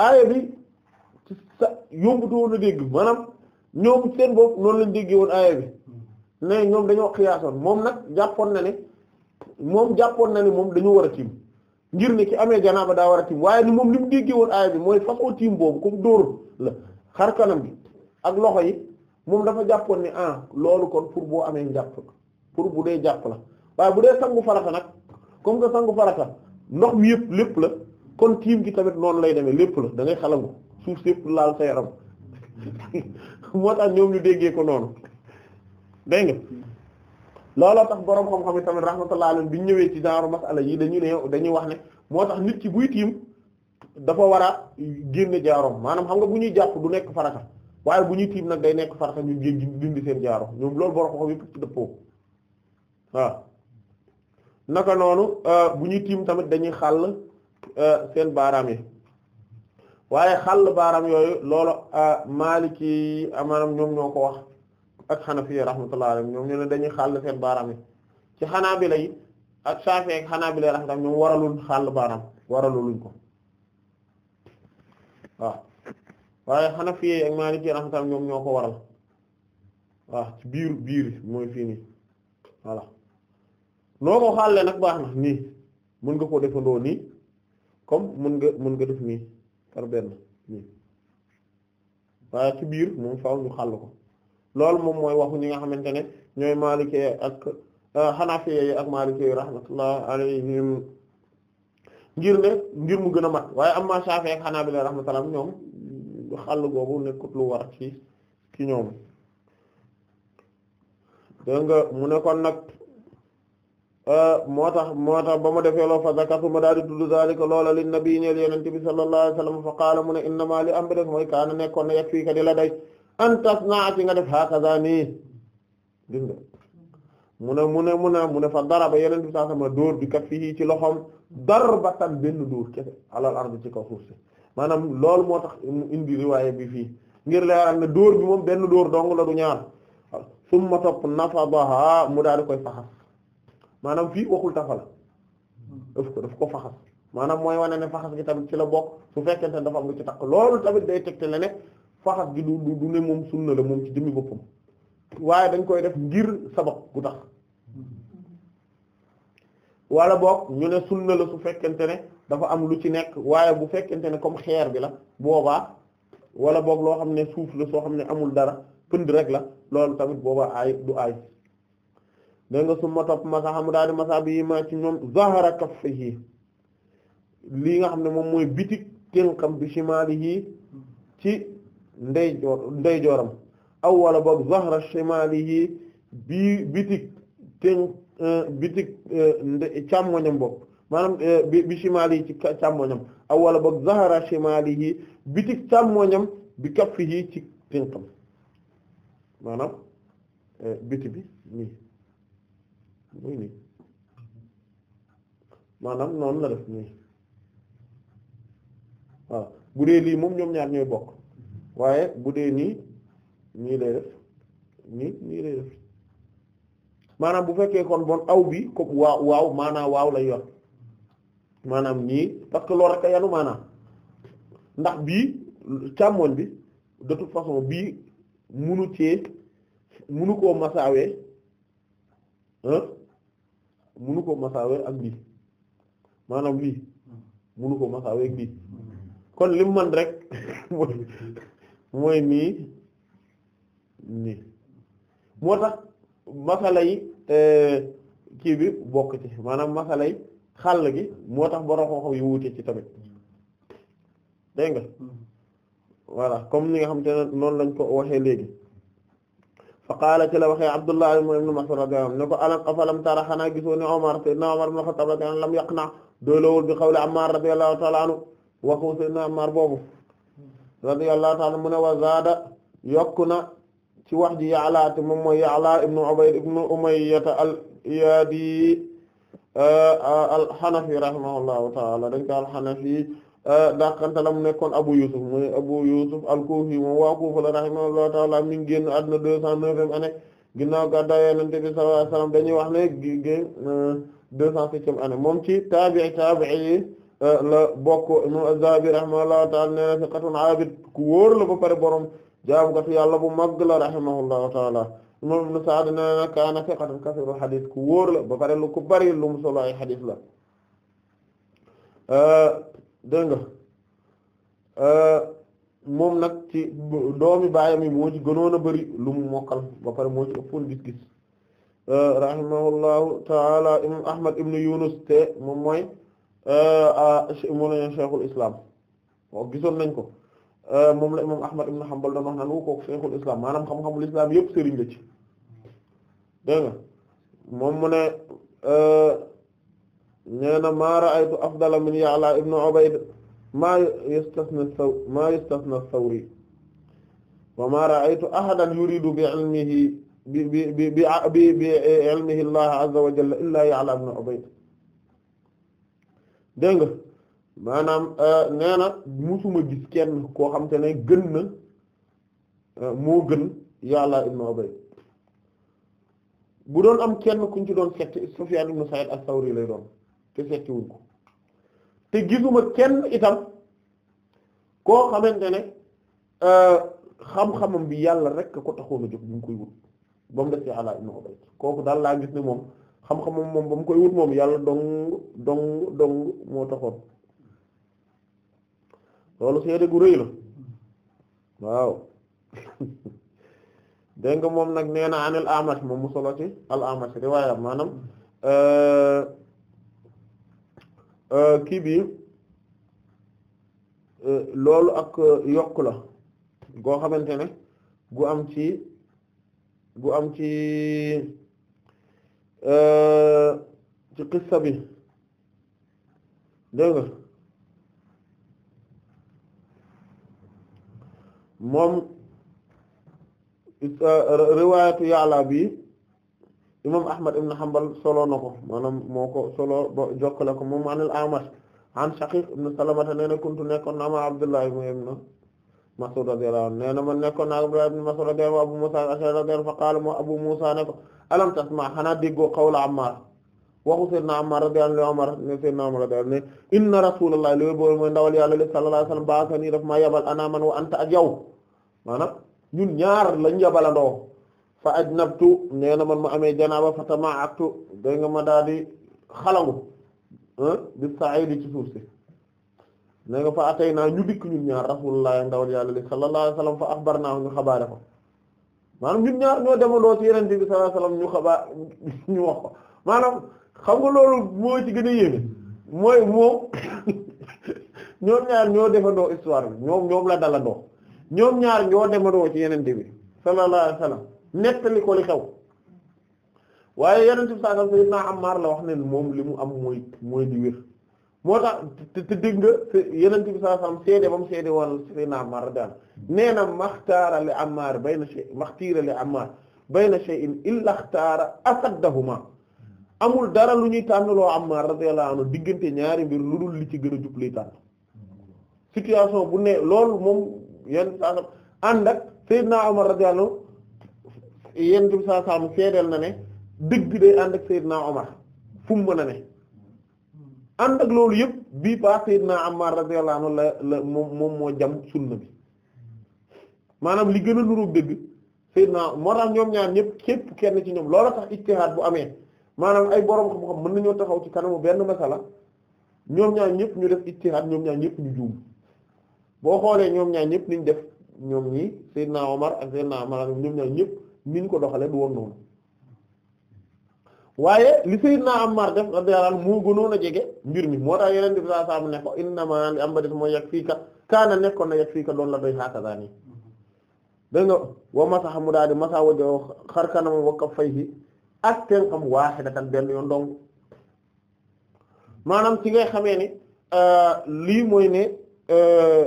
aaya bi sa yombutu woon a dégg maanaam ñoom seen bopp noonu lañ déggee woon aaya bi mais ñoom dañoo xiyaasoon moom nag jàppoon na ne moom jàppoon na ne moom dañoo war a tiim ngir ne ki amee ba daa war a tiim waaye ni moom li mu déggee woon aaya bi mooy façon tiim boobu comme dóor la xar kanam bi ak loxo yi moom dafa jàppoon ne ah loolu kon pour boo amee njàpp pour bu dee jàpp la waaye bu dee sangu farata nag comme que sangu farata ndox mi yëpp lépp la kon tiim gi tamit noonu lay demee lépp da ngay xalangu suuf sépp laal sa yaram moo tax ñoom ñu déggee ko noonu dégg nga looloo tax boroom xam-xam yi tamit rahmatullah bi ñu ñëwee ci genre masala yi dañu ne dañuy wax ne moo tax nit ci buy tiim dafa war a génne jaaroom maanaam xam nga bu ñuy jàpp du nekk farata waaye bu ñuy tiim nag day nekk farata ñu dindi seen jaaro ñoom loolu boroom xam-xam yëpp ci dëppoo waaw naka noonu euh, bu ñuy tiim tamit dañuy xàll euh, seen baaraam yi. waaye xàll baaraam yooyu loolu maliki maanaam ñoom ñoo ko wax ak xanafi rahmatullahi alayhim ñoom ñu ne dañuy xàll seen baaram yi ci xanaabila yi ak saafi ak xanaabila rahmatullahi ñoom waralul xàll baaram waraluluñ ko waaw waaye xanafi ak maliki rahmatullahi ñoom ñoo ko waral waaw ci biir biir mooy fii nii voilà noo ko xàllee nag baax na nii mën nga ko defandoo nii comme mën nga mën nga def nii par benn waaye ci biir moom faaw ñu xàll ko loolu moom mooy waxu ñi nga xamante ne ñooy Maalikee ak Xanafiye euh, yi ak Maalikee rahmatullah alayhim ngir ne ngir mu gën a mat waaye am amma Shafi'i ak Xanaabila rahmatullah ñoom xàll googu nekkut lu war ci ci ñoom dégg mu ne kon nag. Euh, moo tax moo tax ba ma defee loo fa zakatu ma daal di tudd zalika loola li nabi ñeel yonent bi sallallahu alayhi wa sallam fa qaala mu ne innama am mooy kaana nekkoon na yeg fii ka di la day naa ci nga def hakaza nii mu ne mu ne mu mu ne fa daraba yonent bi sallallahu alayhi wa sallam dóor bi kat fii ci benn dóor kese alal ardu ci kaw suuf si maanaam lool moo tax mu indi riwaaya bi fii ngir leeral ne dóor bi moom benn dóor dong la du ñaar summa topp nafadaha mu daal koy faxas maanaam fii waxul tafal daf ko daf ko faxas maanaam mooy wane ne faxas gi tamit ci la bokk su fekkente ne dafa am lu ci takk tamit day tegte la ne faxas gi du du moom sunna la moom ci jëmmi waaye dañ koy def ngir sabab gu tax wala boog ñu ne sunna la su fekkente ne dafa am lu ci nekk waaye bu fekkente ne comme xeer bi la boobaa wala boog loo xam ne suuf la soo xam ne amul dara pënd rek la loolu tamit boobaa aay du aay dégg nga suma topp masaxa mu daal di masa bi ma ci ñoom zahara kaffihi lii nga xam ne moom mooy bitik tenxam bi shimalihi ci ndey ndeyjooram aw wala boog zahra shimalihi bi bitik ten euh, bitik euh, càmmoñam boog maanaam euh, bi shimalihi ci càmmoñam aw wala boog zahara shimalihi bitik càmmoñam bi kaffihi ci tenxam maanaam biti bi muy nii maanaam noonu la def nii waaw bu dee lii moom ñoom ñaar ñooy bokk waaye bu dee nii nii lay def nii nii lay def maanaam bu fekkee kon bon aw bi comme waaw waaw maanaam waaw lay yor maanaam nii parce que loolu rek a maanaam ndax bii càmmoñ bi de toute façon bii munu cee munu koo masaawee munu ko masaawee ak bii maanaam lii munu ko masaawee ak bii kon lim man rek mooy nii nii moo tax masala yi kii bi bokk ci maanaam masala yi xàll gi moo tax borom xam-xam yu wuute ci tamit dégg nga mm-hmm. voilà comme ni nga xam te ne lañ ko waxee léegi fa qaala ci la waxee Abdullah ibn Mas'ud radiyallahu anhu ne ko alam afalam tara xanaa gisoo ne Omar sayyidina Omar ibn Khattab radiyallahu anhu lam yaqna doolowul bi xawle Ammar radiyallahu ta'ala anhu waxu sayyidina Ammar boobu radiyallahu ta'ala mu ne wa zaada yokku na ci wax ji Ya'la te moom mooy Ya'la ibn Ubayd ibn Umayya al-Iyadi euh, al-Hanafi rahimahullahu ta'ala dañ ko al-Hanafi Euh, dàqantalam nekkoon Abu Yusuf mooy Abu Yusuf al-Kufi moom waa Kufa la rahimahullahu ta'ala mi génn àdduna deux cent neuvième année ginnaaw gàddaay Yonent bi sallallahu alayhi dañuy wax ne gi gé euh, deux moom ci taabi'i taabi'i yi euh, la bokk imam Az-Zahabi rahimahullahu ta'ala nee na fiqatun ku wóor la ba pare borom jaamukatu yàlla bu màgg la rahimahullahu ta'ala imam Ibn Sa'd nee kaana fiqatun kasiirul hadiis ku wóor la ba pare lu ko bari lu mu solo ay la dégg nga euh, moom nag ci doomi baayam yi moo ci a bari lu mu mokal ba pare moo ci ëppoon gis-gis euh, rahimahullahu taala imam ahmad ibn yunus te moom mooy euh, mu ne cheikhul islam waaw gisoon nañ ko moom la imam ahmad ibn hanbal doon wax naan wu kooku cheikhul islam maanaam xam-xamul islam yëpp sëriñ la ci moom mu ne nee na maa ra'aytu afdala min Ya'la ibn Ubayd maa yastasna saw maa yastasna Thawri wa maa ra'aytu ahadan yuridu bi ilmihi bi bi bi bi bi ilmihi Allah azza wa jalla illa Ya'la ibn Ubayd dégg nga maanaam euh, nee na musuma gis kenn koo xam te ne gën na euh, moo gën Ya'la ibn Ubayd bu doon am kenn kuñ ci doon seet Sufyan ibn Sa'id as-Sawri lay doon te fekki wuñ ko te gisuma kenn itam koo xamante ne euh, xam-xamam bi yàlla rek ko taxoon a jóg mu koy wut ba mu def ci Alaa daal laa gis ne moom xam-xamam moom ba mu koy wut moom yàlla dong dong dong moo taxoon loolu seede gu rëy la waaw dégg nga moom nag nee na anil Amash moom mu solo ci al Amash riwaayam maanaam euh, Euh, kii bi euh, loolu ak euh, yokkula goo xamante ne gu am ci gu am ci ci qissa bi dégg nga moom riwaayatu Ya'la bi imam ahmad ibn hanbal solo na ko maanaam moo ko solo ba jokkale ko moom anil amash an shaqiq ibn salamata nee na kuntu nekkoon na ama abdullah ibn mas'ud radiyallahu anhu nee na man nekkoon na abdullah ibn mas'ud radiyallahu abu musa al-ash'ari radiyallahu fa qaala moo abu musa ne ko alam tasma xanaa déggoo qawla ammar waxu seydina Umar radiyallahu anhu ne seydina Umar radiyallahu anhu ne inna rasulullah loolu boobu mooy ndawal yàlla li sallallahu alayhi wa sallam baasa nii daf maa yabal ana man wa anta ak yow maanaam ñun ñaar lañ yabalandoo fa ajnabtu nee na man ma amee janaaba fa tamaatu dégg nga ma daal di xalangu bi ah, sa'idi ci suuf si nee nga fa atay naa ñu dikk ñun ñaar rasulullah ndawal yàlla li sallallahu alayhi wasallam fa naa ñu xabaare ko maanaam ñun ñaar ñoo demandoo ci yeneen bi sallallahu alayhi ñu xabaar ñu wax ko maanaam xam nga loolu moo ci gën a yéeme ñoo defandoo histoire bi ñoom ñoom la dalandoo ñoom ñaar ñoo demandoo ci yeneen bi sallallahu alayhi wasallam nettali ko li xew waaye yeneen ci la wax ne moom li mu am mooy mooy moo tax te te dégg nga seede ba mu seede woon sayyidna Ammar daan nee na maxtaara li Ammar bayna shay maxtiira li Ammar bayna shay'in illa xtaara asaddahuma amul dara lu ñuy tànnaloo Ammar radiyallahu anhu diggante ñaari mbir lu dul li ci gën a jub lay tànn situation bu ne loolu moom yenn saakam ànd ak sayyidna Umar radiyallahu yonent bi sallallahu alayhi wasallam na ne dëgg day ànd ak Seydina Omar fum mu mën a ne ànd ak loolu yëpp bii pas Seydina Ammar radiyallahu anhu la la moom moo jam sunna bi maanaam li gën a nuróog dëgg Seydina moo tax ñoom ñaar ñëpp képp kenn ci ñoom loola tax ijtihaad bu amee maanaam ay borom xam mën nañoo taxaw ci kanamu benn masala ñoom ñaan ñëpp ñu def ijtihaad ñoom ñaar ñëpp ñu juum boo xoolee ñoom ñaar ñëpp niñ def ñoom ñii Seydina Omar ak Seydina Ammar ñoom ñaar ñëpp ni ko doxalee du woon noonu waaye li Seydina Ammar def radiyallahu anhu moo gënoon a jege mbir mi moo tax yeneen di mu ne ko innama li ba def fii ka kaana nekkoon na yegg fii ka doon la doy xaakasaa nii nga wa masax mu daal di masaa wajoo xar kanam wa kaffayhi ak teen xam waahidatan benn yoon dong maanaam ci ngay xamee ne euh, lii mooy ne euh,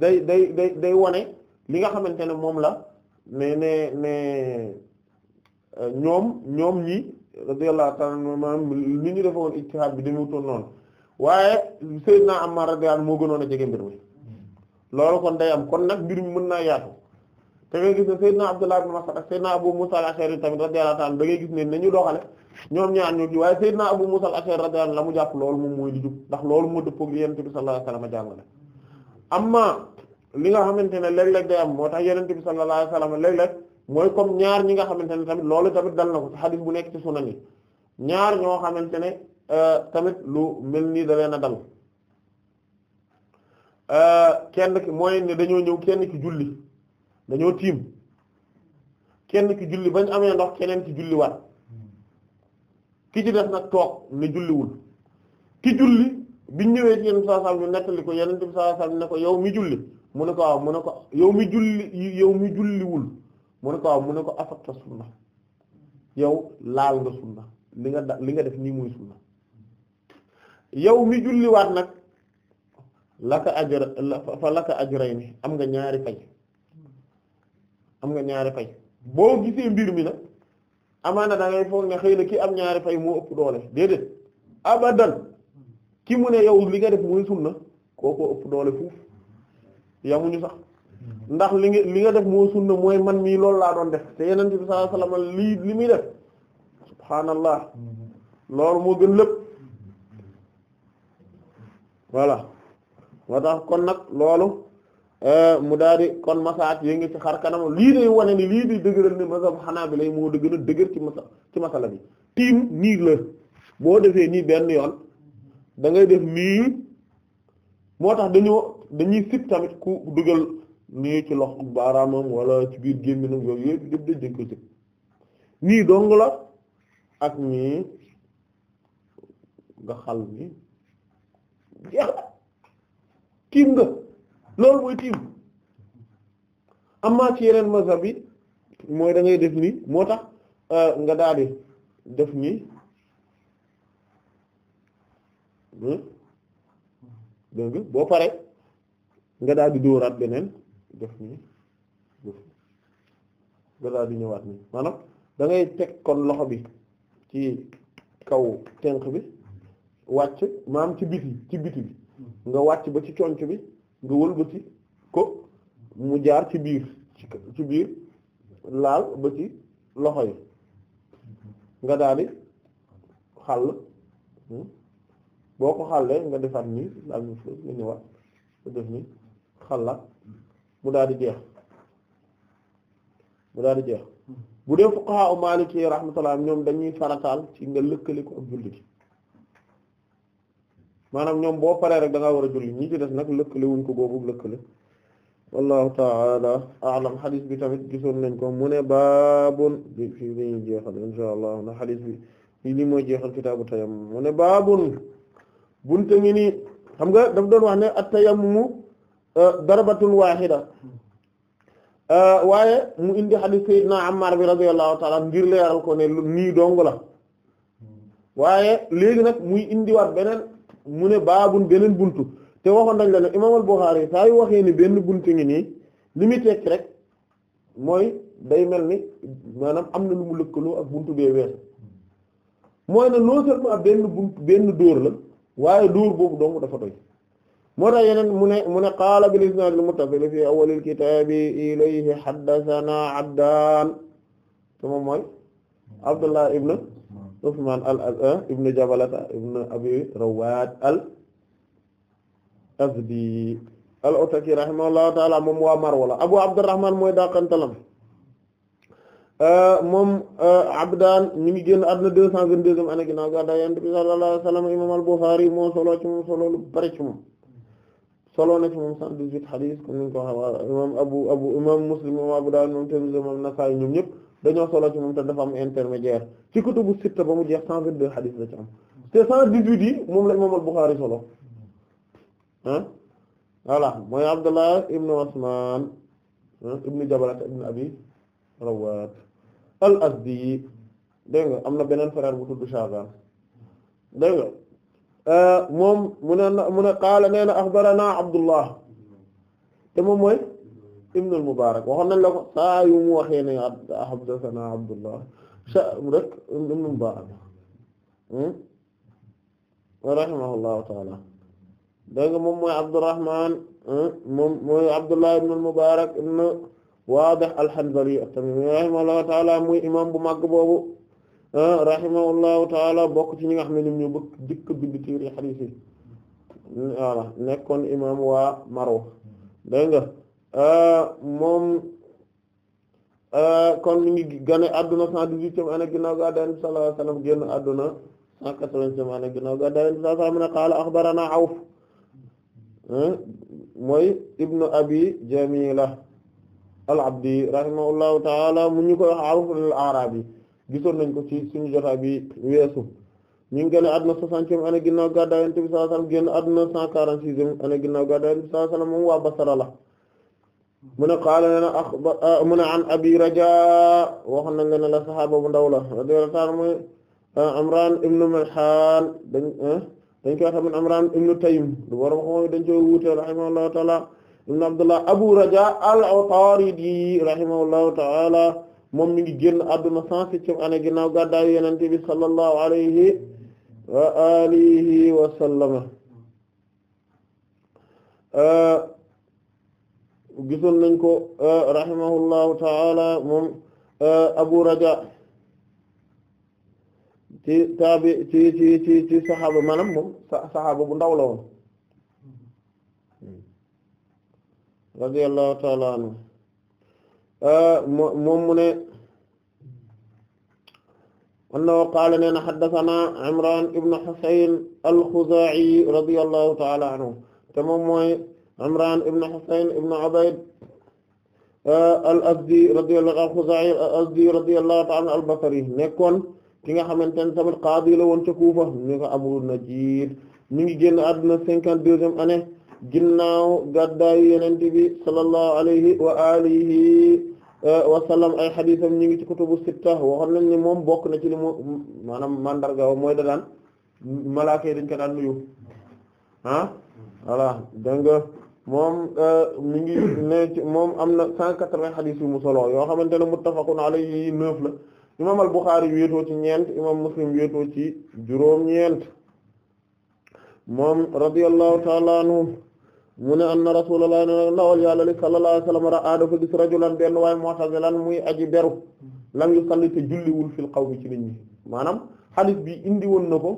day day day day li nga xamante ne moom la ne ne ne euh, ñoom ñoom ñi radiyallahu ta'ala maanaam li ñu defoon ijtihaad bi demewutoon noonu waaye Seydina Ammar radiyallahu moo gënoon a jege mbir mi loolu kon day am kon nag mbir mi mën naa yaatu te ngay gis ne Seydina Abdullah ak Seydina Abu Musa al-Ash'ari tamit radiyallahu ta'ala da ngay gis ne ñu doxale ñoom ñaar ñoo gi waaye Seydina Abu Musa al-Ash'ari radiyallahu la mu jàpp loolu moom mooy di ndax loolu moo dëppoo ak Yonent bi sallallahu alayhi wa sallam jàngale amma li nga xamante ne léeg-léeg day am moo tax yonent bi sallallahu alayhi wasallam léeg-léeg mooy comme ñaar ñi nga xamante ne tamit loolu tamit dal na ko ci xadis bu nekk ci ñoo xamante ne euh, tamit lu mel nii da leen a dal euh, kenn ki mooy ne dañoo ñëw kenn ki julli dañoo tiim kenn ki julli bañ amee ndox keneen ki julli war ki ci def nag toog ne julliwul ki julli biñ ñëwee ci yenn saa saam ñu nettali ko yeneen saa saam ne ko yow mi julli. mu ne ko waaw mu ne ko yow mi julli yow mi julliwul mu ko waaw mu ne ko afakta sunna yow laal nga sunna li nga li nga def nii muy sunna yow mi julliwaat nag laka ajra fa laka am nga ñaari fay am nga ñaari fay boo gisee mbir mi nag amaana da ngay foog ne xëy na ki am ñaari pay moo ëpp doole déedéet abadan ki mu ne li nga def muy sunna kooko ëpp doole fuuf yamuñu sax ndax li nga li nga def moo sunna mooy man mii loolu laa doon def te yeneen bi sallallahu alayhi wasallam lii li muy def subhaanallah loolu moo gën lépp voilà moo tax kon nag loolu euh, mu daal di kon masaat yé ngi ci xar kanam lii day wane ni lii day dëgëral ne mazhab hanabila yi moo gën a dëgër ci masa ci masala bi tiim nii la boo defee nii benn yoon da def nii moo tax dañoo dañuy sib tamit ku dugal nii ci loxo baaraamam wala ci biir gémminam yooyu yooyu yëpp dañ dañ ko nii dong la ak nii nga xal ni jeex tiim nga loolu mooy tiim amma ci yeneen mazhab bi mooy dangay def nii moo tax euh, nga daal def nii hmm? dégg boo pare nga daal di dóoraat beneen def nii def nga daal di ñëwaat nii maanaam dangay teg kon loxo bi ci kaw tenq bi wàcc maam ci biti ci biti bi nga wàcc ba ci conc bi nga wëlbati ko mu jaar ci biir ci biir laal ba ci loxo yi nga daal di xàll hmm? boo ko xàllee nga defar nii la am nga ñëwaat nga def nii xalla mu daal di jeex mu daal di jeex bu dee fuqaha u maliki rahmatullah ñoom dañuy farataal ci nga lëkkale ko ak ñoom boo paree rek da war a julli ñi ci des nag lëkkale wuñ ko boobu lëkkale wallahu taala alam xadis bi tamit gisoon nañ ko mu ne baabun bi fii dañuy jeexal insha na xadis bi fii li mooy jeexal kitaabu tayammum mu ne baabun bunte ngi xam nga daf doon wax ne at tayammumu Euh, darabatun wahida euh, waaye mu indi hadith sayyidina Ammar bi radiyallahu ta'ala ngir leeral ko ne nii dong la waaye léegi nag muy indiwaat beneen mu ne baabun beneen bunt te waxoon nañ la ne imaam al-Bukhari saa yu waxee ni benn buntu ngi nii li muy tekki rek mooy day mel ni maanaam am na lu mu lëkkaloo ak buntu bee weer mooy ne non seulement benn bunt benn dóor la waaye dóor boobu dong dafa doy. moo tax yeneen mu ne mu ne qaala bil isnaad al muttasil fi awwal al kitaab ilayhi haddathanaa Abdaan te moom mooy Abdullah ibn Usmaan al ibn Jabalata ibn Abi Rawaad al Azdi al Ataki rahimahullahu ta'ala moom waa Marwa la Abu Abdurrahmaan mooy daakantalam moom Abdaan ñu ngi génn deux cent vingt-deuxième année ginnaaw gàddaay Yonent bi sallallahu imaam al Buxaari moo solo ci moom solo na ci moom 118 xadis comme niñ ko waxee imam abu abu imam muslim imam abu dawud imam tirmidhi imam nasaa'i ñoom ñëpp dañoo solo ci moom te dafa am intermédiaire ci kutubu sitta ba mu jeex 122 xadis la ci am te 118 yi moom la imam al-Bukhari solo ah voilà mooy Abdullah ibn Usman ibn Jabalat ibn Abi Rawat al-Azdi dégg nga am na beneen frère bu tudd Shazan dégg nga moom mu ne mu ne qaala nee na axbarana Abdullah te moom mooy ibn al-Mubarak waxoon nañ la ko saa yu mu waxee ne haddathana Abdullah sa rek ibn al-Mubarak hmm? rahimahullahu taala dégg nga moom mooy Abdurrahman hmm? moom mooy Abdullah ibn al-Mubarak ibn Wadih al-Hanzali at-Tamimi rahimahullahu taala muy imam bu mag boobu Ah, rahimahullahu taala bokk ci ñi nga xam ne ñoom ñoo bëgg jëkk bind téere hadith yi voilà nekkoon imam waa Marwa dégg ah, moom ah, kon mi ngi gane adduna cent dix-huitième année ginnaaw gàddaay Yonent bi sallallahu alayhi wasallam génn quatre-vingtième année ginnaaw gàddaay Yonent bi sallallahu alayhi wasallam qaala akhbarana Awf hmm? mooy ibnu abi Jamila al-Abdi rahimahullahu taala mu ñu koy wax Awf al gisoon nañ ko ci suñu jotaay bi weesu ñu ngi génn àdduna soixantième année ginnaaw a Yonent bi sallallahu alayhi wasallam génn àdduna cent quarante a année ginnaaw gàddaay Yonent bi sallallahu alayhi wasallam moom waa Basra la mu ne qaala lana akhbar ah, mu ne an Abi Rajaa waxoon nañ ne la saxaaba bu ndaw la radiyallahu ta'ala mooy ah, Amraan ibn Malhaan dañ ah, dañ koy xam Amraan ibn Taym du borom xam dañ koy wuute rahimahullahu ta'ala ibn Abdullah Abu Rajaa al-Utaridi rahimahullahu ta'ala moom mi ngi génn adduna cent septième année ginnaaw gàddaayu yenente bi sallallahu alayhi wa alihi wa sallama euh, gisoon nañ ko euh, rahimahullahu taala moom euh, Abu Raja ci taabi ci ci ci ci saxaaba maanaam moom saxaaba bu ndaw la hmm. radiyallahu taala anhu moom mu ne annahu qaala nee na xaddasanaa imran ibnu husayn al-Xuzaa'i radiyallahu ta'ala anhu te moom mooy imran ibnu husayn ibnu ubayd uh, al-Azdi radiyallahu al-Xuzaa'i al-Azdi radiyallahu ta'ala al-Basri nekkoon ki nga xamante ne tamit qaadi la woon ca Kuufa ñu ko Abu Najiid mi ngi génn àdduna cinquante-deuxième année ginnaaw gàddaayu yenente bi sallallahu alayhi wa alihi eh, wa sallam ay xadiisam ñi ngi ci kutubu sitta waxoon nañ ni moom bokk na ci li mu maanaam mandarga mooy da daan malaaka yi dañ ko daan nuyu ah voilà dégg nga moom eh, mi ngi ne moom am na cent quatre-vingts xadiis yu mu solo yoo xamante ne muttafaqun alayhi neuf la imam al-Bukhari wéetoo ci ñeent imam Muslim wéetoo ci juróom ñeent moom radiyallahu ta'ala mu ne anna rasulullah ndawal yàlla li sallallahu alayhi wasallam ra'a dafa gis rajulan benn waaye mu'tazilan muy aji beru lam yu salli te julliwul fil qawmi ci nit ñi maanaam hadith bi indi woon na ko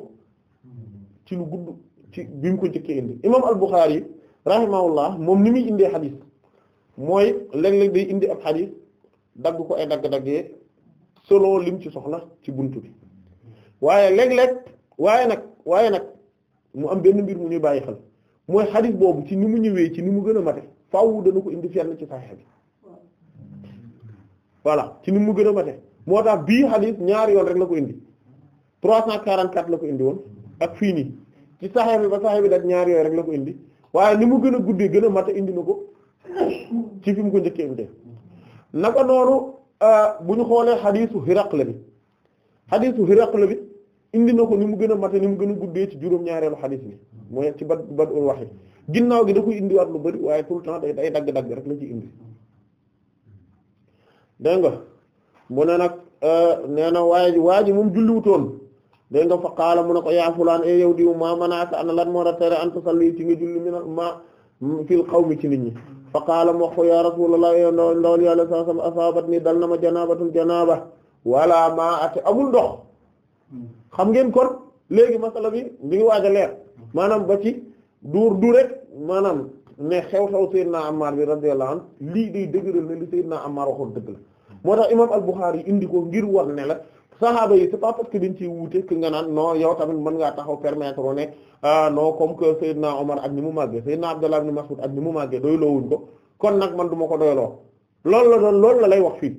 ci lu gudd ci bi mu ko njëkkee indi imam al-Bukhari rahimahullah moom ni muy indee hadith mooy léeg-léeg day indi ab hadith dagg ko ay dagg-daggee selon lim ci soxla ci buntu bi waaye léeg-léeg waaye nag waaye nag mu am benn mbir mu ñuy bàyyi xel. mooy xadis boobu ci ni mu ñëwee ci ni mu gën a mate faaw dana ko indi fenn ci saxiix bi voilà ci ni mu gën a mate moo tax bii xadis ñaari yoon rek la ko indi 344 la ko indi woon ak fii nii ci saxiix bi ba saxiix bi daal ñaar yooyu rek la ko indi waaye ni mu gën a guddee gën a mate indi na ko ci fi mu ko njëkkee indi naka noonu euh, bu ñu xoolee xadisu Hiraqla bi xadisu la bi indi na ko ni mu gën a mate ni mu gën a guddee ci juróom-ñaareelu xadis bi mooy ci bad badul waxi ginnaaw gi da indi indiwaat lu bari waaye tout le temps day dagg-dagg rek la ci indi dégg nga mu ne nag euh, nee na waaye waa ji moom julliwutoon dégg nga fa qaala mu ne ko yaa fulaan e yow diw maa manaaka ana lan moo la tere an tusalli ci nga julli min ma fil qawmi ci nit ñi fa qaala mu wax ko yaa rasulallah yow eh, ndawal yàlla sallallahu alayhi asaabat nii dal na ma janabatun janaba wala ma amul ndox xam ngeen kon léegi masala bi mi ngi waaj a leer maanaam ba ci duur du rek maanaam ne xew-xew Seydina Ammar bi radiyallahu anhu lii day dëgëral ne li Seydina Ammar waxoon dëgg la moo tax imaam al-Bukhari yi indi ko ngir war ne la saxaaba yi c'est pas parce que ci ciy wuute que nga naan noo yow tamit mën ngaa taxaw permettre ne noo ah, non comme que Seydina Omar ak ni mu màggee Seydina Abdallah ibn Mas'ud ak ni mu màggee doyloo wuñ ko kon nag man du ko doyloo loolu la doon la lay wax fii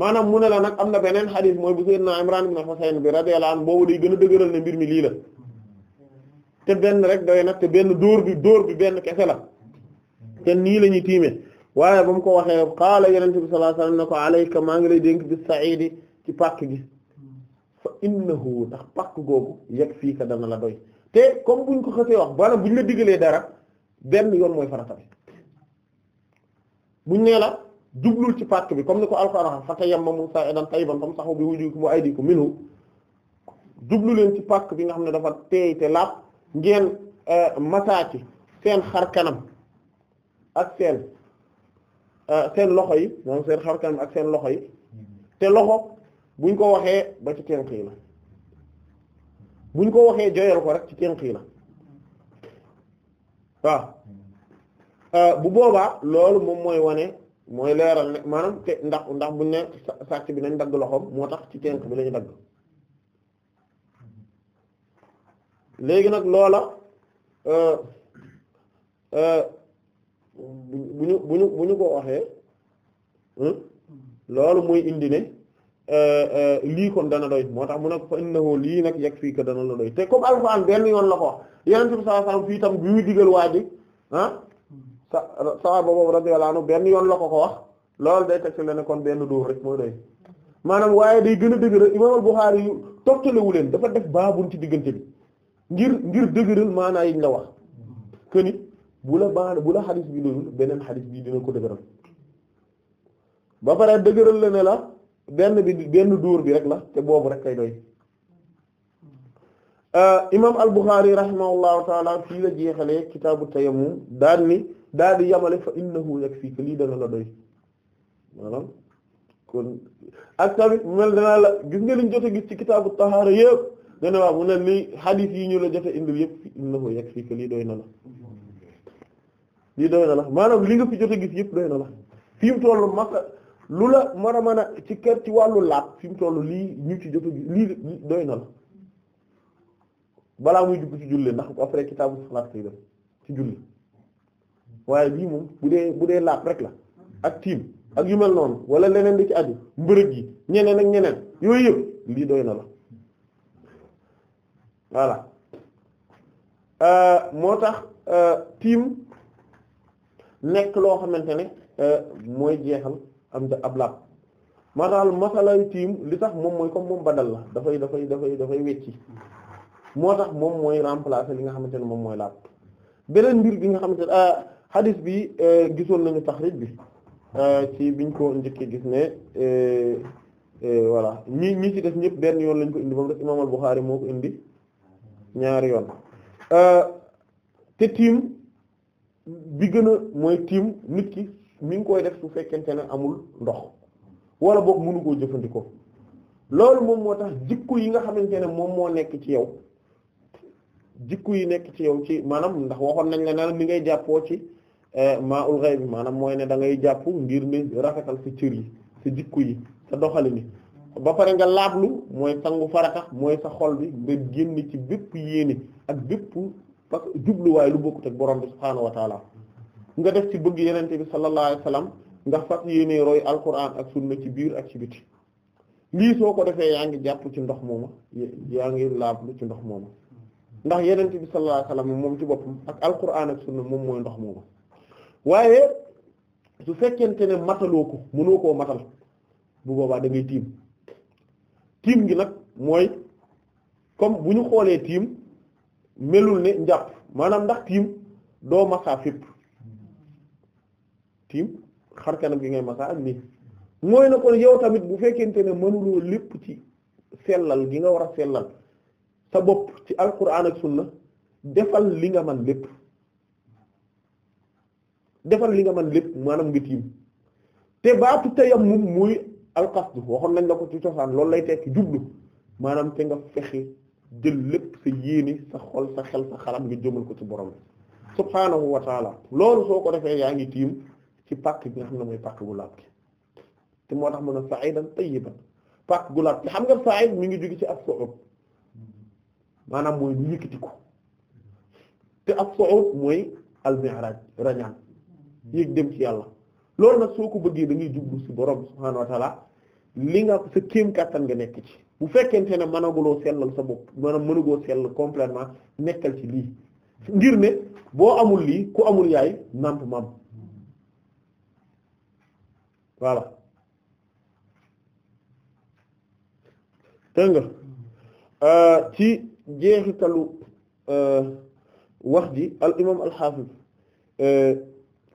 maanaam mu ne la nag am na beneen xadis mooy bu Seydina Imran ibn Husayn bi radiyallahu anhu boobu day gën a dëgëral ne mbir mi lii la te benn rek doy nag te benn dóor bi dóor bi benn kese la te nii la ñuy tiime waaye ba mu ko waxee qaala yonent bi sallallahu alayhi wasallam ne ko alayka maa ngi lay dénk bi sa'iidi ci pàkk gi fa innahu ndax pàkk googu yegg fii ka dana la doy te comme buñ ko xësee wax maanaam buñ la diglee dara benn yoon mooy farata bi buñ nee la jublul ci pàkk bi comme ni ko alxuraan fatayammamu sa'idan tayyiban famsahu bi wujuhikum wa aydikum minhu jublu leen ci pàkk bi nga xam ne dafa teey te laab ngeen eh, masaa seen xar kanam ak seen eh, seen loxo yi moom ak seen loxo yi te loxo buñ ko waxee ba ci tenq yi la buñ ko waxee joyal ko rek ci tenq yi la eh, bu boobaa loolu moom mooy wane mooy leeral ne maanaam te ndax ndax buñ ne sàcc bi nañ dagg loxoom moo tax ci tenk bi lañu dagg léegi nag loola euh, euh, bu ñu bu ñu bu ñu ko waxee hmm, loolu muy indi ne euh, lii kon dana doy moo tax mu ne ko fa innahu lii nag yegg fii ko dana la doy te comme alxuraan benn yoon la ko wax yeneen fii tam bi muy digal waa ji ah sa sahaaba boobu radiyallahu anhu benn yoon la ko ko wax loolu day teg la ne kon benn dóor rek mooy doy maanaam waaye day gën a dëgëral imaam al-Bukhari yu toftalewu leen dafa def baa baabun ci diggante bi ngir ngir dëgëral maanaa ñu la wax que ni bu la baa bu la xadis bi doyul beneen xadis bi dina ko dëgëral ba pare dëgëral la ne la benn bi benn dóor bi rek la te boobu rek kay doy Euh, imaam al-Bukhari rahimahullahu taala fii la jeexalee kitaabu tayammum daan ni daal di yamale fa innahu yakfika lii dana la doy maanaam kon ak tamit mel danaa la gis nga liñ jot ci kitaabu tahaara yëpp dana waaw mu ne lii xadiis yi ñu la jot a yëpp innahu yakfika lii doy na la lii na la maanaam li nga fi jot a gis yëpp doy na la fi mu toll lu la mën a mën a ci kër ci wàllu laab fi mu toll lii ñu ci jot gis lii doy na la balaa muy dugg ci julli ndax après kitaabu salaat lay def ci julli waaye bii moom bu dee bu dee laab rek la ak tiim ak yu mel noonu wala leneen di ci aju mbërëg yi ñeneen ak ñeneen yooyu yëpp lii doy na la voilà euh, moo tax euh, tiim nekk loo xamante ne euh, mooy jeexal am ab laab maanaam masalaayu tiim li tax moom mooy comme moom badal la dafay dafay dafay dafay wecci moo tax moom mooy remplacer li nga xamante ne moom mooy laab beneen mbir bi nga xamante ne ah, hadith bi eh, gisoon nañu taxrij bi ah, ci biñ ko njëkkee gis ne eh, eh, voilà ñi ñi ci def ñëpp benn yoon lañ ko indi moom def imaam al-Bukhari moo ko indi ñaari yoon ah, te tiim bi gën a mooy tiim nit ki mi ngi koy def su fekkente ne amul ndox wala boog mënu jëfandikoo loolu moom moo tax jikko yi nga xamante ne moom moo nekk ci yow jikko yi nekk ci yow ci maanaam ndax waxoon nañ la ne li ngay jàppoo ci eh, maa ul ghayb maanaam mooy ne da ngay jàpp ngir ne rafetal sa cër yi sa jikko yi sa doxalin ba pare nga laablu mooy sangu faratax mooy sa xol bi nga génn ci bépp yéene ak bépp jubluwaay lu bokkute ak borom bi subhaanahu wa nga def ci bëgg yenente bi sallallahu alayhi wa sallam nga fas yéene roy alquran ak sunna ci biir ak ci biti lii soo ko defee yaa ngi jàpp ci ndox mooma yaa ngi laablu ci ndox mooma ndax yenent bi sallallahu alayhi moom ci boppam ak alquran ak sunna moom mooy ndox moomu waaye su fekkente ne mataloo ko mënoo koo matal bu boobaa da ngay tiim tiim gi nag mooy comme bu ñu xoolee tiim melul ne njàpp maanaam ndax tiim doo masaa fépp tiim xar kanam gi ngay na kon yow tamit bu fekkente ne mënuloo lépp ci sellal gi nga war a sellal sa bopp ci alquran ak sunna defal li nga man lépp defal li nga man lépp maanaam nga tiim te baatu tayammum muy alqasdu waxoon nañ la ko ci cosaan loolu lay tekk jublu maanaam te nga fexe jël lépp sa yéene sa xol sa xel sa xalam nga jëmal ko ci borom bi subhaanahu wa taala loolu soo ko defee yaa ngi tiim ci pàkk bi nga xam ne mooy pàkk bu laab gi te moo tax mun a sa'idan tayyiban pàkk bu laab gi xam nga sa'id mu ngi jóge ci as-su'ud maanaam mooy lu yëkkatiku te ak su'ud mooy al-mi'raj rañaan yéeg dem ci yàlla loolu nag soo ko bëggee da ngay jublu ci borom subhaanahu wa ta'ala li nga sa kéem kàttan nga nekk ci bu fekkente ne mënaguloo sellal sa bopp maanaam mënagoo sell complètement nekkal ci lii ngir ne boo amul lii ku amul yaay nàmp maam voilà dégg euh, ci jeexitalu euh, wax ji al imam al hafiz euh,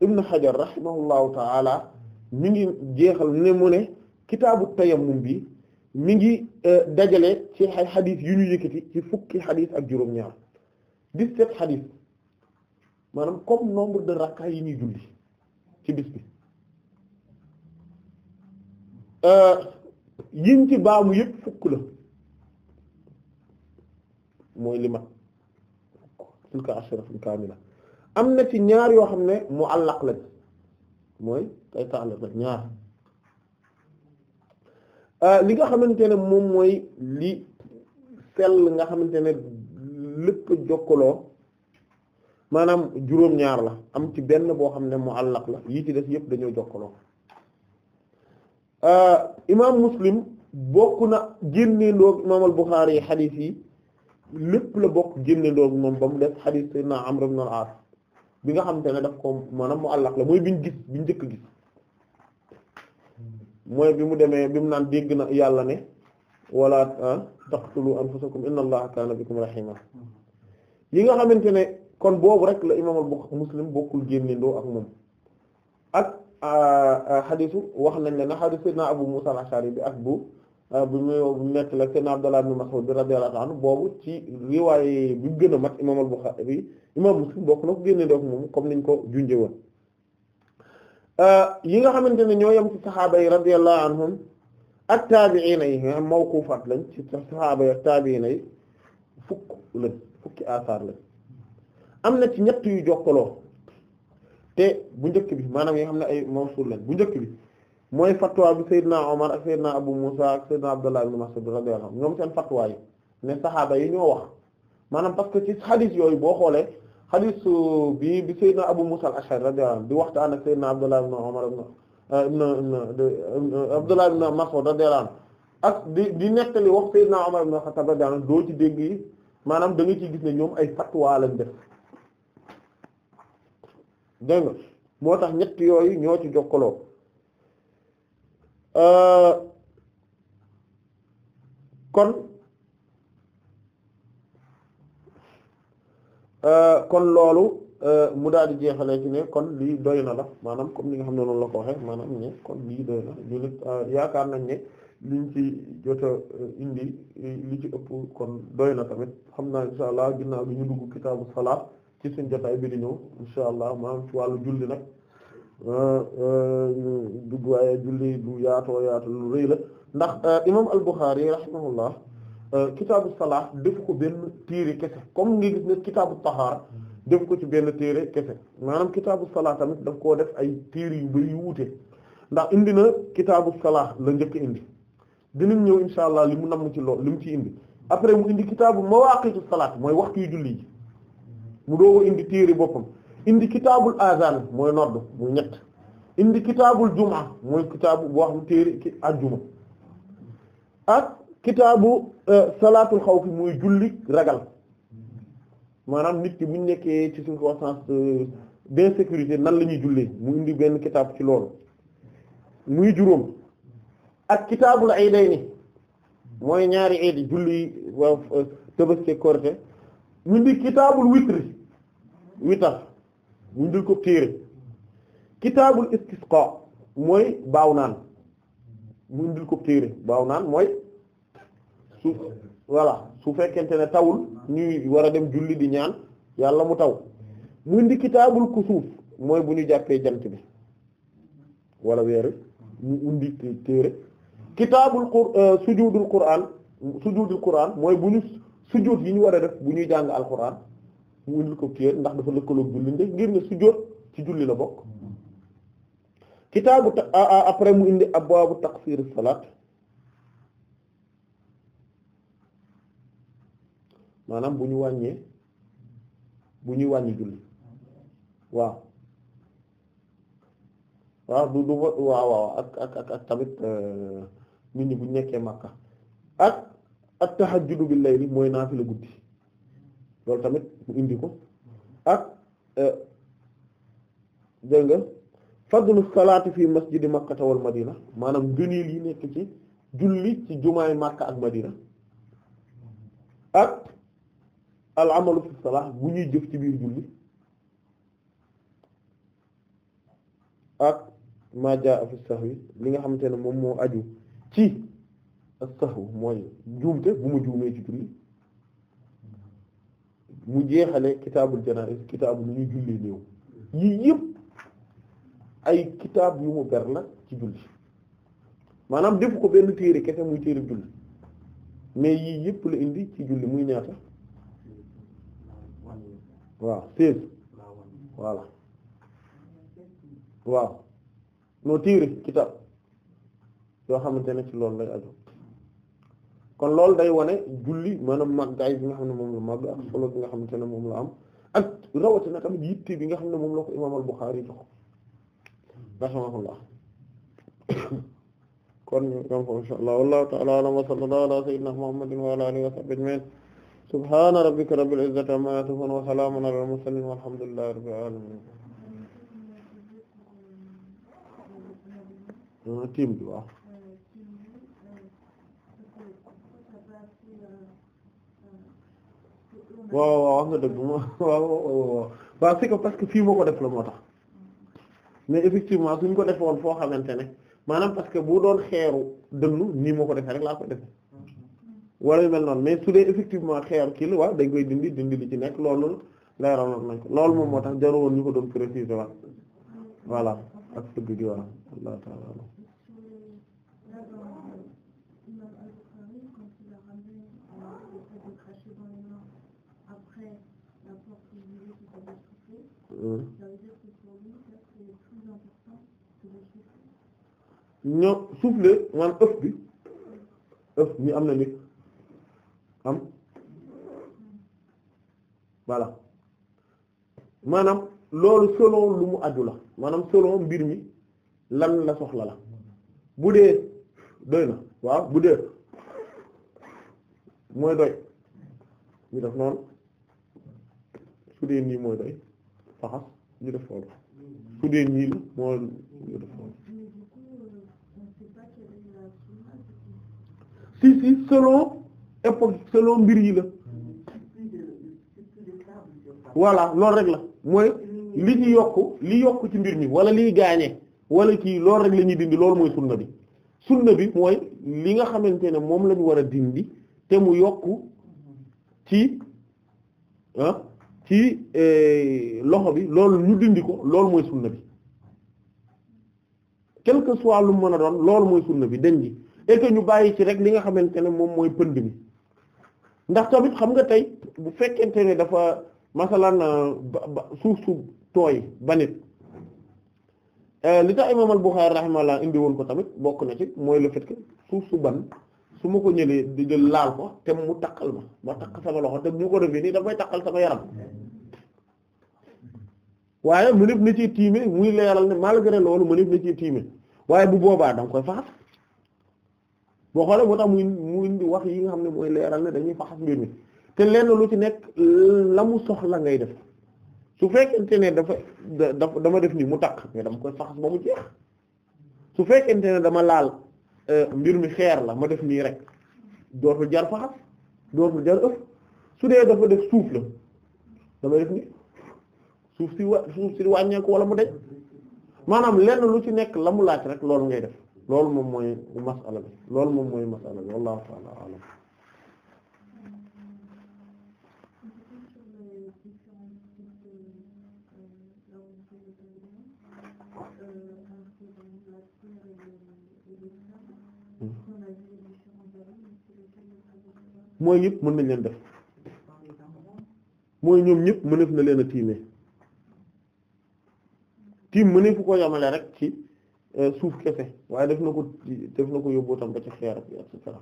ibn hajar rahimahullahu taala mi ngi jeexal ne mu ne kitaabu tayammum bi mu ngi euh, dajale ci ay xadis yu ñu yëkkati ci fukki xadis ak juróom-ñaar dix-sept xadis maanaam comme nombre de rakka yi ñuy julli ci bis bi yiñ ci baamu yëpp fukk la mooy li mat tilka asharatun kaamila am na ci ñaar yoo xam ne mu àllaq lañ mooy tay ta'alluq lañ ñaar euh, li nga xamante ne moom mooy li sell nga xamante ne lépp jokkaloo maanaam juróom-ñaar la am ci benn boo xam ne mu àllaq la yii ci def yépp dañoo jokkaloo euh, imaam muslim bokk na génnee ndoog imaam al xadiis yi lépp la bokk génne doog moom ba mu def xadiis sayyidina Amr ibn bi nga xamante ne daf ko maanaam mu àllaq la mooy bi gis bi ñu njëkk gis mooy bi mu demee bi mu naan dégg na yàlla ne wala ah, taqtulu anfusakum inna allaha kaana bikum rahima yi nga xamante ne kon boobu rek la imaam al-Bukhari Muslim bokkul génne ndoo ak moom ak ah, ah, xadiisu wax nañ la na xadiis sayyidina Abu Musa al-Ash'ari bi ak bu Euh, bu ñu nekk la seen Abdallah ibn Mas'ud radiyallahu anhu boobu ci riwaay bi gën mat imaam al-Bukhari imaam Muslim bokk na ko génne doog moom comme woon euh, yi nga xamante ne ñoo yem ci saxaaba yi radiyallahu anhum ak taabi'iina lañ ci saxaaba yi ak yi fukk lañ fukki asaar lañ am na ci ñett yu te bu njëkk bi maanaam yi xam ne ay mawsuul lañ bu njëkk bi. mooy fatwa bi Seydina Omar ak Seydina Abu Musa ak Seydina Abdullah ibn Mas'ud radiyallahu anhum ñoom seen fatwa yi ne saxaaba yi ñoo wax maanaam parce que ci xadis yooyu boo xoolee xadis bi bi Seydina Abu Musa al-Ash'ari radiyallahu anhu di waxtaan ak Seydina Abdullah ibn Omar ibn eh, eh, Abdullah ibn Mas'ud radiyallahu anhu ak di di nettali wax Seydina Omar ibn Khattab radiyallahu anhu doo ci dégg yi maanaam da nga ciy gis ne ñoom ay fatwa lañ def dégg nga moo tax ñett yooyu ñoo ci jokkaloo Euh, kon euh, kon loolu euh, mu daal di jeexalee ci ne kon lii doy na la maanaam comme ni nga xam ne noonu la ko waxee maanaam ne kon lii doy na ñu nit yaakaar nañ ne liñ ci jot a indi li ci ëpp kon doy na tamit xam naa insha allah ginnaaw bi ñu dugg kitaabu salaat ci suñ jotaay bi di ñëw insha allah maanaam ci wàllu julli nag Euh, euh, dugg waaye julli du yaatoo yaatu lu rëy la ndax euh, imam al-Bukhari rahimahullah kitaabu salaah def ko benn téere kese comme nga gis ne kitaabu tahaara def ko ci benn téere kese maanaam kitaabu salaah tamit daf koo def ay téere yu bari yu wuute ndax indi na kitaabu salaah la njëkk indi dinañ ñëw insha allah li mu namm ci lool li mu ci indi après mu indi kitaabu mawaaqitu salaat mooy wax yu julli ji mu doogo indi téere boppam indi kitaabul azan mooy nodd muy ñett indi kitaabul jumaa mooy kitaabu boo xam téere ci àjjuma ak kitaabu euh, salaatul xawfi muy julli ragal maanaam nit ki buñ nekkee ci circonstance euh, sécurité nan la ñuy jullee mu indi benn kitaab ci loolu muy juróom ak kitaabul iidayni mooy ñaari iidi julli waaw euh, Tabaski Korité mu indi kitaabul witri witar ñu dul ko téere kitaabul istisqa mooy baaw naan mu dul ko téere baaw naan mooy su voilà su fekkente ne tawul ñuy war a dem julli di ñaan yàlla mu taw mu indi kitaabul kusuuf mooy bu ñu jàppee jant bi wala weer ñu indi téere kitaabul qur euh, sujudul qur'an sujudul qur'an mooy bu ñu sujud yi ñu war a def bu ñuy jàng al qur'an mu indil ko kii ndax dafa lëkkaloog julli ndax ngir ne sujjóot ci julli la bokk kitaabu après mu indi abwaabu taqsiir salaat maanaam bu ñu wàññee bu ñuy wàññi julli waaw waaw du du waaw ak ak ak tamit euh, nit ñi bu ñu nekkee Makka ak at tahajjudu bil layli mooy naafila guddi loolu tamit mu indi ko ak euh, dégg nga fadlu salaati fii masjidi makkata wal madina maanaam gëneel yi nekk ci julli ci jumaay makka ak madina ak al amalu fi salah bu ñuy ci biir julli ak li nga xamante ne moom moo aju ci as-sahwu mooy juumte bu ma juumee ci julli mu jeexale kitaabul janaa'iz kitaabu lu ñuy jullee néew yii yëpp ay kitaab yu mu ber ci julli maanaam def ko benn téere kese muy téere julli mais yii yëpp la indi ci julli muy ñaata waaw seize voilà waaw noo téere kitaab yoo xamante ne ci loolu lay aju kon loolu day wane julli maanaam màggaay bi nga xam ne moom la màgg ak solo xamante ne moom la yitte bi nga xam ne moom la ko imaam al-Bukhari jox rahimahullah kon ñu gam ko insha ta'ala a'lam wa sallallahu ala sayyidina Muhammadin wa ala wa sahbihi ajma'in tim bi waaw waaw waaw wax nga dëgg moom waaw waaw waaw c'est ko parce que fii moo ko def la moo tax mais effectivement suñ ko defoon foo xamante ne maanaam parce que bu doon xeeru dënnu nii moo ko defee rek laa ko defee wala yu mel noonu mais su dee effectivement xeeru kii la waaw dañ koy dindi dindi li ci nekk loolu leeraloon nañ ko loolu moom moo tax jaroon ñu ko doon préciser waat voilà ak dëgg gi waaw Allah ta'ala Mmh. ño soufflé man ëf bi ëf ñi am na nit am voilà maanaam loolu selon lu mu aju la maanaam selon mbir mi lan la soxla la bu dee doy na waaw bu dee mooy doy ñu def noonu su dee nii mooy doy faxas ñu def foofu su dee ñii la moo ñu def foofu si si selon époque selon mbir yi la voilà loolu rek la mooy li ñu yokk li yokk ci mbir mi wala liy gaañee wala kii loolu rek la ñuy dindi loolu mooy sunna bi sunna bi mooy li nga xamante ne moom lañu war a dindi te mu yokk ci ah, ci euh, loxo bi loolu ñu dindi ko loolu mooy sunna bi quel que soit lu mën a doon loolu mooy sunna bi den ji et ñu bàyyi ci rek li nga xamante ne moom mooy pënd ndax tamit xam nga tey bu fekkente ne dafa masalan euh, suuf su tooy banit euh, li tax imam al Bukhari rahimahullah indi woon ko tamit bokk na ci mooy le fait que suuf su ban su ma ko ñëlee di jël laal ko te mu takkal ma ma takk sama loxo te ñu ko defee nii dafay takkal sama yaram waaye mu nekk na ci tiime muy leeral ne malgré loolu mu nekk na ci tiime waaye bu boobaa da koy faxas boo xoolee moo tax muy mu indi wax yi nga xam ne mooy leeral ne dañuy faxas mbir mi te lenn lu ci nekk la mu soxla ngay def su fekkente ne dafa da dama def nii mu takk mais dama koy faxas ba mu jeex su fekkente ne dama laal. Euh, mbir mi xeer la ma def nii rek dootul jar faxas dootul jar ëf su dee dafa def suuf la dama def ni suuf si wa suuf si wàññeeku wala mu dej maanaam lenn lu ci nekk la mu laaj rek loolu ngay def loolu moom mooy masala bi loolu moom mooy masala bi wallahu ta'ala a'lam mooy ñëpp mën nañ leen def mooy ñoom ñëpp mëneef na leen a tiimee tiim mëneefu ko yamale rek ci euh, suuf kese waaye def na ko def na ko yóbbu tam ba ci xeer ak et cetera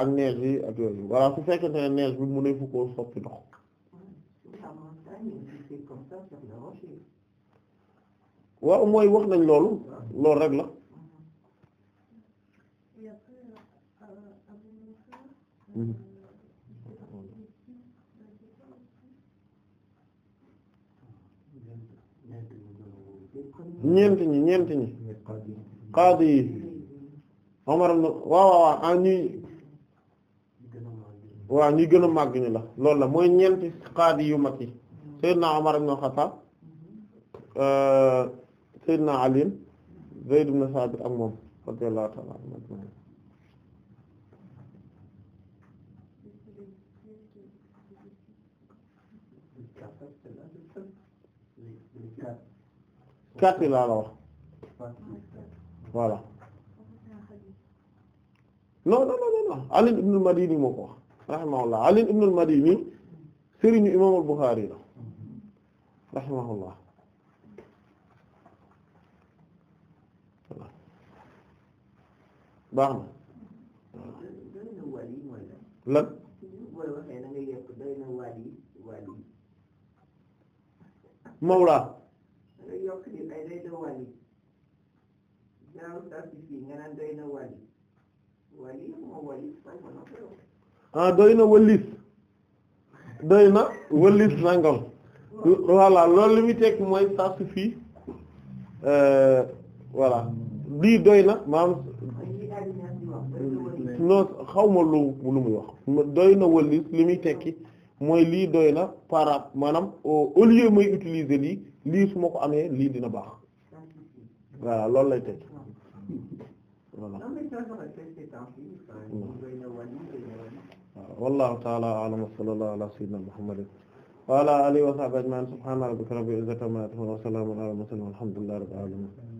ak neige bi ak yooyu voilà su fekkente ne neige bi ndox waaw mooy wax nañ loolu lool rek la Mm-hmm. ñeenti ñi ñeenti ñi qaadi yi Omar ibn waaw waaw ah, ñi waaw a màgg ñu la loolu la mooy ñeenti qaadi yu mag yi Seydina Omar ibn Khattab euh, Seydina Ali Zayd ibn Sabit ak moom radiyallahu ta'ala anhu quatre laa la wax voilà non non non non Ali ibn al-Madini moo ko wax rahimahullah Ali ibn al-Madini sëriñu imam al-Bukhari la rahimahullah baax na lan mawla looy doy na wàlli doy na wàlli wàlli moo wàlli ah, li muy teg mooy ça fii euh, voilà lii doy na maam non xawma lu lu muy wax doy na wëllis li muy tekki mooy lii doy na par maanaam au lieu mooy utiliser lii lii su ma ko amee lii dina baax voilà loolu lay teg voilà wallahu ta'ala a'lam wa sallallahu ala sayyidina muhammadin wa ala alihi wa sahbihi ajma'in subhana rabbika rabbil izzati amma yasifun wa salamun ala al mursalin walhamdulillahi rabbil alamin